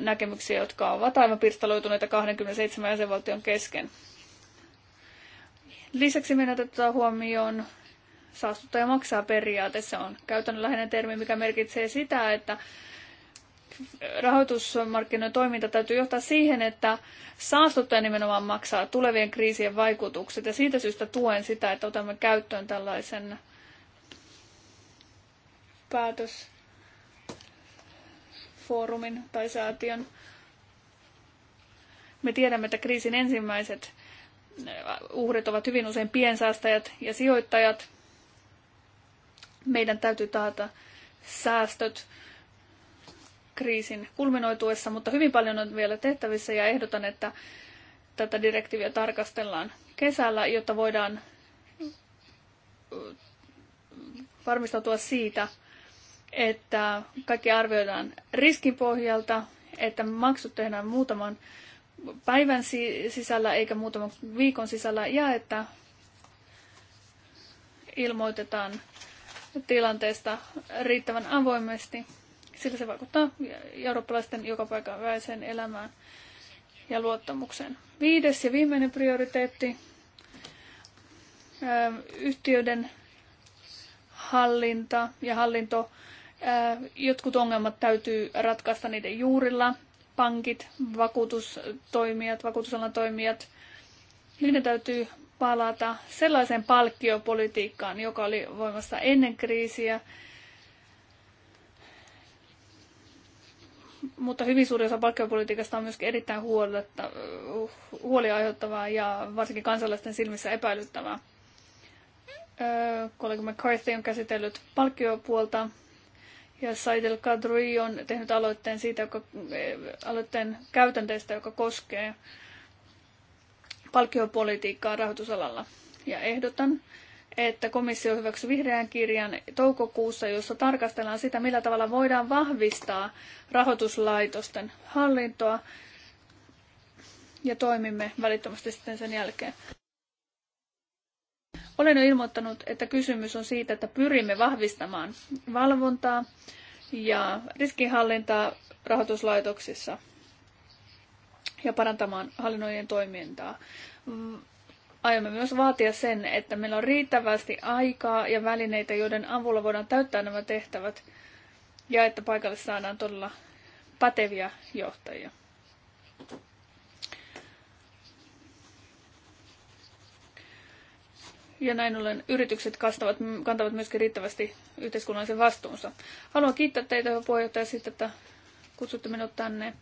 näkemyksiä, jotka ovat aivan pirstaloituneita 27 jäsenvaltion kesken. Lisäksi meidän otetaan huomioon saastuttaja maksaa periaate. Se on käytännönläheinen termi, mikä merkitsee sitä, että rahoitusmarkkinoiden toiminta täytyy johtaa siihen, että saastuttaja nimenomaan maksaa tulevien kriisien vaikutukset. Ja siitä syystä tuen sitä, että otamme käyttöön tällaisen päätösfoorumin tai säätiön. Me tiedämme, että kriisin ensimmäiset äh, uhrit ovat hyvin usein piensäästäjät ja sijoittajat. Meidän täytyy taata säästöt kriisin kulminoituessa, mutta hyvin paljon on vielä tehtävissä ja ehdotan, että tätä direktiiviä tarkastellaan kesällä, jotta voidaan varmistautua siitä, että kaikki arvioidaan riskin pohjalta, että maksut tehdään muutaman päivän sisällä eikä muutaman viikon sisällä ja että ilmoitetaan tilanteesta riittävän avoimesti sillä se vaikuttaa eurooppalaisten väiseen elämään ja luottamukseen. Viides ja viimeinen prioriteetti, ähm, yhtiöiden hallinta ja hallinto. Äh, jotkut ongelmat täytyy ratkaista niiden juurilla. Pankit, vakuutustoimijat, vakuutusalan toimijat, niiden täytyy palata sellaiseen palkkiopolitiikkaan, joka oli voimassa ennen kriisiä mutta hyvin suuri osa palkkiopolitiikasta on myöskin erittäin huoletta, uh, huolia aiheuttavaa ja varsinkin kansalaisten silmissä epäilyttävää. kollega McCarthy on käsitellyt palkkiopuolta ja Saidel Kadri on tehnyt aloitteen, siitä, joka, e, aloitteen käytänteistä, joka koskee palkkiopolitiikkaa rahoitusalalla. Ja ehdotan, että komissio hyväksyi vihreän kirjan toukokuussa, jossa tarkastellaan sitä, millä tavalla voidaan vahvistaa rahoituslaitosten hallintoa ja toimimme välittömästi sitten sen jälkeen. Olen jo ilmoittanut, että kysymys on siitä, että pyrimme vahvistamaan valvontaa ja riskinhallintaa rahoituslaitoksissa ja parantamaan hallinnoijien toimintaa. Aiomme myös vaatia sen, että meillä on riittävästi aikaa ja välineitä, joiden avulla voidaan täyttää nämä tehtävät ja että paikalle saadaan todella päteviä johtajia. ja näin ollen yritykset kastavat, kantavat myöskin riittävästi yhteiskunnallisen vastuunsa. Haluan kiittää teitä, puheenjohtaja, siitä, että kutsutte minut tänne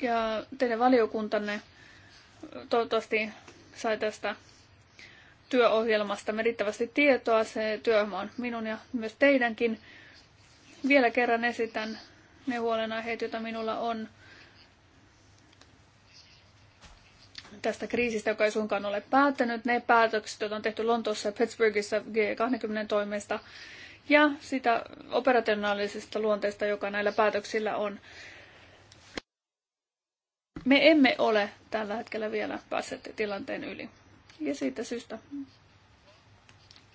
Ja teidän valiokuntanne toivottavasti sai tästä työohjelmasta merittävästi tietoa. Se työohjelma on minun ja myös teidänkin. Vielä kerran esitän ne huolenaiheet, joita minulla on tästä kriisistä, joka ei suinkaan ole päättänyt. Ne päätökset, joita on tehty Lontoossa ja Pittsburghissa G20 toimesta ja sitä operationaalisesta luonteesta, joka näillä päätöksillä on me emme ole tällä hetkellä vielä päässeet tilanteen yli. Ja siitä syystä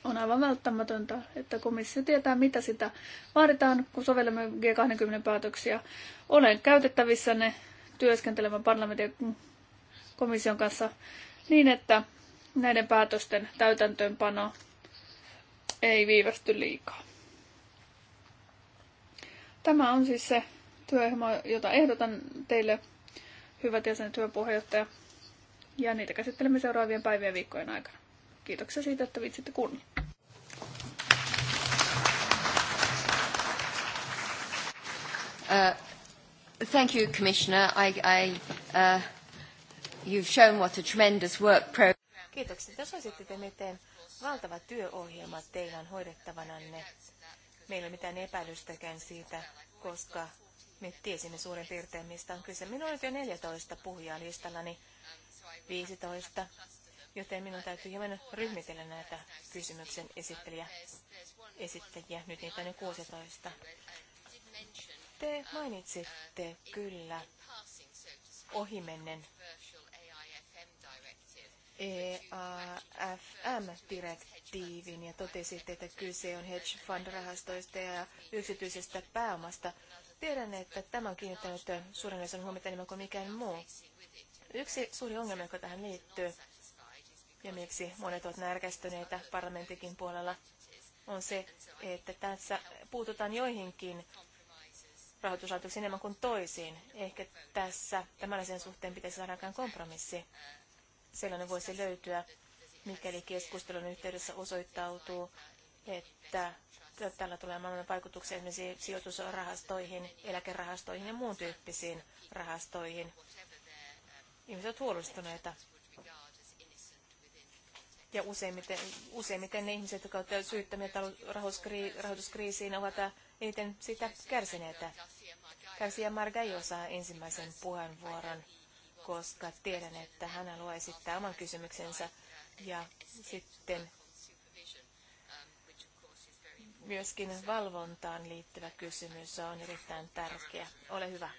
on aivan välttämätöntä, että komissio tietää, mitä sitä vaaditaan, kun sovellamme G20 päätöksiä. Olen käytettävissä ne työskentelemään parlamentin ja komission kanssa niin, että näiden päätösten täytäntöönpano ei viivästy liikaa. Tämä on siis se työohjelma, jota ehdotan teille hyvät jäsenet, hyvä puheenjohtaja. Ja niitä käsittelemme seuraavien päivien viikkojen aikana. Kiitoksia siitä, että viitsitte kuunnella. Uh, thank you, Commissioner. I, I, uh, you've shown what a tremendous work program. Kiitoksia. Tässä esititte, miten valtava työohjelma teillä on hoidettavananne. Meillä ei ole mitään epäilystäkään siitä, koska me tiesimme suurin piirtein, mistä on kyse. Minulla on jo 14 puhujaa listallani, 15, joten minun täytyy hieman ryhmitellä näitä kysymyksen esittelijä, esittäjiä. Nyt niitä on jo 16. Te mainitsitte kyllä ohimennen EAFM-direktiivin ja totesitte, että kyse on hedge fund-rahastoista ja yksityisestä pääomasta. Tiedän, että tämä on kiinnittänyt suuren osan huomiota enemmän kuin mikään muu. Yksi suuri ongelma, joka tähän liittyy, ja miksi monet ovat närkästyneitä parlamentikin puolella, on se, että tässä puututaan joihinkin rahoituslaitoksiin enemmän kuin toisiin. Ehkä tässä tämän asian suhteen pitäisi saada aikaan kompromissi. Sellainen voisi löytyä, mikäli keskustelun yhteydessä osoittautuu, että tällä tulee maailman vaikutuksia esimerkiksi sijoitusrahastoihin, eläkerahastoihin ja muun tyyppisiin rahastoihin. Ihmiset ovat huolestuneita. Ja useimmiten, useimmiten ne ihmiset, jotka ovat syyttämiä rahoituskriisiin, ovat eniten sitä kärsineitä. Kärsiä Margai osaa ensimmäisen puheenvuoron, koska tiedän, että hän haluaa esittää oman kysymyksensä ja sitten Myöskin valvontaan liittyvä kysymys on erittäin tärkeä. Ole hyvä.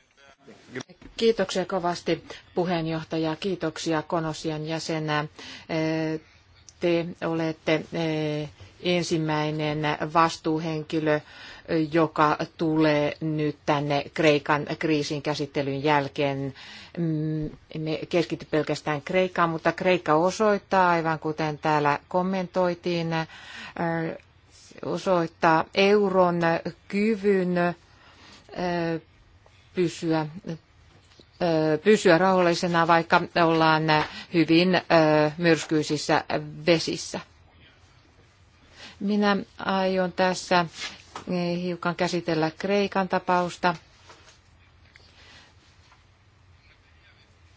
Kiitoksia kovasti puheenjohtaja, kiitoksia Konosian jäsenä. Te olette eh, ensimmäinen vastuuhenkilö, joka tulee nyt tänne Kreikan kriisin käsittelyn jälkeen. Mm, me keskity pelkästään Kreikkaan, mutta Kreikka osoittaa, aivan kuten täällä kommentoitiin, eh, osoittaa euron kyvyn pysyä, pysyä rauhallisena, vaikka ollaan hyvin myrskyisissä vesissä. Minä aion tässä e, hiukan käsitellä Kreikan tapausta.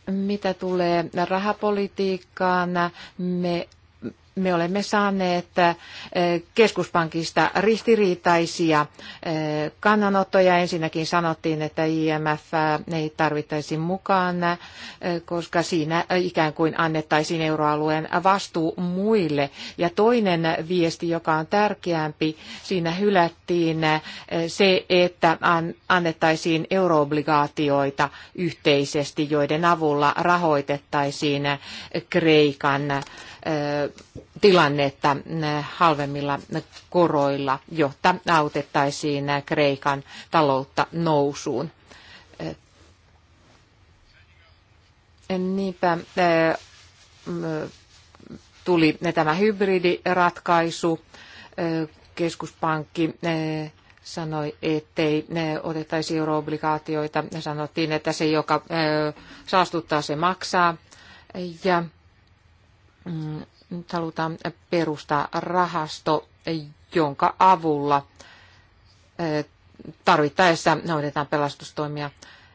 Mitä tulee rahapolitiikkaan, me me olemme saaneet keskuspankista ristiriitaisia kannanottoja. Ensinnäkin sanottiin, että IMF ei tarvittaisi mukaan, koska siinä ikään kuin annettaisiin euroalueen vastuu muille. Ja toinen viesti, joka on tärkeämpi, siinä hylättiin se, että annettaisiin euroobligaatioita yhteisesti, joiden avulla rahoitettaisiin Kreikan tilannetta halvemmilla koroilla, jotta autettaisiin Kreikan taloutta nousuun. Niinpä eh, tuli tämä hybridiratkaisu. Keskuspankki eh, sanoi, ettei ne eh, otettaisi euroobligaatioita. Sanottiin, että se, joka saastuttaa, se maksaa. Ja Mm, nyt halutaan perustaa rahasto, jonka avulla eh, tarvittaessa noudetaan pelastustoimia.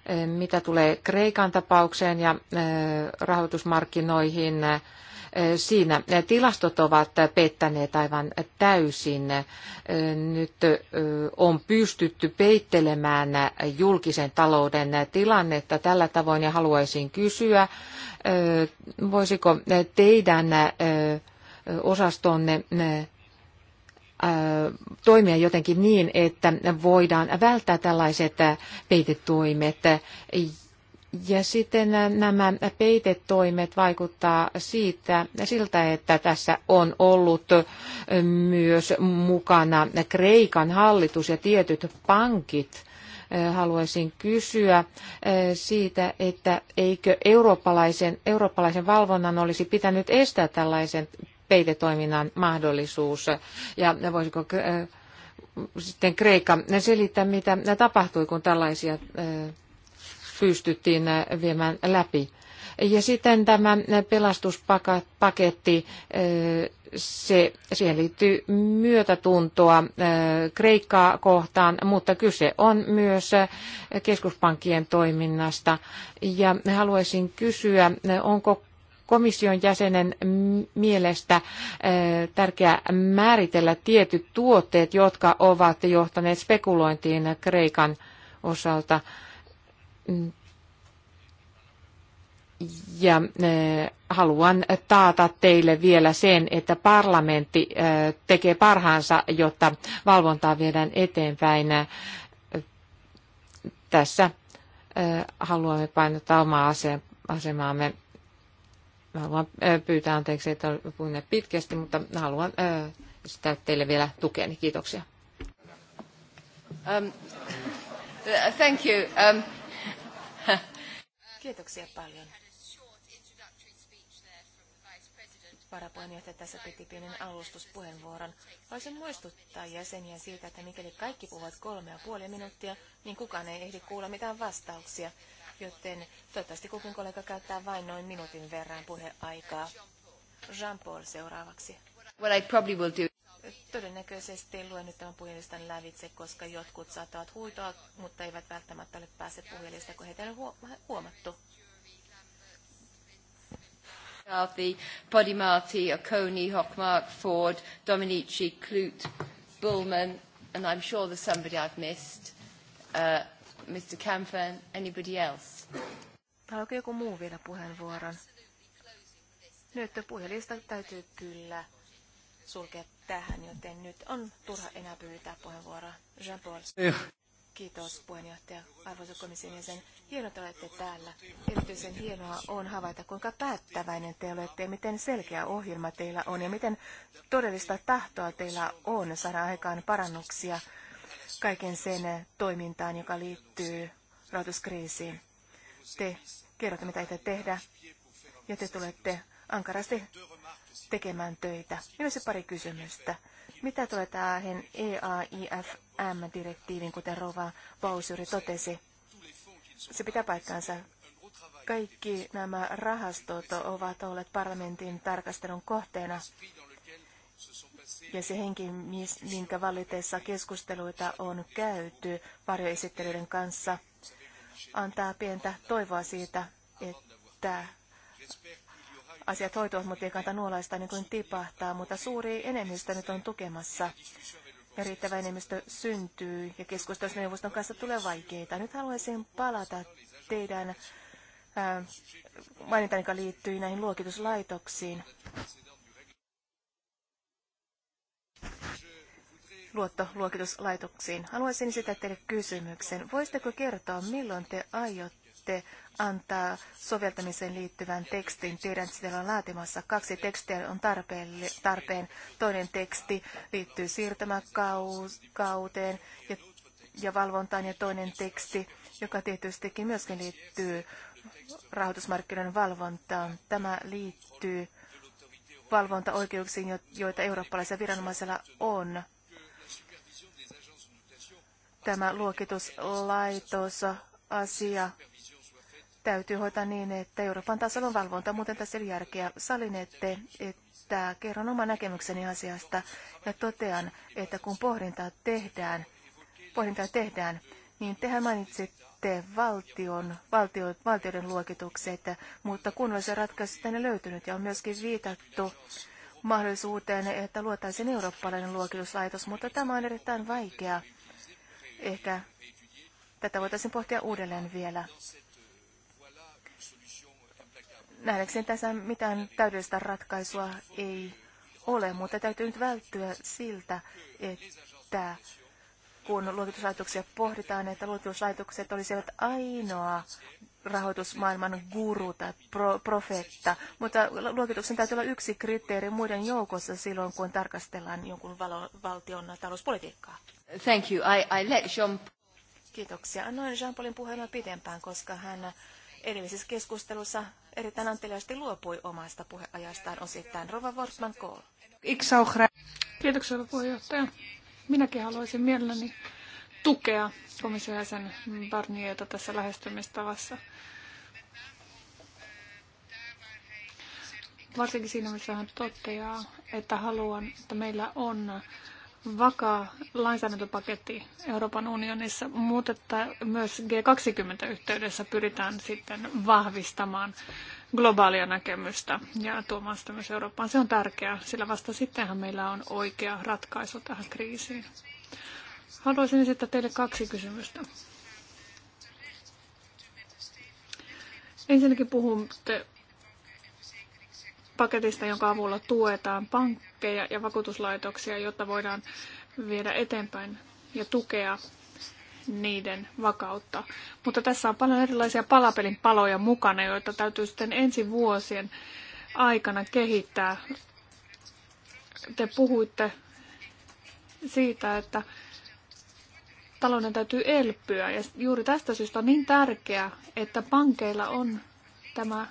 Eh, mitä tulee Kreikan tapaukseen ja eh, rahoitusmarkkinoihin, Siinä tilastot ovat pettäneet aivan täysin. Nyt on pystytty peittelemään julkisen talouden tilannetta tällä tavoin ja haluaisin kysyä, voisiko teidän osastonne toimia jotenkin niin, että voidaan välttää tällaiset peitetoimet ja sitten nämä peitetoimet vaikuttaa siitä, siltä, että tässä on ollut myös mukana Kreikan hallitus ja tietyt pankit. Haluaisin kysyä siitä, että eikö eurooppalaisen, eurooppalaisen valvonnan olisi pitänyt estää tällaisen peitetoiminnan mahdollisuus ja voisiko sitten Kreikka selittää, mitä tapahtui, kun tällaisia pystyttiin äh, viemään läpi. Ja sitten tämä äh, pelastuspaketti, äh, se, siihen liittyy myötätuntoa Kreikkaa kohtaan, mutta kyse on myös keskuspankkien toiminnasta. Ja haluaisin kysyä, onko komission jäsenen mielestä tärkeää määritellä tietyt tuotteet, jotka ovat johtaneet spekulointiin Kreikan osalta. Ja äh, haluan taata teille vielä sen, että parlamentti äh, tekee parhaansa, jotta valvontaa viedään eteenpäin. Äh, tässä haluamme painottaa omaa asemaamme. Haluan pyytää anteeksi, että olen pitkästi, mutta haluan esittää teille vielä tukeni. Kiitoksia. Um, thank you. Um... Kiitoksia paljon. Varapuheenjohtaja tässä piti pienen alustuspuheenvuoron. Voisin muistuttaa jäseniä siitä, että mikäli kaikki puhuvat kolme ja puoli minuuttia, niin kukaan ei ehdi kuulla mitään vastauksia. Joten toivottavasti kukin kollega käyttää vain noin minuutin verran puheaikaa. Jean-Paul seuraavaksi. What I probably will do todennäköisesti luen nyt tämän puhelistan lävitse, koska jotkut saattavat huitoa, mutta eivät välttämättä ole päässeet puhelista, kun heitä ei ole huomattu. Alfi, Podimati, Oconi, Hockmark, Ford, Dominici, Clute, Bullman, and I'm sure there's somebody I've missed. Uh, Mr. Camfern, anybody else? Haluaako joku muu vielä puheenvuoron? Nyt puhelista täytyy kyllä sulkea tähän, joten nyt on turha enää pyytää puheenvuoroa. Jean-Paul. Eh. Kiitos puheenjohtaja, arvoisa komission jäsen. Hienot olette täällä. Erityisen hienoa on havaita, kuinka päättäväinen te olette ja miten selkeä ohjelma teillä on ja miten todellista tahtoa teillä on saada aikaan parannuksia kaiken sen toimintaan, joka liittyy rahoituskriisiin. Te kerrotte, mitä itse tehdä ja te tulette ankarasti tekemään töitä. Minulla se pari kysymystä. Mitä tulee tähän EAIFM-direktiiviin, kuten Rova Bausuri totesi? Se pitää paikkaansa. Kaikki nämä rahastot ovat olleet parlamentin tarkastelun kohteena. Ja se henki, minkä valiteessa keskusteluita on käyty varjoesittelyiden kanssa, antaa pientä toivoa siitä, että asiat hoituvat, mutta ei kannata nuolaista niin kuin tipahtaa, mutta suuri enemmistö nyt on tukemassa. Ja riittävä enemmistö syntyy ja keskustelusneuvoston kanssa tulee vaikeita. Nyt haluaisin palata teidän ää, äh, mainintani, joka liittyy näihin luokituslaitoksiin. luottoluokituslaitoksiin. Haluaisin esittää teille kysymyksen. Voisitteko kertoa, milloin te aiotte voitte antaa soveltamiseen liittyvän tekstin. Tiedän, että siellä on laatimassa. Kaksi tekstiä on tarpeen. Toinen teksti liittyy siirtymäkauteen ja, ja valvontaan ja toinen teksti, joka tietystikin myöskin liittyy rahoitusmarkkinoiden valvontaan. Tämä liittyy valvontaoikeuksiin, joita eurooppalaisella viranomaisella on. Tämä luokituslaitos asia täytyy hoitaa niin, että Euroopan tasolla on valvonta, muuten tässä ei järkeä. Salinette, että kerron oman näkemykseni asiasta ja totean, että kun pohdintaa tehdään, pohdintaa tehdään niin tehän mainitsitte valtion, valtio, valtioiden luokitukset, mutta kunnollisia ratkaisuja ei löytynyt ja on myöskin viitattu mahdollisuuteen, että luotaisiin eurooppalainen luokituslaitos, mutta tämä on erittäin vaikea. Ehkä tätä voitaisiin pohtia uudelleen vielä nähdäkseni tässä mitään täydellistä ratkaisua ei ole, mutta täytyy nyt välttyä siltä, että kun luokituslaitoksia pohditaan, että luokituslaitokset olisivat ainoa rahoitusmaailman guru tai pro, profetta, mutta luokituksen täytyy olla yksi kriteeri muiden joukossa silloin, kun tarkastellaan jonkun valo, valtion talouspolitiikkaa. Thank you. I, I let Jean... Kiitoksia. Annoin Jean-Paulin puheenvuoron pidempään, koska hän edellisessä keskustelussa erittäin anteliaasti luopui omasta puheajastaan osittain. Rova Wortman Kool. Kiitoksia, puheenjohtaja. Minäkin haluaisin mielelläni tukea komission jäsen Barnierta tässä lähestymistavassa. Varsinkin siinä, missä hän toteaa, että haluan, että meillä on vakaa lainsäädäntöpaketti Euroopan unionissa, mutta myös G20-yhteydessä pyritään sitten vahvistamaan globaalia näkemystä ja tuomaan sitä myös Eurooppaan. Se on tärkeää, sillä vasta sittenhän meillä on oikea ratkaisu tähän kriisiin. Haluaisin esittää teille kaksi kysymystä. Ensinnäkin puhutte paketista, jonka avulla tuetaan pankkeja ja vakuutuslaitoksia, jotta voidaan viedä eteenpäin ja tukea niiden vakautta. Mutta tässä on paljon erilaisia palapelin paloja mukana, joita täytyy sitten ensi vuosien aikana kehittää. Te puhuitte siitä, että talouden täytyy elpyä ja juuri tästä syystä on niin tärkeää, että pankeilla on tämä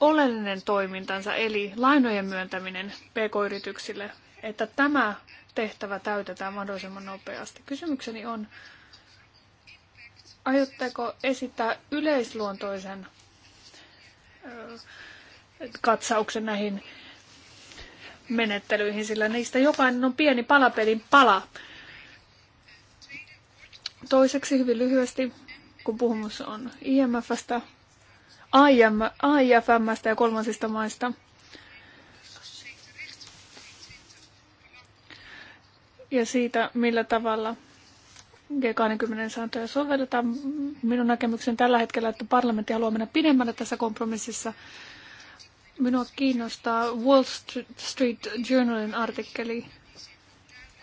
oleellinen toimintansa, eli lainojen myöntäminen pk-yrityksille, että tämä tehtävä täytetään mahdollisimman nopeasti. Kysymykseni on, aiotteko esittää yleisluontoisen katsauksen näihin menettelyihin, sillä niistä jokainen on pieni palapelin pala. Toiseksi hyvin lyhyesti, kun puhumus on IMFstä, IM, IFMstä ja kolmansista maista. Ja siitä, millä tavalla G20-sääntöjä sovelletaan. Minun näkemykseni tällä hetkellä, että parlamentti haluaa mennä pidemmälle tässä kompromississa. Minua kiinnostaa Wall Street Journalin artikkeli,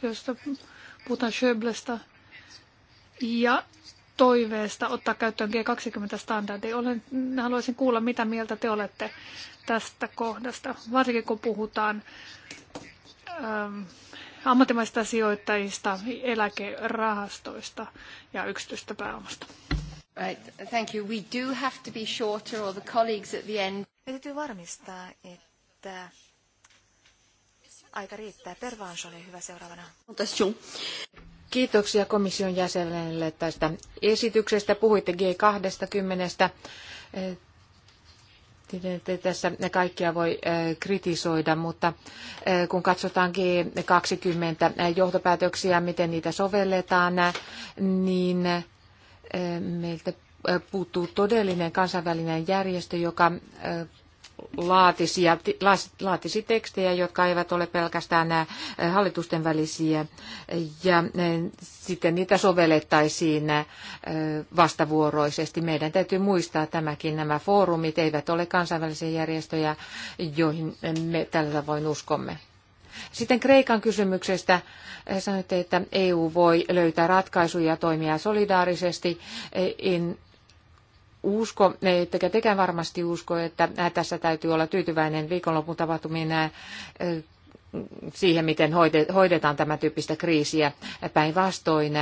josta puhutaan Schöblestä. Ja toiveesta ottaa käyttöön G20-standardi. Olen, haluaisin kuulla, mitä mieltä te olette tästä kohdasta, varsinkin kun puhutaan ähm, ammattimaisista sijoittajista, eläkerahastoista ja yksityistä pääomasta. Right, thank you. We do have to be shorter or the colleagues at the end. täytyy varmistaa, että aika riittää. Pervaans oli hyvä seuraavana. Kiitoksia komission jäsenelle tästä esityksestä. Puhuitte G20. Tässä kaikkia voi kritisoida, mutta kun katsotaan G20-johtopäätöksiä, miten niitä sovelletaan, niin meiltä puuttuu todellinen kansainvälinen järjestö, joka laatisi, ja, laatisi tekstejä, jotka eivät ole pelkästään nämä hallitusten välisiä, ja sitten niitä sovellettaisiin vastavuoroisesti. Meidän täytyy muistaa tämäkin, nämä foorumit eivät ole kansainvälisiä järjestöjä, joihin me tällä tavoin uskomme. Sitten Kreikan kysymyksestä sanoitte, että EU voi löytää ratkaisuja ja toimia solidaarisesti. E, usko, ettekä tekään varmasti usko, että äh, tässä täytyy olla tyytyväinen viikonlopun tapahtumiin äh, äh, siihen, miten hoidetaan tämä tyyppistä kriisiä. Päinvastoin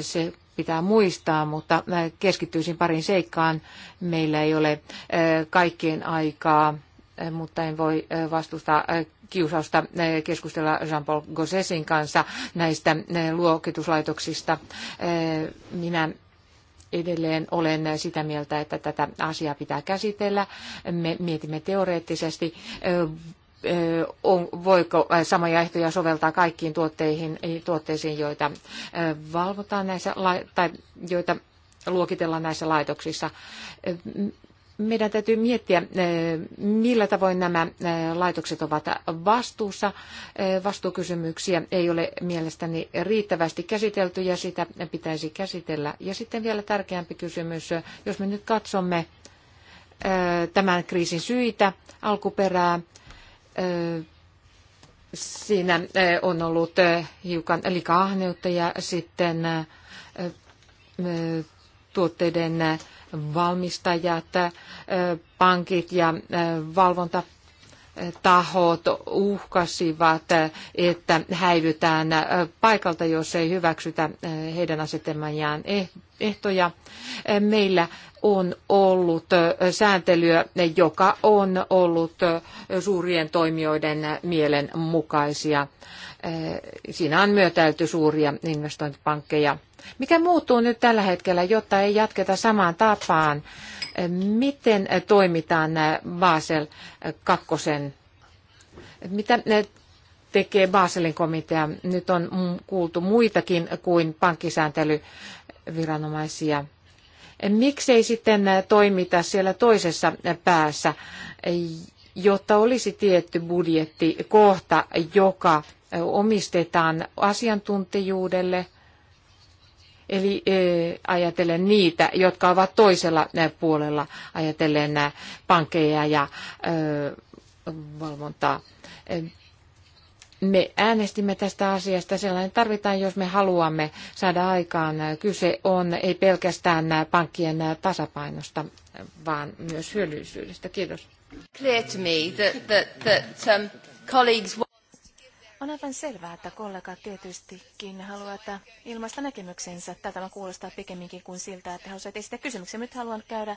se pitää muistaa, mutta keskittyisin parin seikkaan. Meillä ei ole kaikkien aikaa, mutta en voi vastustaa kiusausta keskustella Jean-Paul Gossesin kanssa näistä luokituslaitoksista. Minä edelleen olen sitä mieltä, että tätä asiaa pitää käsitellä. Me mietimme teoreettisesti, voiko samoja ehtoja soveltaa kaikkiin tuotteihin, tuotteisiin, joita valvotaan näissä, tai joita luokitellaan näissä laitoksissa meidän täytyy miettiä, millä tavoin nämä laitokset ovat vastuussa. Vastuukysymyksiä ei ole mielestäni riittävästi käsitelty ja sitä pitäisi käsitellä. Ja sitten vielä tärkeämpi kysymys, jos me nyt katsomme tämän kriisin syitä, alkuperää, siinä on ollut hiukan ahneutta ja sitten tuotteiden valmistajat, pankit ja valvonta tahot uhkasivat, että häivytään paikalta, jos ei hyväksytä heidän asetelmajaan eh-, ehtoja. Meillä on ollut sääntelyä, joka on ollut suurien toimijoiden mielen mukaisia. Siinä on myötäilty suuria investointipankkeja mikä muuttuu nyt tällä hetkellä, jotta ei jatketa samaan tapaan? Miten toimitaan Basel kakkosen? Mitä tekee Baselin komitea? Nyt on kuultu muitakin kuin pankkisääntelyviranomaisia. Miksei sitten toimita siellä toisessa päässä, jotta olisi tietty budjettikohta, joka omistetaan asiantuntijuudelle – Eli e, ajatellen niitä, jotka ovat toisella e, puolella, ajatellen e, pankkeja ja valvontaa. Me äänestimme tästä asiasta, sellainen tarvitaan, jos me haluamme saada aikaan. Kyse on ei pelkästään pankkien tasapainosta, vaan myös hyödyllisyydestä. Kiitos. Clear to me that, that, that um, colleagues... On aivan selvää, että kollegat tietystikin haluavat ilmaista näkemyksensä. Tätä kuulostaa pikemminkin kuin siltä, että haluaisit esittää kysymyksiä. Nyt haluan käydä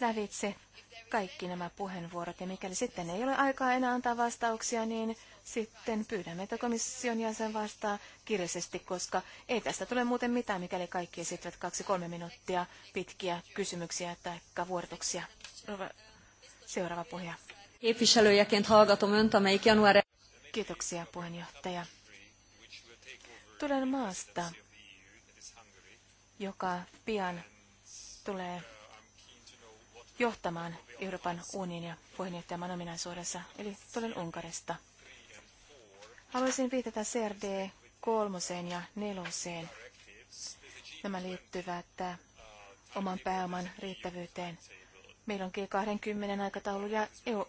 lävitse kaikki nämä puheenvuorot. Ja mikäli sitten ei ole aikaa enää antaa vastauksia, niin sitten pyydämme, että komission jäsen vastaa kirjallisesti, koska ei tästä tule muuten mitään, mikäli kaikki esittävät kaksi-kolme minuuttia pitkiä kysymyksiä tai vuorotuksia. Seuraava puhuja. Képviselőjeként hallgatom önt, amelyik január Kiitoksia puheenjohtaja. Tulen maasta, joka pian tulee johtamaan Euroopan unionia puheenjohtajan ominaisuudessa, eli tulen Unkarista. Haluaisin viitata CRD kolmoseen ja neloseen. Nämä liittyvät oman pääoman riittävyyteen. Meillä on G20 aikataulu ja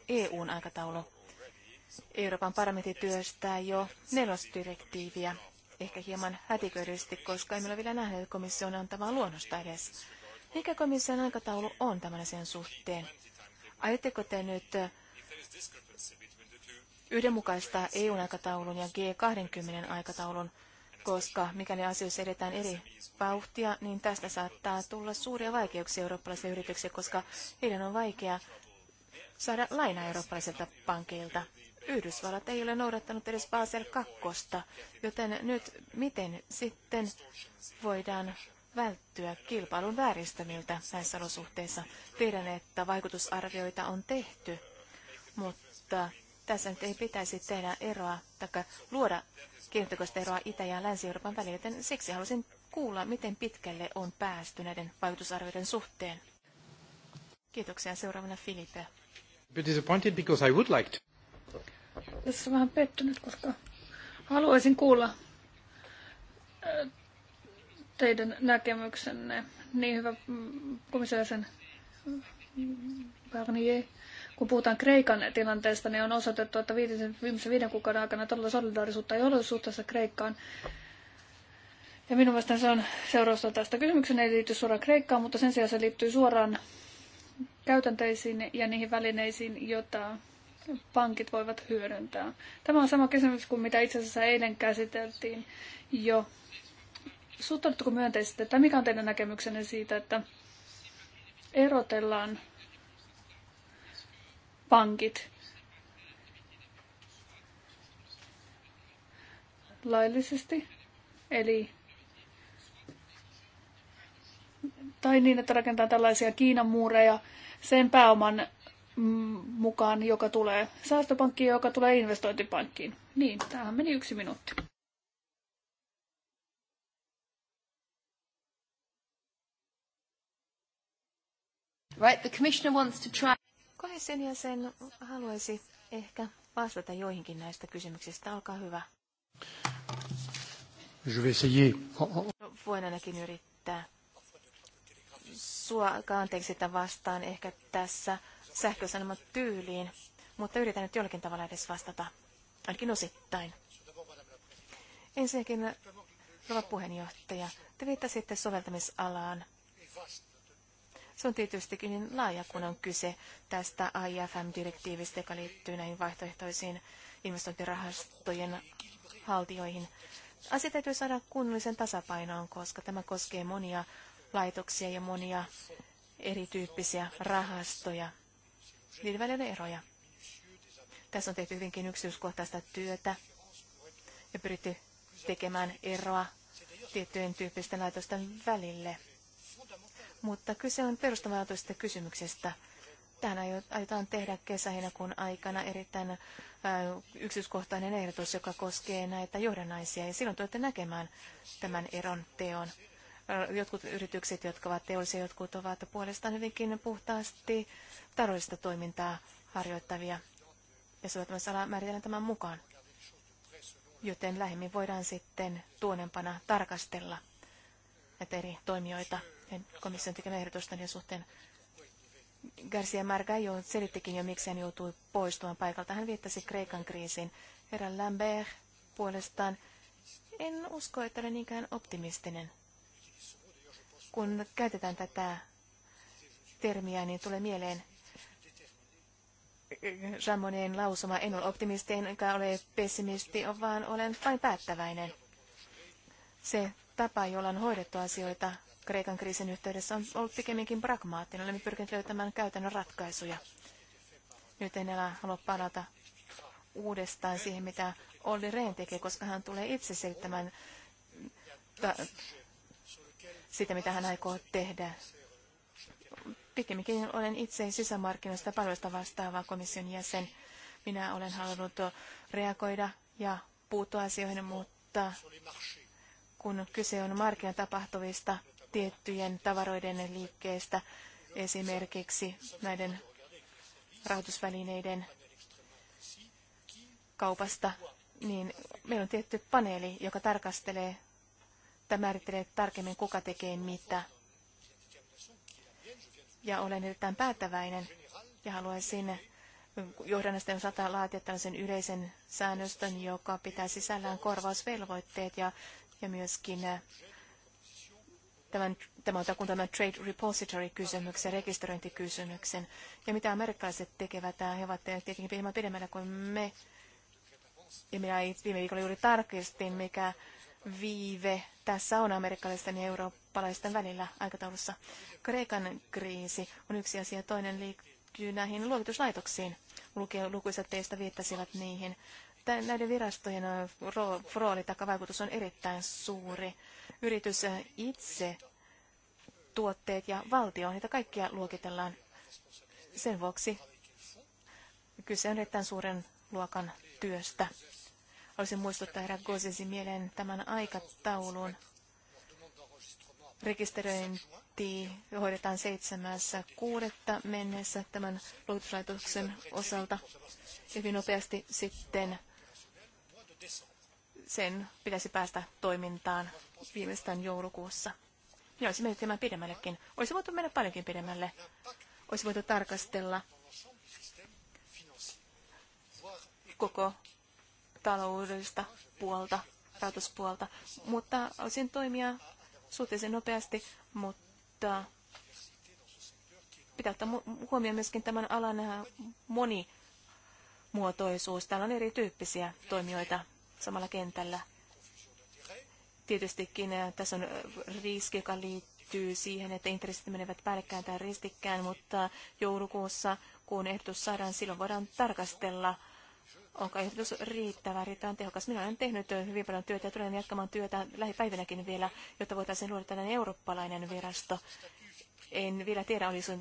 EUn e aikataulu. Euroopan parlamentti työstää jo nelosdirektiiviä, ehkä hieman hätiköidysti, koska emme ole vielä nähneet komission antavaa luonnosta edes. Mikä komission aikataulu on tämän asian suhteen? Aiotteko te nyt yhdenmukaistaa EU-aikataulun ja G20 aikataulun, koska mikäli asioissa edetään eri vauhtia, niin tästä saattaa tulla suuria vaikeuksia eurooppalaisille yrityksille, koska heidän on vaikea saada lainaa eurooppalaisilta pankeilta. Yhdysvallat ei ole noudattanut edes Basel kakkosta, joten nyt miten sitten voidaan välttyä kilpailun vääristämiltä näissä olosuhteissa? Tiedän, että vaikutusarvioita on tehty, mutta tässä nyt ei pitäisi tehdä eroa tai luoda kiinnostukoista eroa Itä- ja Länsi-Euroopan välillä, joten siksi halusin kuulla, miten pitkälle on päästy näiden vaikutusarvioiden suhteen. Kiitoksia. Seuraavana Filipe. Like to tässä vähän pettynyt, koska haluaisin kuulla äh, teidän näkemyksenne. Niin hyvä mm, komissaarisen mm, Barnier, kun puhutaan Kreikan tilanteesta, niin on osoitettu, että viimeisen viiden kuukauden aikana todella solidaarisuutta ei ole suhteessa Kreikkaan. Ja minun mielestäni se on seurausta tästä kysymyksen, ei liity suoraan Kreikkaan, mutta sen sijaan se liittyy suoraan käytänteisiin ja niihin välineisiin, joita pankit voivat hyödyntää. Tämä on sama kysymys kuin mitä itse asiassa eilen käsiteltiin jo. Suhtaudutteko myönteisesti, että mikä on teidän näkemyksenne siitä, että erotellaan pankit laillisesti, eli tai niin, että rakentaa tällaisia Kiinan muureja sen pääoman Mm, mukaan, joka tulee säästöpankkiin ja joka tulee investointipankkiin. Niin, tämähän meni yksi minuutti. Right, the commissioner wants to try. Komission jäsen haluaisi ehkä vastata joihinkin näistä kysymyksistä. Olkaa hyvä. Je vais essayer. No, voin ainakin yrittää. Sua anteeksi, että vastaan ehkä tässä sähkösanemat tyyliin, mutta yritän nyt jollakin tavalla edes vastata, ainakin osittain. Ensinnäkin, rouva puheenjohtaja, te viittasitte soveltamisalaan. Se on tietystikin niin laaja, kun on kyse tästä IFM-direktiivistä, joka liittyy näihin vaihtoehtoisiin investointirahastojen haltijoihin. Asia täytyy saada kunnollisen tasapainoon, koska tämä koskee monia laitoksia ja monia erityyppisiä rahastoja niiden välillä on eroja. Tässä on tehty hyvinkin yksityiskohtaista työtä ja pyritty tekemään eroa tiettyjen tyyppisten laitosten välille. Mutta kyse on perustavanlaatuisesta kysymyksestä. Tähän aiotaan tehdä kesä-heinäkuun aikana erittäin yksityiskohtainen ehdotus, joka koskee näitä johdannaisia, ja silloin tulette näkemään tämän eron teon. Äh, jotkut yritykset, jotka ovat teollisia, jotkut ovat puolestaan hyvinkin puhtaasti taloudellista toimintaa harjoittavia. Ja soveltamisala määritellään tämän mukaan, joten lähemmin voidaan sitten tuonempana tarkastella näitä eri toimijoita komission tekemä ehdotusten suhteen. Garcia jo selittikin jo, miksi hän joutui poistumaan paikalta. Hän viittasi Kreikan kriisiin. Herra Lambert puolestaan, en usko, että olen niinkään optimistinen. Kun käytetään tätä termiä, niin tulee mieleen Ramonen lausuma, en ole optimisti enkä ole pessimisti, vaan olen vain päättäväinen. Se tapa, jolla on hoidettu asioita Kreikan kriisin yhteydessä, on ollut pikemminkin pragmaattinen. Olemme pyrkineet löytämään käytännön ratkaisuja. Nyt en enää halua palata uudestaan siihen, mitä Olli Rehn tekee, koska hän tulee itse selittämään sitä, mitä hän aikoo tehdä. Pikemminkin olen itse sisämarkkinoista palveluista vastaava komission jäsen. Minä olen halunnut reagoida ja puuttua asioihin, mutta kun kyse on markkinatapahtuvista tiettyjen tavaroiden liikkeestä, esimerkiksi näiden rahoitusvälineiden kaupasta, niin meillä on tietty paneeli, joka tarkastelee Tämä määrittelee tarkemmin, kuka tekee mitä. Ja olen erittäin päättäväinen ja haluaisin johdannasta osalta laatia tällaisen yleisen säännöstön, joka pitää sisällään korvausvelvoitteet ja, ja myöskin äh, tämän, tämä tämän, tämän trade repository-kysymyksen, rekisteröintikysymyksen. Ja mitä amerikkalaiset tekevät, äh, he ovat tietenkin hieman pidemmällä kuin me. Ja minä viime viikolla juuri tarkistin, mikä viive tässä on amerikkalaisten ja eurooppalaisten välillä aikataulussa. Kreikan kriisi on yksi asia, toinen liittyy näihin luokituslaitoksiin. Lukuisat teistä viittasivat niihin. Näiden virastojen rooli tai vaikutus on erittäin suuri. Yritys itse, tuotteet ja valtio, niitä kaikkia luokitellaan. Sen vuoksi kyse on erittäin suuren luokan työstä. Haluaisin muistuttaa herra Gozesi mieleen tämän aikataulun. Rekisteröinti hoidetaan 7.6. mennessä tämän luotuslaitoksen osalta. Hyvin nopeasti sitten sen pitäisi päästä toimintaan viimeistään joulukuussa. Minä olisi mennyt tämän pidemmällekin. Olisi voitu mennä paljonkin pidemmälle. Olisi voitu tarkastella koko taloudellista puolta, rahoituspuolta, mutta osin toimia suhteellisen nopeasti, mutta pitää ottaa huomioon myöskin tämän alan monimuotoisuus. Täällä on erityyppisiä toimijoita samalla kentällä. Tietystikin äh, tässä on äh, riski, joka liittyy siihen, että intressit menevät päällekkäin tai ristikkään, mutta joulukuussa, kun ehdotus saadaan, silloin voidaan tarkastella – onko ehdotus riittävä, riittävän tehokas. Minä olen tehnyt hyvin paljon työtä ja tulen jatkamaan työtä lähipäivinäkin vielä, jotta voitaisiin luoda tällainen eurooppalainen virasto. En vielä tiedä, olisi,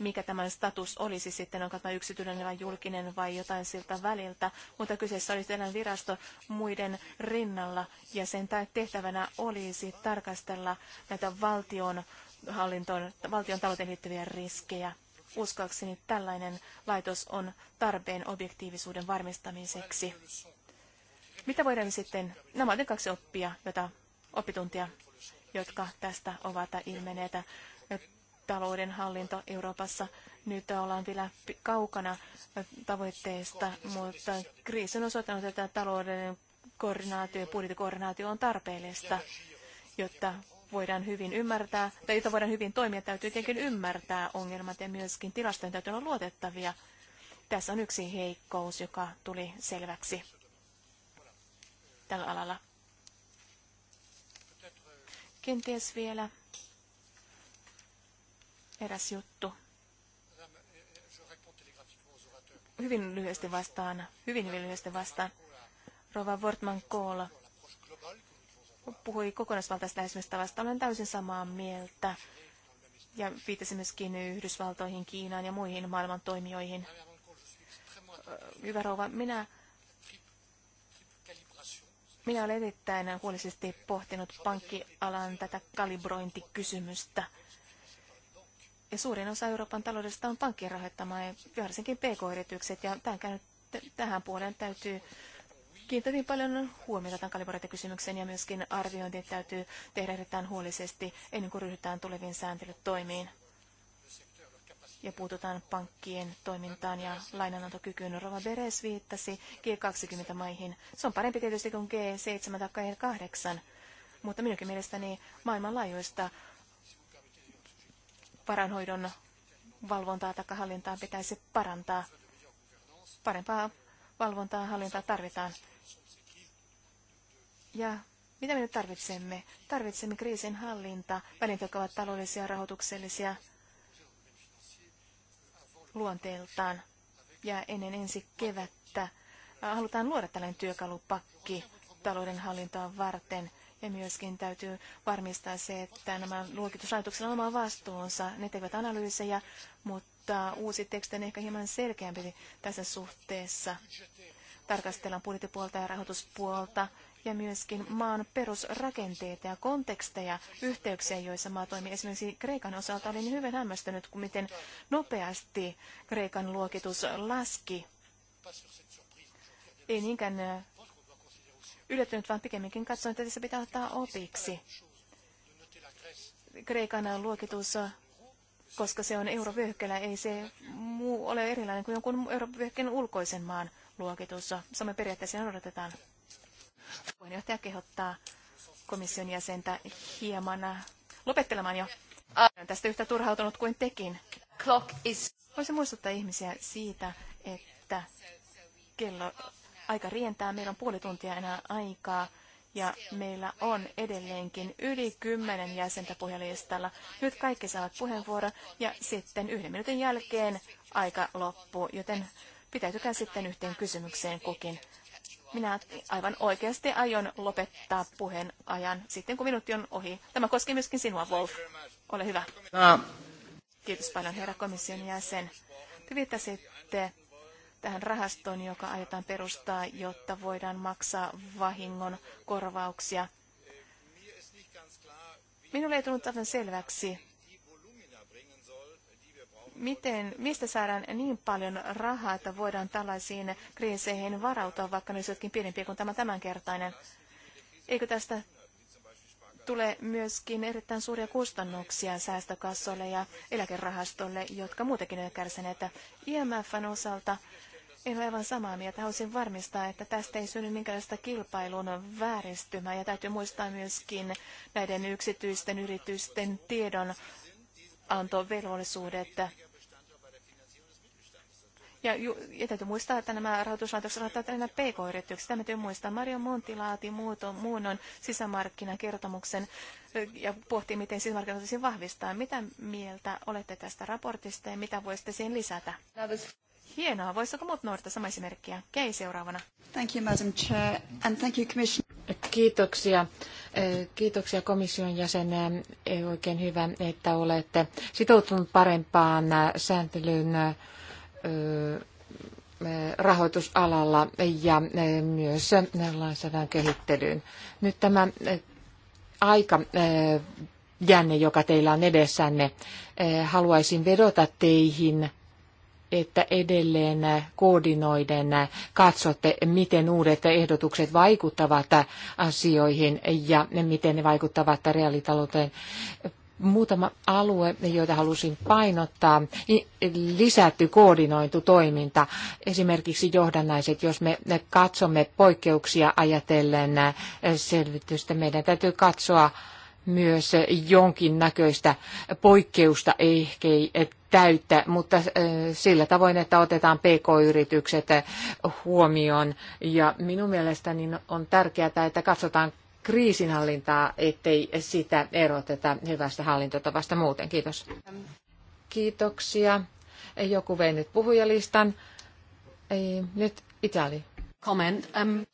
mikä tämän status olisi sitten, onko tämä yksityinen vai julkinen vai jotain siltä väliltä, mutta kyseessä olisi tällainen virasto muiden rinnalla ja sen tehtävänä olisi tarkastella näitä valtion hallintoon, valtion talouteen liittyviä riskejä Uskoakseni tällainen laitos on tarpeen objektiivisuuden varmistamiseksi. Mitä voidaan sitten, nämä ovat kaksi oppia, jota, oppituntia, jotka tästä ovat ilmeneitä. Talouden hallinto Euroopassa nyt ollaan vielä kaukana tavoitteista, mutta kriisi on osoittanut, että talouden koordinaatio ja budjettikoordinaatio on tarpeellista, jotta voidaan hyvin ymmärtää, tai joita voidaan hyvin toimia, täytyy tietenkin ymmärtää ongelmat ja myöskin tilastojen täytyy olla luotettavia. Tässä on yksi heikkous, joka tuli selväksi tällä alalla. Kenties vielä eräs juttu. Hyvin lyhyesti vastaan, hyvin, hyvin lyhyesti vastaan. Rova Wortman Koola puhui kokonaisvaltaista lähestymistavasta. Olen täysin samaa mieltä ja viittasi myöskin Yhdysvaltoihin, Kiinaan ja muihin maailman toimijoihin. Hyvä rouva, minä, minä olen erittäin huolisesti pohtinut pankkialan tätä kalibrointikysymystä. Ja suurin osa Euroopan taloudesta on pankkien rahoittamaa, varsinkin pk-yritykset, ja tämän, tähän puoleen täytyy kiinnitettiin paljon huomiota tämän kalibrointikysymykseen ja myöskin arviointi täytyy tehdä erittäin huolisesti ennen kuin ryhdytään tuleviin sääntelytoimiin ja puututaan pankkien toimintaan ja lainanantokykyyn. Rova Beres viittasi G20-maihin. Se on parempi tietysti kuin G7 tai G8, mutta minunkin mielestäni maailmanlaajuista paranhoidon valvontaa tai hallintaa pitäisi parantaa. Parempaa valvontaa hallintaa tarvitaan. Ja mitä me nyt tarvitsemme? Tarvitsemme kriisin hallinta, välineitä, jotka ovat taloudellisia ja rahoituksellisia luonteeltaan. Ja ennen ensi kevättä halutaan luoda tällainen työkalupakki talouden hallintoa varten. Ja myöskin täytyy varmistaa se, että nämä luokituslaitoksilla on oma vastuunsa. Ne tekevät analyysejä, mutta uusi teksti on ehkä hieman selkeämpi tässä suhteessa. Tarkastellaan budjettipuolta ja rahoituspuolta ja myöskin maan perusrakenteita ja konteksteja, yhteyksiä, joissa maa toimii. Esimerkiksi Kreikan osalta olin hyvin hämmästynyt, miten nopeasti Kreikan luokitus laski. Ei niinkään yllättynyt, vaan pikemminkin katsoin, että tässä pitää ottaa opiksi. Kreikan luokitus, koska se on eurovyöhykkeellä, ei se muu ole erilainen kuin jonkun eurovyöhykkeen ulkoisen maan luokitus. Samoin periaatteessa odotetaan. Puheenjohtaja kehottaa komission jäsentä hieman äh, lopettelemaan jo. Olen tästä yhtä turhautunut kuin tekin. Clock is... Voisin muistuttaa ihmisiä siitä, että kello aika rientää. Meillä on puoli tuntia enää aikaa ja meillä on edelleenkin yli kymmenen jäsentä puhelistalla. Nyt kaikki saavat puheenvuoron ja sitten yhden minuutin jälkeen aika loppuu, joten pitäytykää sitten yhteen kysymykseen kukin. Minä aivan oikeasti aion lopettaa puheen ajan sitten, kun minuutti on ohi. Tämä koskee myöskin sinua, Wolf. Ole hyvä. Kiitos paljon, herra komission jäsen. Te viittasitte tähän rahastoon, joka aiotaan perustaa, jotta voidaan maksaa vahingon korvauksia. Minulle ei tullut aivan selväksi, miten, mistä saadaan niin paljon rahaa, että voidaan tällaisiin kriiseihin varautua, vaikka ne olisivatkin pienempiä kuin tämä tämänkertainen? Eikö tästä tule myöskin erittäin suuria kustannuksia säästökassoille ja eläkerahastolle, jotka muutenkin ovat kärsineet IMFn osalta? En ole aivan samaa mieltä. Haluaisin varmistaa, että tästä ei synny minkäänlaista kilpailun vääristymää. Ja täytyy muistaa myöskin näiden yksityisten yritysten tiedon antovelvollisuudet ja, ju, ja täytyy muistaa, että nämä rahoituslaitokset rahoittavat enää pk-yrityksiä. Tämä täytyy muistaa. Mario Monti laati muunnon sisämarkkinakertomuksen ja pohtii, miten sisämarkkinat voisi vahvistaa. Mitä mieltä olette tästä raportista ja mitä voisitte siihen lisätä? Hienoa. Voisiko muut noudattaa samaa esimerkkiä? Kei seuraavana. Thank you, Madam Chair, and thank you, Commission. Kiitoksia. E, kiitoksia komission jäsen. E, oikein hyvä, että olette sitoutunut parempaan sääntelyyn rahoitusalalla ja myös lainsäädännön kehittelyyn. Nyt tämä aika jänne, joka teillä on edessänne, haluaisin vedota teihin, että edelleen koordinoiden katsotte, miten uudet ehdotukset vaikuttavat asioihin ja miten ne vaikuttavat reaalitalouteen muutama alue, joita halusin painottaa, lisätty koordinointu toiminta. Esimerkiksi johdannaiset, jos me katsomme poikkeuksia ajatellen selvitystä, meidän täytyy katsoa myös jonkin näköistä poikkeusta, ehkä ei täyttä, mutta sillä tavoin, että otetaan pk-yritykset huomioon. Ja minun mielestäni on tärkeää, että katsotaan kriisinhallintaa, ettei sitä eroteta hyvästä hallintotavasta muuten. Kiitos. Kiitoksia. Joku vei nyt puhujalistan. Ei, nyt Itali. Comment. Um...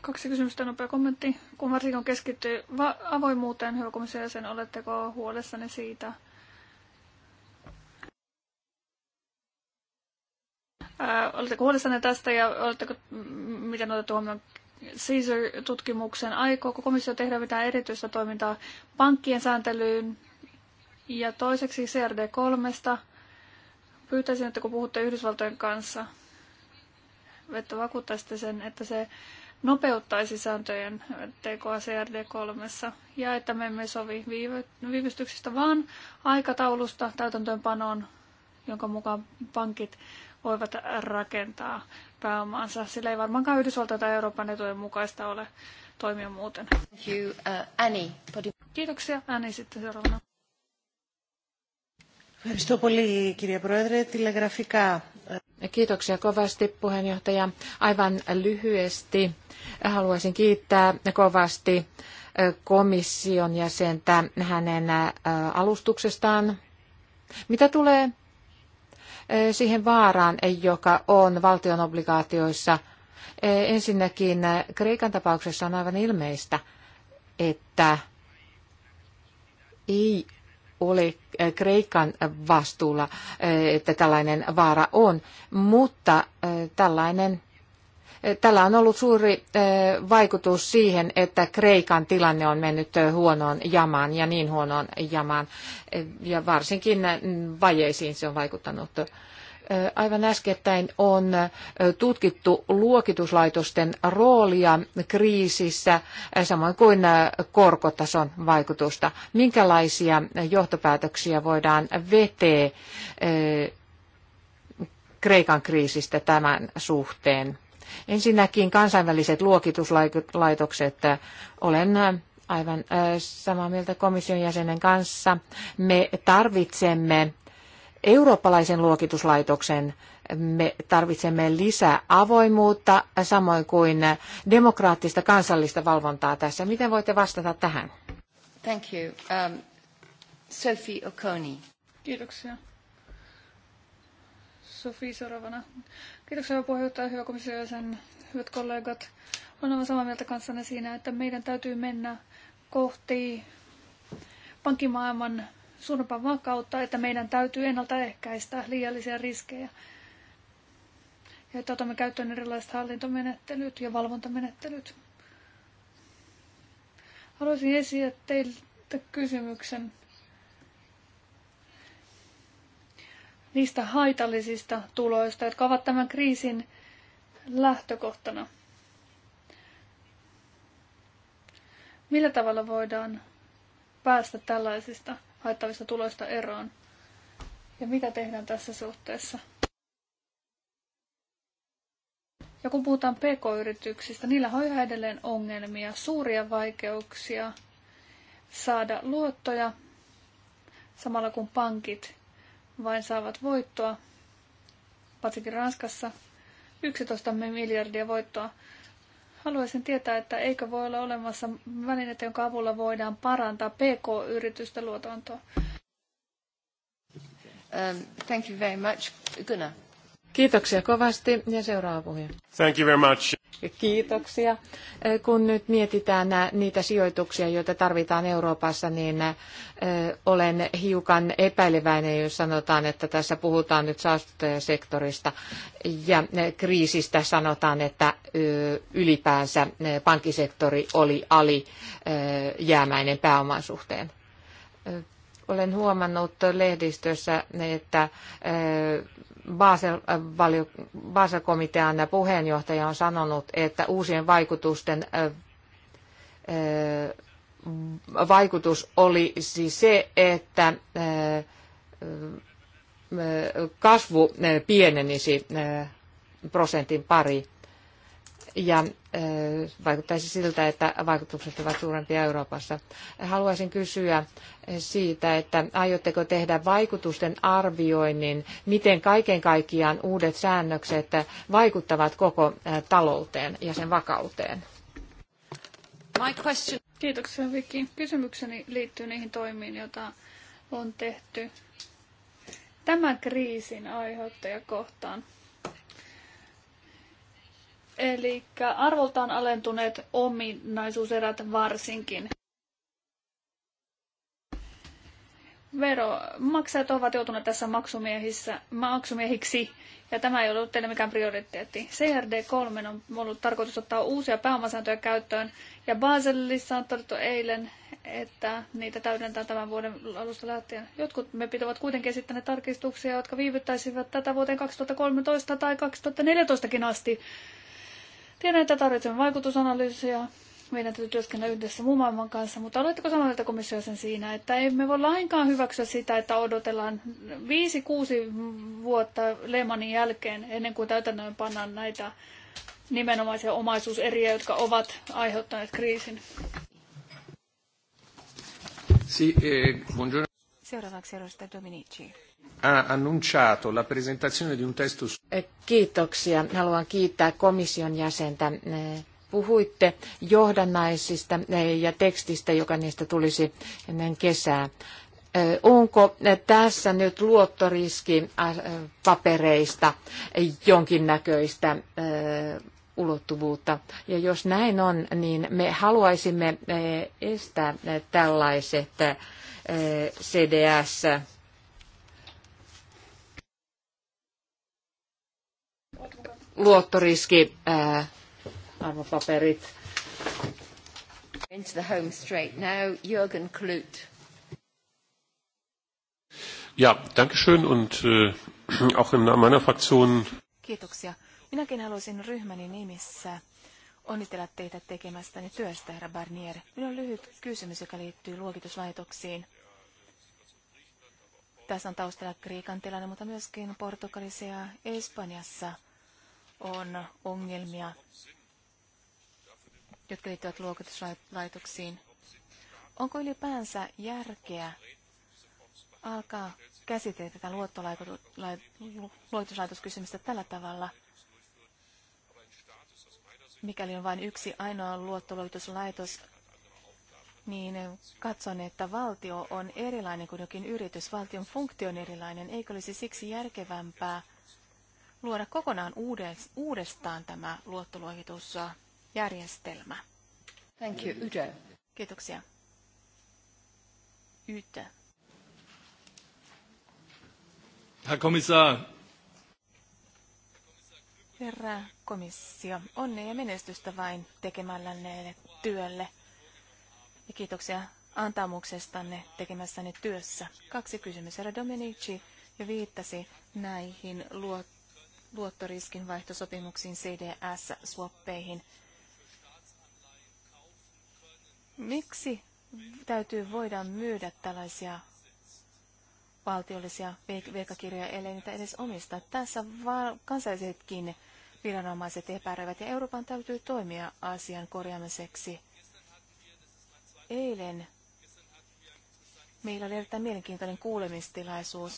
Kaksi kysymystä nopea kommentti. Kun varsinkin keskittyy avoimuuteen, hyvä komission jäsen, oletteko huolissanne siitä, Oletteko huolissanne tästä ja oletteko, miten otettu huomioon Caesar-tutkimuksen. Aikooko komissio tehdä mitään erityistä toimintaa pankkien sääntelyyn? Ja toiseksi CRD3. Pyytäisin, että kun puhutte Yhdysvaltojen kanssa, että vakuuttaisitte sen, että se nopeuttaisi sääntöjen tekoa CRD3 ja että me emme sovi viivästyksistä, vaan aikataulusta täytäntöönpanoon, jonka mukaan pankit voivat rakentaa pääomaansa, sillä ei varmaankaan Yhdysvaltain tai Euroopan etujen mukaista ole toimia muuten. Thank you, uh, Annie. Kiitoksia. Annie sitten seuraavana. Kiitoksia kovasti puheenjohtaja. Aivan lyhyesti haluaisin kiittää kovasti komission jäsentä hänen alustuksestaan. Mitä tulee siihen vaaraan, joka on valtion obligaatioissa. Ensinnäkin Kreikan tapauksessa on aivan ilmeistä, että ei ole Kreikan vastuulla, että tällainen vaara on, mutta tällainen Tällä on ollut suuri eh, vaikutus siihen, että Kreikan tilanne on mennyt eh, huonoon jamaan ja niin huonoon jamaan. Eh, ja varsinkin vajeisiin se on vaikuttanut. Aivan äskettäin on tutkittu luokituslaitosten roolia kriisissä, samoin kuin korkotason vaikutusta. Minkälaisia johtopäätöksiä voidaan vetää Kreikan kriisistä tämän suhteen? Ensinnäkin kansainväliset luokituslaitokset. Olen äh, aivan äh, samaa mieltä komission jäsenen kanssa. Me tarvitsemme eurooppalaisen luokituslaitoksen. Me tarvitsemme lisää avoimuutta, samoin kuin demokraattista kansallista valvontaa tässä. Miten voitte vastata tähän? Thank you. Um, Sophie Okoni. Kiitoksia. Sofi seuraavana. Kiitoksia hyvä puheenjohtaja, hyvä komissio ja sen hyvät kollegat. Olen samaa mieltä kanssanne siinä, että meidän täytyy mennä kohti pankkimaailman suurempaa vakautta, että meidän täytyy ennaltaehkäistä liiallisia riskejä. Ja että otamme käyttöön erilaiset hallintomenettelyt ja valvontamenettelyt. Haluaisin esittää teiltä kysymyksen niistä haitallisista tuloista, jotka ovat tämän kriisin lähtökohtana. Millä tavalla voidaan päästä tällaisista haittavista tuloista eroon? Ja mitä tehdään tässä suhteessa? Ja kun puhutaan pk-yrityksistä, niillä on yhä edelleen ongelmia, suuria vaikeuksia saada luottoja, samalla kun pankit vain saavat voittoa, varsinkin Ranskassa, 11 miljardia voittoa. Haluaisin tietää, että eikö voi olla olemassa välineitä, jonka avulla voidaan parantaa PK-yritysten luotantoa. Um, thank you very much. Gunnar. Kiitoksia kovasti ja seuraava puhuja. Thank you very much. Kiitoksia. Kun nyt mietitään niitä sijoituksia, joita tarvitaan Euroopassa, niin olen hiukan epäileväinen, jos sanotaan, että tässä puhutaan nyt saastuttajasektorista ja kriisistä sanotaan, että ylipäänsä pankkisektori oli alijäämäinen pääoman suhteen. Olen huomannut lehdistössä, että Basel-komitean puheenjohtaja on sanonut, että uusien vaikutusten vaikutus olisi se, että kasvu pienenisi prosentin pari ja vaikuttaisi siltä, että vaikutukset ovat suurempia Euroopassa. Haluaisin kysyä siitä, että aiotteko tehdä vaikutusten arvioinnin, miten kaiken kaikkiaan uudet säännökset vaikuttavat koko talouteen ja sen vakauteen? Kiitoksia Viki. Kysymykseni liittyy niihin toimiin, joita on tehty tämän kriisin aiheuttajakohtaan. kohtaan. Eli arvoltaan alentuneet ominaisuuserät varsinkin. Veromaksajat ovat joutuneet tässä maksumiehissä, maksumiehiksi, ja tämä ei ollut teille mikään prioriteetti. CRD3 on ollut tarkoitus ottaa uusia pääomasääntöjä käyttöön, ja Baselissa on todettu eilen, että niitä täydentää tämän vuoden alusta lähtien. Jotkut me ovat kuitenkin esittäneet tarkistuksia, jotka viivyttäisivät tätä vuoteen 2013 tai 2014kin asti Tiedän, että tarvitsemme vaikutusanalyysiä. Meidän täytyy työskennellä yhdessä muun maailman kanssa, mutta oletteko sanoa, että komissio sen siinä, että emme voi lainkaan hyväksyä sitä, että odotellaan 5-6 vuotta Lehmanin jälkeen ennen kuin täytäntöön pannaan näitä nimenomaisia omaisuuseriä, jotka ovat aiheuttaneet kriisin? Eh, Seuraavaksi edustaja Dominici ha annunciato la presentazione di un testo... Eh, kiitoksia. Haluan kiittää komission jäsentä. Eh, puhuitte johdannaisista eh, ja tekstistä, joka niistä tulisi ennen kesää. Onko tässä nyt luottoriski papereista jonkinnäköistä ulottuvuutta? Ja jos näin on, niin me haluaisimme estää tällaiset CDS luottoriski ää, äh, arvopaperit. Into the home straight now, Jürgen Klut. Ja, danke und äh, auch im Namen meiner Fraktion. Kiitoksia. Minäkin haluaisin ryhmäni nimissä onnitella teitä tekemästäni työstä, herra Barnier. Minulla on lyhyt kysymys, joka liittyy luokituslaitoksiin. Tässä on taustalla Kreikan tilanne, mutta myöskin Portugalissa ja Espanjassa – on ongelmia, jotka liittyvät luokituslaitoksiin. Onko ylipäänsä järkeä alkaa käsitellä tätä luottolaitoskysymystä tällä tavalla, mikäli on vain yksi ainoa luottolaitoslaitos, niin katson, että valtio on erilainen kuin jokin yritys. Valtion funktio on erilainen. Eikö olisi siksi järkevämpää luoda kokonaan uudestaan tämä luottoluokitusjärjestelmä. Thank you, Ute. Kiitoksia. Ute. Herr Kommissar. Herra komissio, onnea ja menestystä vain tekemällänne työlle. Ja kiitoksia antamuksestanne tekemässänne työssä. Kaksi kysymys. Herra Dominici jo viittasi näihin luottoluokituksiin luottoriskin CDS-swappeihin. Miksi täytyy voida myydä tällaisia valtiollisia velkakirjoja, ellei niitä edes omista? Tässä kansallisetkin viranomaiset epäröivät ja Euroopan täytyy toimia asian korjaamiseksi. Eilen meillä oli erittäin mielenkiintoinen kuulemistilaisuus.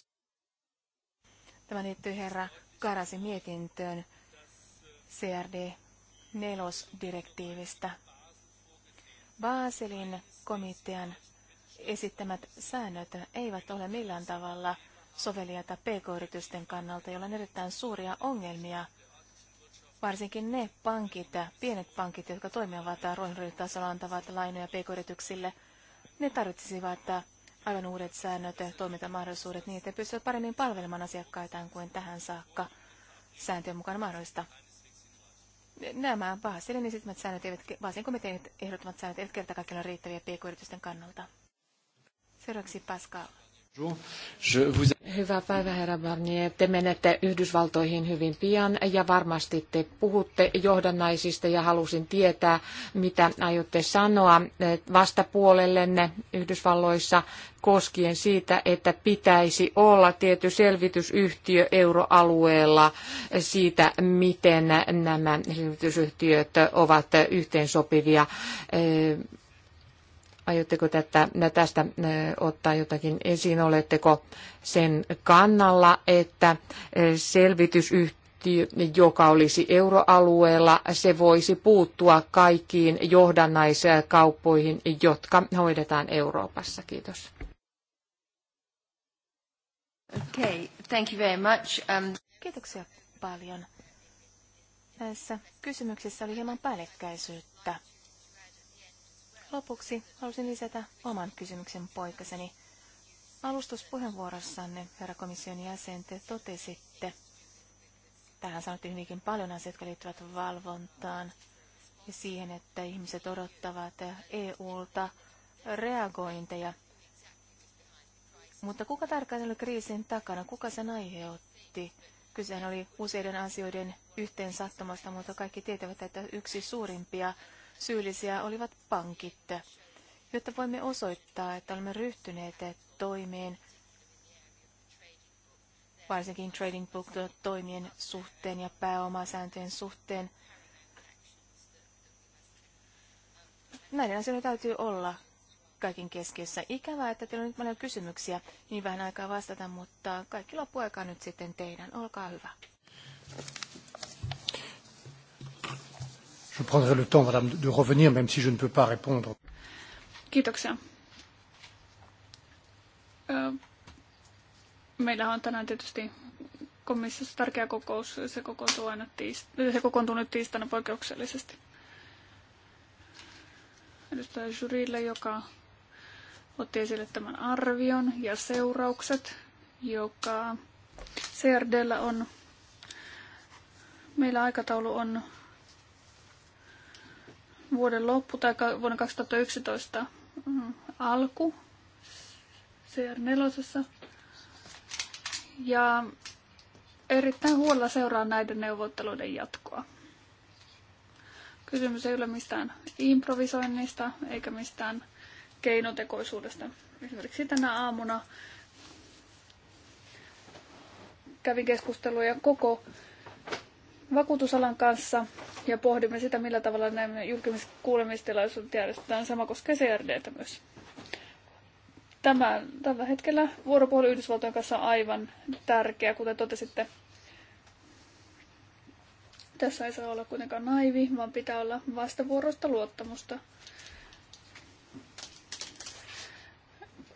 Tämä liittyy herra karasi mietintöön CRD 4 direktiivistä. Baselin komitean esittämät säännöt eivät ole millään tavalla soveliaita pk-yritysten kannalta, joilla on erittäin suuria ongelmia, varsinkin ne pankit, pienet pankit, jotka toimivat ruohonjuuritasolla antavat lainoja pk-yrityksille, ne tarvitsisivat aivan uudet säännöt ja toimintamahdollisuudet niin, että pystyvät paremmin palvelemaan asiakkaitaan kuin tähän saakka sääntöjen mukaan mahdollista. Nämä Baselin esittämät säännöt eivät, Baselin komitean ehdottomat säännöt eivät kerta kaikkiaan riittäviä pk-yritysten kannalta. Seuraavaksi Pascal. Hyvää päivää, herra Barnier. Te menette Yhdysvaltoihin hyvin pian ja varmasti te puhutte johdannaisista ja halusin tietää, mitä aiotte sanoa eh, vastapuolellenne Yhdysvalloissa koskien siitä, että pitäisi olla tietty selvitysyhtiö euroalueella siitä, miten nämä selvitysyhtiöt ovat yhteensopivia eh, Aiotteko tätä, tästä ottaa jotakin esiin? Oletteko sen kannalla, että selvitysyhtiö, joka olisi euroalueella, se voisi puuttua kaikkiin johdannaiskauppoihin, jotka hoidetaan Euroopassa? Kiitos. Okay, thank you very much. Um... Kiitoksia paljon. Näissä kysymyksissä oli hieman päällekkäisyyttä Lopuksi haluaisin lisätä oman kysymyksen poikaseni. Alustuspuheenvuorossanne, herra komission jäsen, te totesitte, tähän sanottiin hyvinkin paljon asioita, jotka liittyvät valvontaan ja siihen, että ihmiset odottavat EUlta reagointeja. Mutta kuka tarkkaan oli kriisin takana? Kuka sen aiheutti? Kysehän oli useiden asioiden yhteen sattumasta, mutta kaikki tietävät, että yksi suurimpia Syyllisiä olivat pankit. Jotta voimme osoittaa, että olemme ryhtyneet toimeen, varsinkin Trading Book-toimien suhteen ja pääomasääntöjen suhteen, näiden asioiden täytyy olla kaiken keskiössä. Ikävää, että teillä on nyt paljon kysymyksiä, niin vähän aikaa vastata, mutta kaikki loppuaikaa nyt sitten teidän. Olkaa hyvä. Je prendrai le temps, madame, de revenir, même si je ne peux pas répondre. Kiitoksia. on tänään tietysti komissiossa tärkeä kokous. Se kokoontuu, aina tiist- se kokoontuu nyt tiistaina poikkeuksellisesti. Edustaja Jurille, joka otti esille tämän arvion ja seuraukset, joka CRDllä on. Meillä aikataulu on vuoden loppu tai vuonna 2011 mm, alku CR4. Ja erittäin huolella seuraa näiden neuvotteluiden jatkoa. Kysymys ei ole mistään improvisoinnista eikä mistään keinotekoisuudesta. Esimerkiksi tänä aamuna kävin keskusteluja koko vakuutusalan kanssa ja pohdimme sitä, millä tavalla nämä julkimiskuulemistilaisuudet järjestetään. Sama koskee CRDtä myös. Tämä, tällä hetkellä vuoropuhelu Yhdysvaltojen kanssa on aivan tärkeä, kuten totesitte. Tässä ei saa olla kuitenkaan naivi, vaan pitää olla vastavuoroista luottamusta.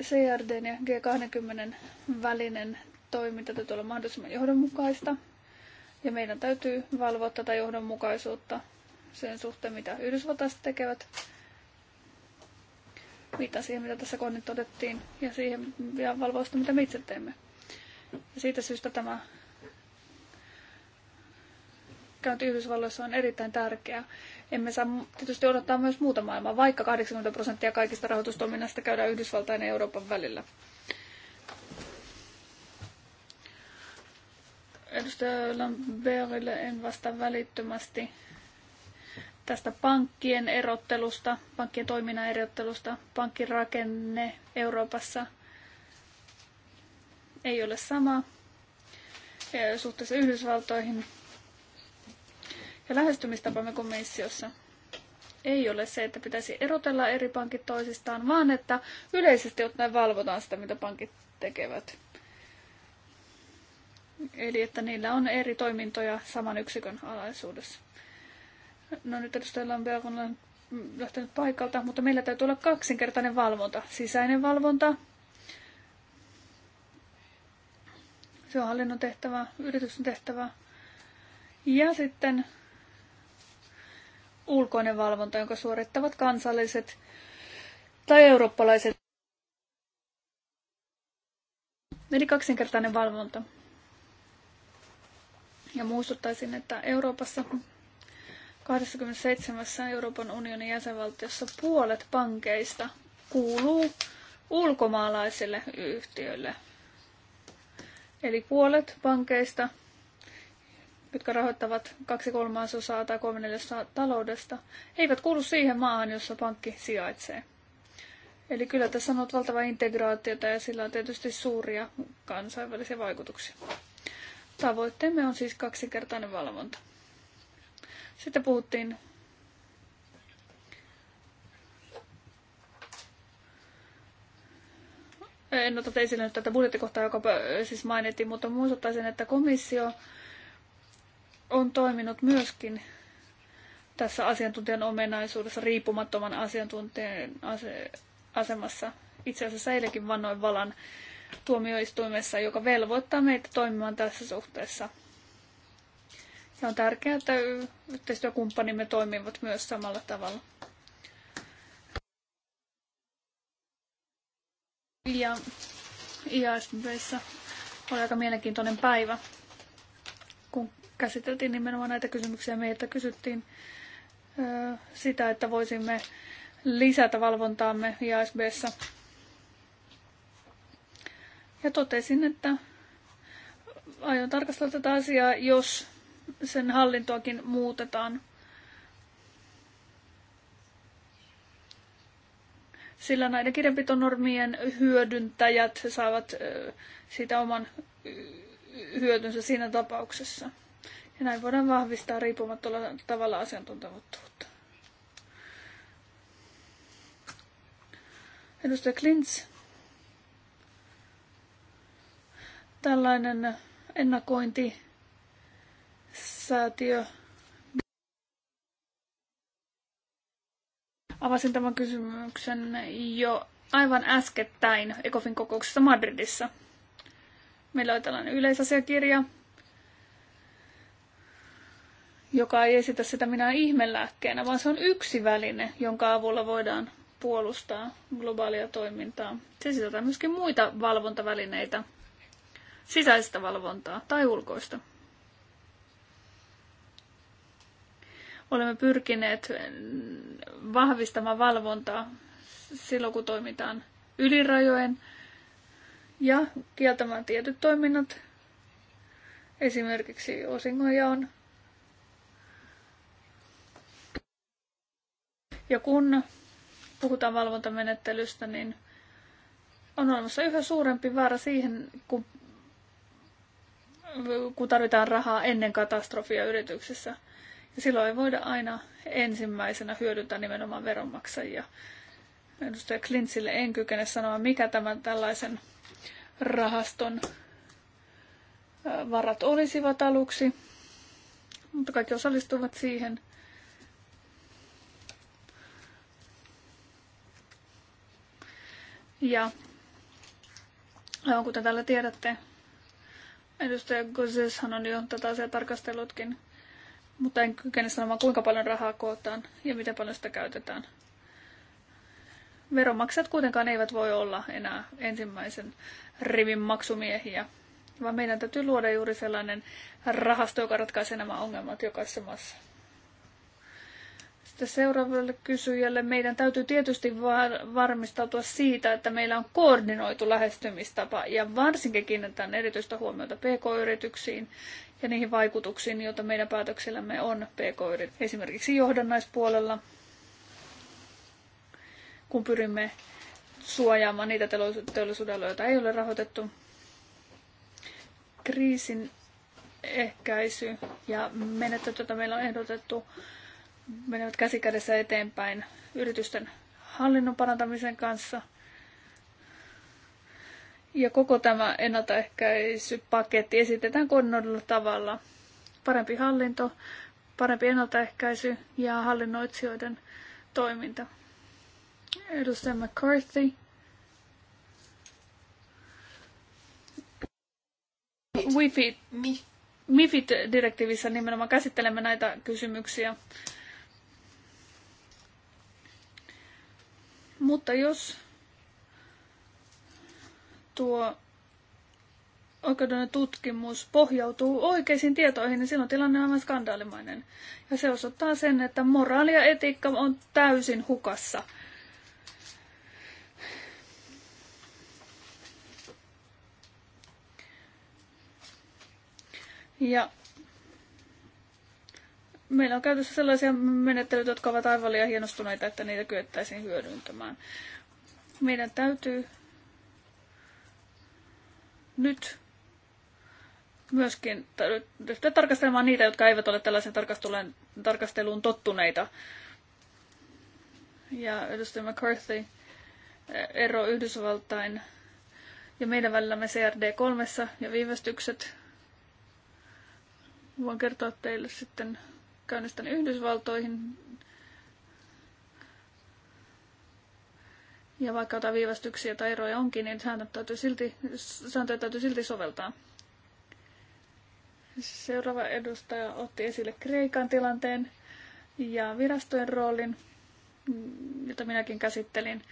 CRD ja G20 välinen toiminta täytyy olla mahdollisimman johdonmukaista ja meidän täytyy valvoa tätä johdonmukaisuutta sen suhteen, mitä Yhdysvaltaiset tekevät, mitä siihen, mitä tässä kohdin todettiin, ja siihen ja valvoista, mitä me itse teemme. Ja siitä syystä tämä käynti Yhdysvalloissa on erittäin tärkeää. Emme saa tietysti odottaa myös muuta maailmaa, vaikka 80 prosenttia kaikista rahoitustoiminnasta käydään Yhdysvaltain ja Euroopan välillä. Edustaja Lambertille en vastaa välittömästi tästä pankkien erottelusta, pankkien toiminnan erottelusta, pankkirakenne Euroopassa ei ole sama e, suhteessa Yhdysvaltoihin. Ja lähestymistapamme komissiossa ei ole se, että pitäisi erotella eri pankit toisistaan, vaan että yleisesti ottaen valvotaan sitä, mitä pankit tekevät. Eli että niillä on eri toimintoja saman yksikön alaisuudessa. No nyt edustaja Lambert on lähtenyt paikalta, mutta meillä täytyy olla kaksinkertainen valvonta. Sisäinen valvonta, se on hallinnon tehtävä, yritysten tehtävä. Ja sitten ulkoinen valvonta, jonka suorittavat kansalliset tai eurooppalaiset. Eli kaksinkertainen valvonta. Ja muistuttaisin, että Euroopassa 27 Euroopan unionin jäsenvaltiossa puolet pankeista kuuluu ulkomaalaisille yhtiöille. Eli puolet pankeista, jotka rahoittavat kaksi kolmasosaa tai kolme neljäsosaa taloudesta, eivät kuulu siihen maahan, jossa pankki sijaitsee. Eli kyllä tässä on ollut valtava integraatiota ja sillä on tietysti suuria kansainvälisiä vaikutuksia. Tavoitteemme on siis kaksinkertainen valvonta. Sitten puhuttiin en ota esille nyt tätä budjettikohtaa, joka siis mainittiin, mutta muistuttaisin, että komissio on toiminut myöskin tässä asiantuntijan omenaisuudessa riippumattoman asiantuntijan asemassa. Itse asiassa eilenkin vannoin valan tuomioistuimessa, joka velvoittaa meitä toimimaan tässä suhteessa. Ja on tärkeää, että yhteistyökumppanimme toimivat myös samalla tavalla. Ja IASBissa oli aika mielenkiintoinen päivä, kun käsiteltiin nimenomaan näitä kysymyksiä. Meiltä kysyttiin sitä, että voisimme lisätä valvontaamme IASBssä ja totesin, että aion tarkastella tätä asiaa, jos sen hallintoakin muutetaan. Sillä näiden kirjanpitonormien hyödyntäjät saavat siitä oman hyötynsä siinä tapauksessa. Ja näin voidaan vahvistaa riippumattolla tavalla asiantuntevuutta. Edustaja Klintz Tällainen ennakointi säätiö. Avasin tämän kysymyksen jo aivan äskettäin ECOFIN kokouksessa Madridissa. Meillä oli tällainen yleisasiakirja, joka ei esitä sitä minä ihmelääkkeenä, vaan se on yksi väline, jonka avulla voidaan puolustaa globaalia toimintaa. Se sisältää myöskin muita valvontavälineitä, sisäistä valvontaa tai ulkoista. Olemme pyrkineet vahvistamaan valvontaa silloin, kun toimitaan ylirajojen ja kieltämään tietyt toiminnat, esimerkiksi osingonjaon. Ja kun puhutaan valvontamenettelystä, niin on olemassa yhä suurempi vaara siihen, kun kun tarvitaan rahaa ennen katastrofia yrityksessä. Ja silloin ei voida aina ensimmäisenä hyödyntää nimenomaan veronmaksajia. Edustaja Klintsille en kykene sanoa, mikä tämän tällaisen rahaston varat olisivat aluksi, mutta kaikki osallistuvat siihen. Ja kuten täällä tiedätte, Edustaja Gozeshan on jo tätä asiaa tarkastellutkin, mutta en kykene sanomaan kuinka paljon rahaa kootaan ja miten paljon sitä käytetään. Veronmaksajat kuitenkaan eivät voi olla enää ensimmäisen rivin maksumiehiä, vaan meidän täytyy luoda juuri sellainen rahasto, joka ratkaisee nämä ongelmat jokaisessa maassa. Sitten seuraavalle kysyjälle meidän täytyy tietysti varmistautua siitä, että meillä on koordinoitu lähestymistapa ja varsinkin kiinnitetään erityistä huomiota pk-yrityksiin ja niihin vaikutuksiin, joita meidän päätöksillämme on pk esimerkiksi johdannaispuolella, kun pyrimme suojaamaan niitä teollisuudella, joita ei ole rahoitettu. Kriisin ehkäisy ja menettelyt, joita meillä on ehdotettu menevät käsikädessä eteenpäin yritysten hallinnon parantamisen kanssa. Ja koko tämä ennaltaehkäisypaketti esitetään koordinoidulla tavalla. Parempi hallinto, parempi ennaltaehkäisy ja hallinnoitsijoiden toiminta. Edustaja McCarthy. Mifid-direktiivissä nimenomaan käsittelemme näitä kysymyksiä Mutta jos tuo oikeudellinen tutkimus pohjautuu oikeisiin tietoihin, niin silloin tilanne on aivan skandaalimainen. Ja se osoittaa sen, että moraali ja etiikka on täysin hukassa. Ja meillä on käytössä sellaisia menettelyitä, jotka ovat aivan liian hienostuneita, että niitä kyettäisiin hyödyntämään. Meidän täytyy nyt myöskin ryhtyä tarkastelemaan niitä, jotka eivät ole tällaisen tarkasteluun tottuneita. Ja edustaja McCarthy, eh, ero Yhdysvaltain ja meidän välillämme CRD3 ja viivästykset. Voin kertoa teille sitten käynnistän Yhdysvaltoihin. Ja vaikka jotain viivästyksiä tai eroja onkin, niin sääntöjä täytyy silti, täytyy silti soveltaa. Seuraava edustaja otti esille Kreikan tilanteen ja virastojen roolin, jota minäkin käsittelin.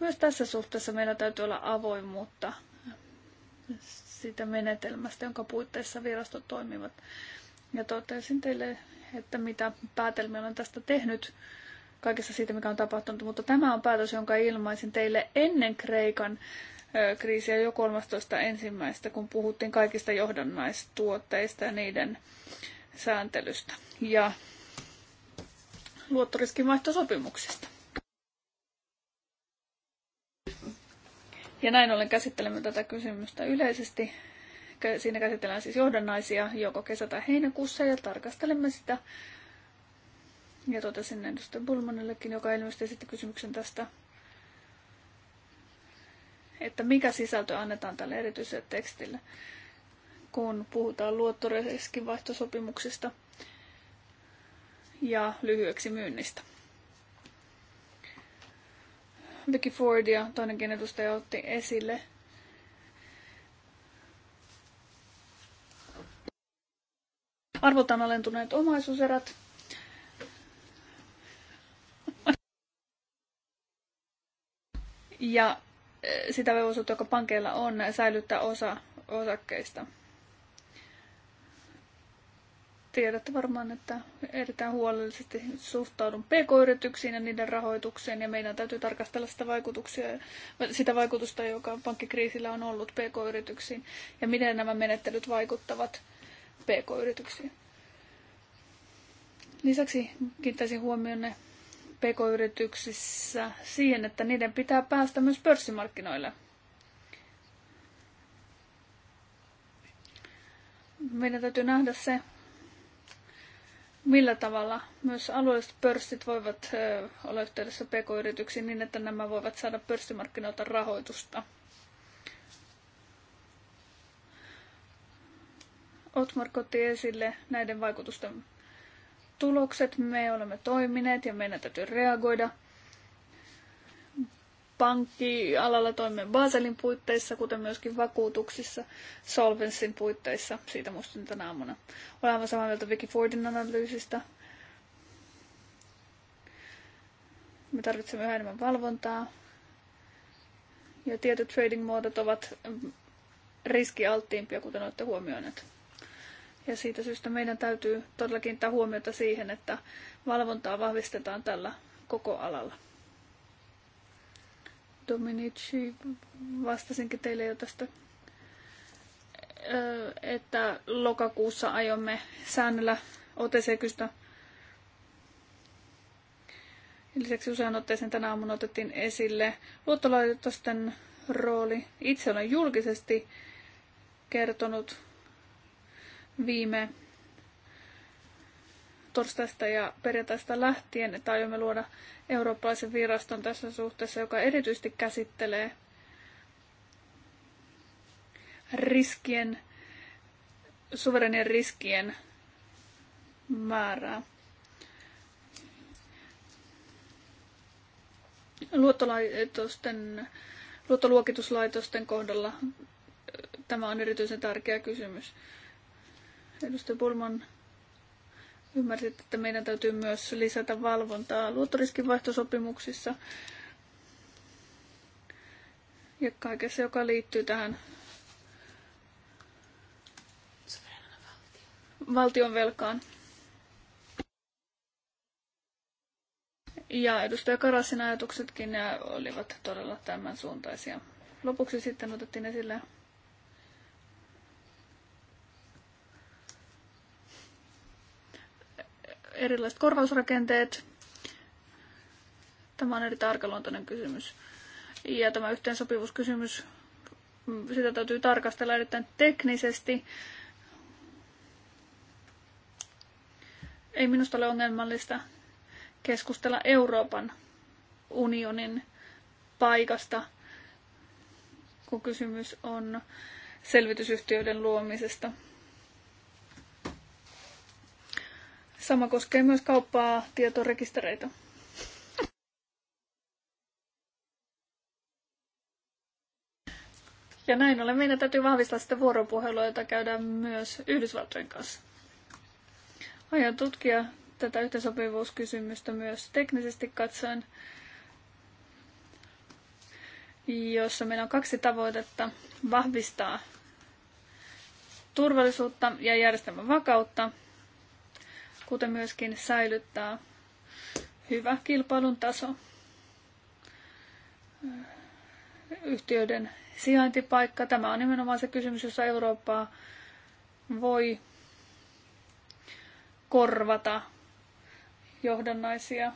Myös tässä suhteessa meillä täytyy olla avoimuutta siitä menetelmästä, jonka puitteissa virastot toimivat. Ja totesin teille että mitä päätelmiä olen tästä tehnyt kaikessa siitä, mikä on tapahtunut, mutta tämä on päätös, jonka ilmaisin teille ennen Kreikan kriisiä jo 13. ensimmäistä, kun puhuttiin kaikista johdannaistuotteista ja niiden sääntelystä ja luottoriskinvaihtosopimuksista. Ja näin ollen käsittelemme tätä kysymystä yleisesti Siinä käsitellään siis johdannaisia joko kesä- tai heinäkuussa ja tarkastelemme sitä. Ja totesin edustaja Bulmanillekin, joka ilmeisesti esitti kysymyksen tästä, että mikä sisältö annetaan tälle erityiselle tekstille, kun puhutaan luottoriskin vaihtosopimuksista ja lyhyeksi myynnistä. Vicky Ford ja toinenkin edustaja otti esille Arvotan alentuneet omaisuuserät. Ja eh, sitä velvollisuutta, joka pankeilla on, säilyttää osa osakkeista. Tiedätte varmaan, että erittäin huolellisesti suhtaudun pk-yrityksiin ja niiden rahoitukseen, ja meidän täytyy tarkastella sitä, vaikutuksia, sitä vaikutusta, joka pankkikriisillä on ollut pk-yrityksiin, ja miten nämä menettelyt vaikuttavat pk yrityksiä Lisäksi huomioon huomionne pk-yrityksissä siihen, että niiden pitää päästä myös pörssimarkkinoille. Meidän täytyy nähdä se, millä tavalla myös alueelliset pörssit voivat olla yhteydessä pk-yrityksiin niin, että nämä voivat saada pörssimarkkinoilta rahoitusta. Otmark otti esille näiden vaikutusten tulokset. Me olemme toimineet ja meidän täytyy reagoida. Pankkialalla toimimme Baselin puitteissa, kuten myöskin vakuutuksissa, Solvenssin puitteissa. Siitä muistin tänä aamuna. Olen aivan samaa mieltä Vicky Fordin analyysistä. Me tarvitsemme yhä enemmän valvontaa. Ja tietyt trading-muodot ovat riskialttiimpia, kuten olette huomioineet. Ja siitä syystä meidän täytyy todellakin kiinnittää huomiota siihen, että valvontaa vahvistetaan tällä koko alalla. Dominici, vastasinkin teille jo tästä, että lokakuussa aiomme säännöllä otesekystä. Lisäksi usean otteeseen tänä aamuna otettiin esille luottolaitosten rooli. Itse olen julkisesti kertonut viime torstaista ja perjantaista lähtien, että aiomme luoda eurooppalaisen viraston tässä suhteessa, joka erityisesti käsittelee riskien, suverenien riskien määrää. Luottolaitosten, luottoluokituslaitosten kohdalla äh, tämä on erityisen tärkeä kysymys. Edustaja Pulman ymmärsit, että meidän täytyy myös lisätä valvontaa luottoriskinvaihtosopimuksissa ja kaikessa, joka liittyy tähän valtion velkaan. Ja edustaja Karasin ajatuksetkin olivat todella tämän suuntaisia. Lopuksi sitten otettiin esille erilaiset korvausrakenteet. Tämä on erittäin arkaluontoinen kysymys. Ja tämä yhteensopivuuskysymys, sitä täytyy tarkastella erittäin teknisesti. Ei minusta ole ongelmallista keskustella Euroopan unionin paikasta, kun kysymys on selvitysyhtiöiden luomisesta. Sama koskee myös kauppaa tietorekistereitä. Ja näin ollen meidän täytyy vahvistaa sitä vuoropuhelua, jota käydään myös Yhdysvaltojen kanssa. Aion tutkia tätä yhteensopivuuskysymystä myös teknisesti katsoen, jossa meillä on kaksi tavoitetta. Vahvistaa turvallisuutta ja järjestelmän vakautta kuten myöskin säilyttää hyvä kilpailun taso. Yhtiöiden sijaintipaikka, tämä on nimenomaan se kysymys, jossa Eurooppaa voi korvata johdannaisia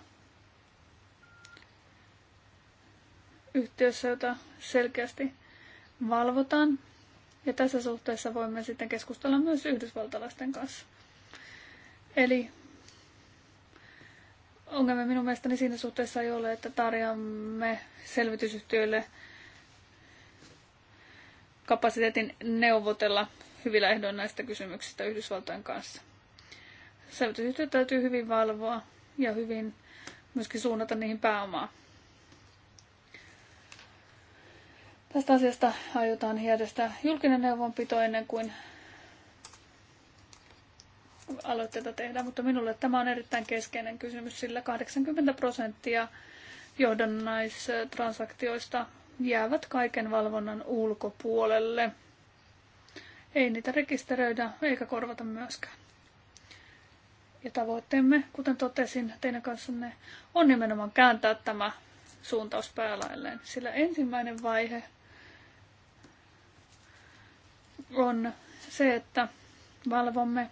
yhtiössä, jota selkeästi valvotaan. Ja tässä suhteessa voimme sitten keskustella myös yhdysvaltalaisten kanssa. Eli ongelma minun mielestäni siinä suhteessa ei ole, että tarjoamme selvitysyhtiöille kapasiteetin neuvotella hyvillä ehdoin näistä kysymyksistä Yhdysvaltain kanssa. Selvitysyhtiö täytyy hyvin valvoa ja hyvin myöskin suunnata niihin pääomaa. Tästä asiasta aiotaan järjestää julkinen neuvonpito ennen kuin aloitteita tehdään, mutta minulle tämä on erittäin keskeinen kysymys, sillä 80 prosenttia johdannaistransaktioista jäävät kaiken valvonnan ulkopuolelle. Ei niitä rekisteröidä eikä korvata myöskään. Ja tavoitteemme, kuten totesin teidän kanssanne, on nimenomaan kääntää tämä suuntaus päälailleen, sillä ensimmäinen vaihe on se, että valvomme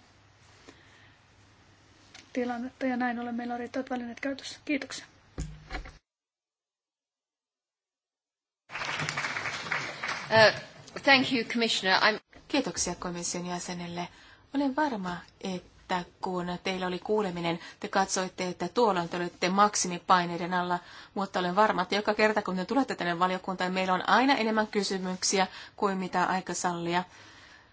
tilannetta ja näin ollen meillä on riittävät välineet käytössä. Kiitoksia. Uh, thank you, Commissioner. I'm... Kiitoksia komission jäsenelle. Olen varma, että kun teillä oli kuuleminen, te katsoitte, että tuolla te olette maksimipaineiden alla, mutta olen varma, että joka kerta kun te tulette tänne valiokuntaan, meillä on aina enemmän kysymyksiä kuin mitä aika sallia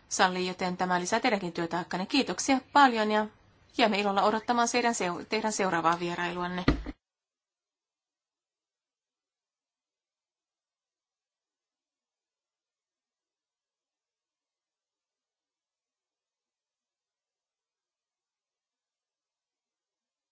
sallii, joten tämä lisää teidänkin työtaakkanne. Kiitoksia paljon ja ja meillä ilolla odottamaan teidän, seuraavaa vierailuanne.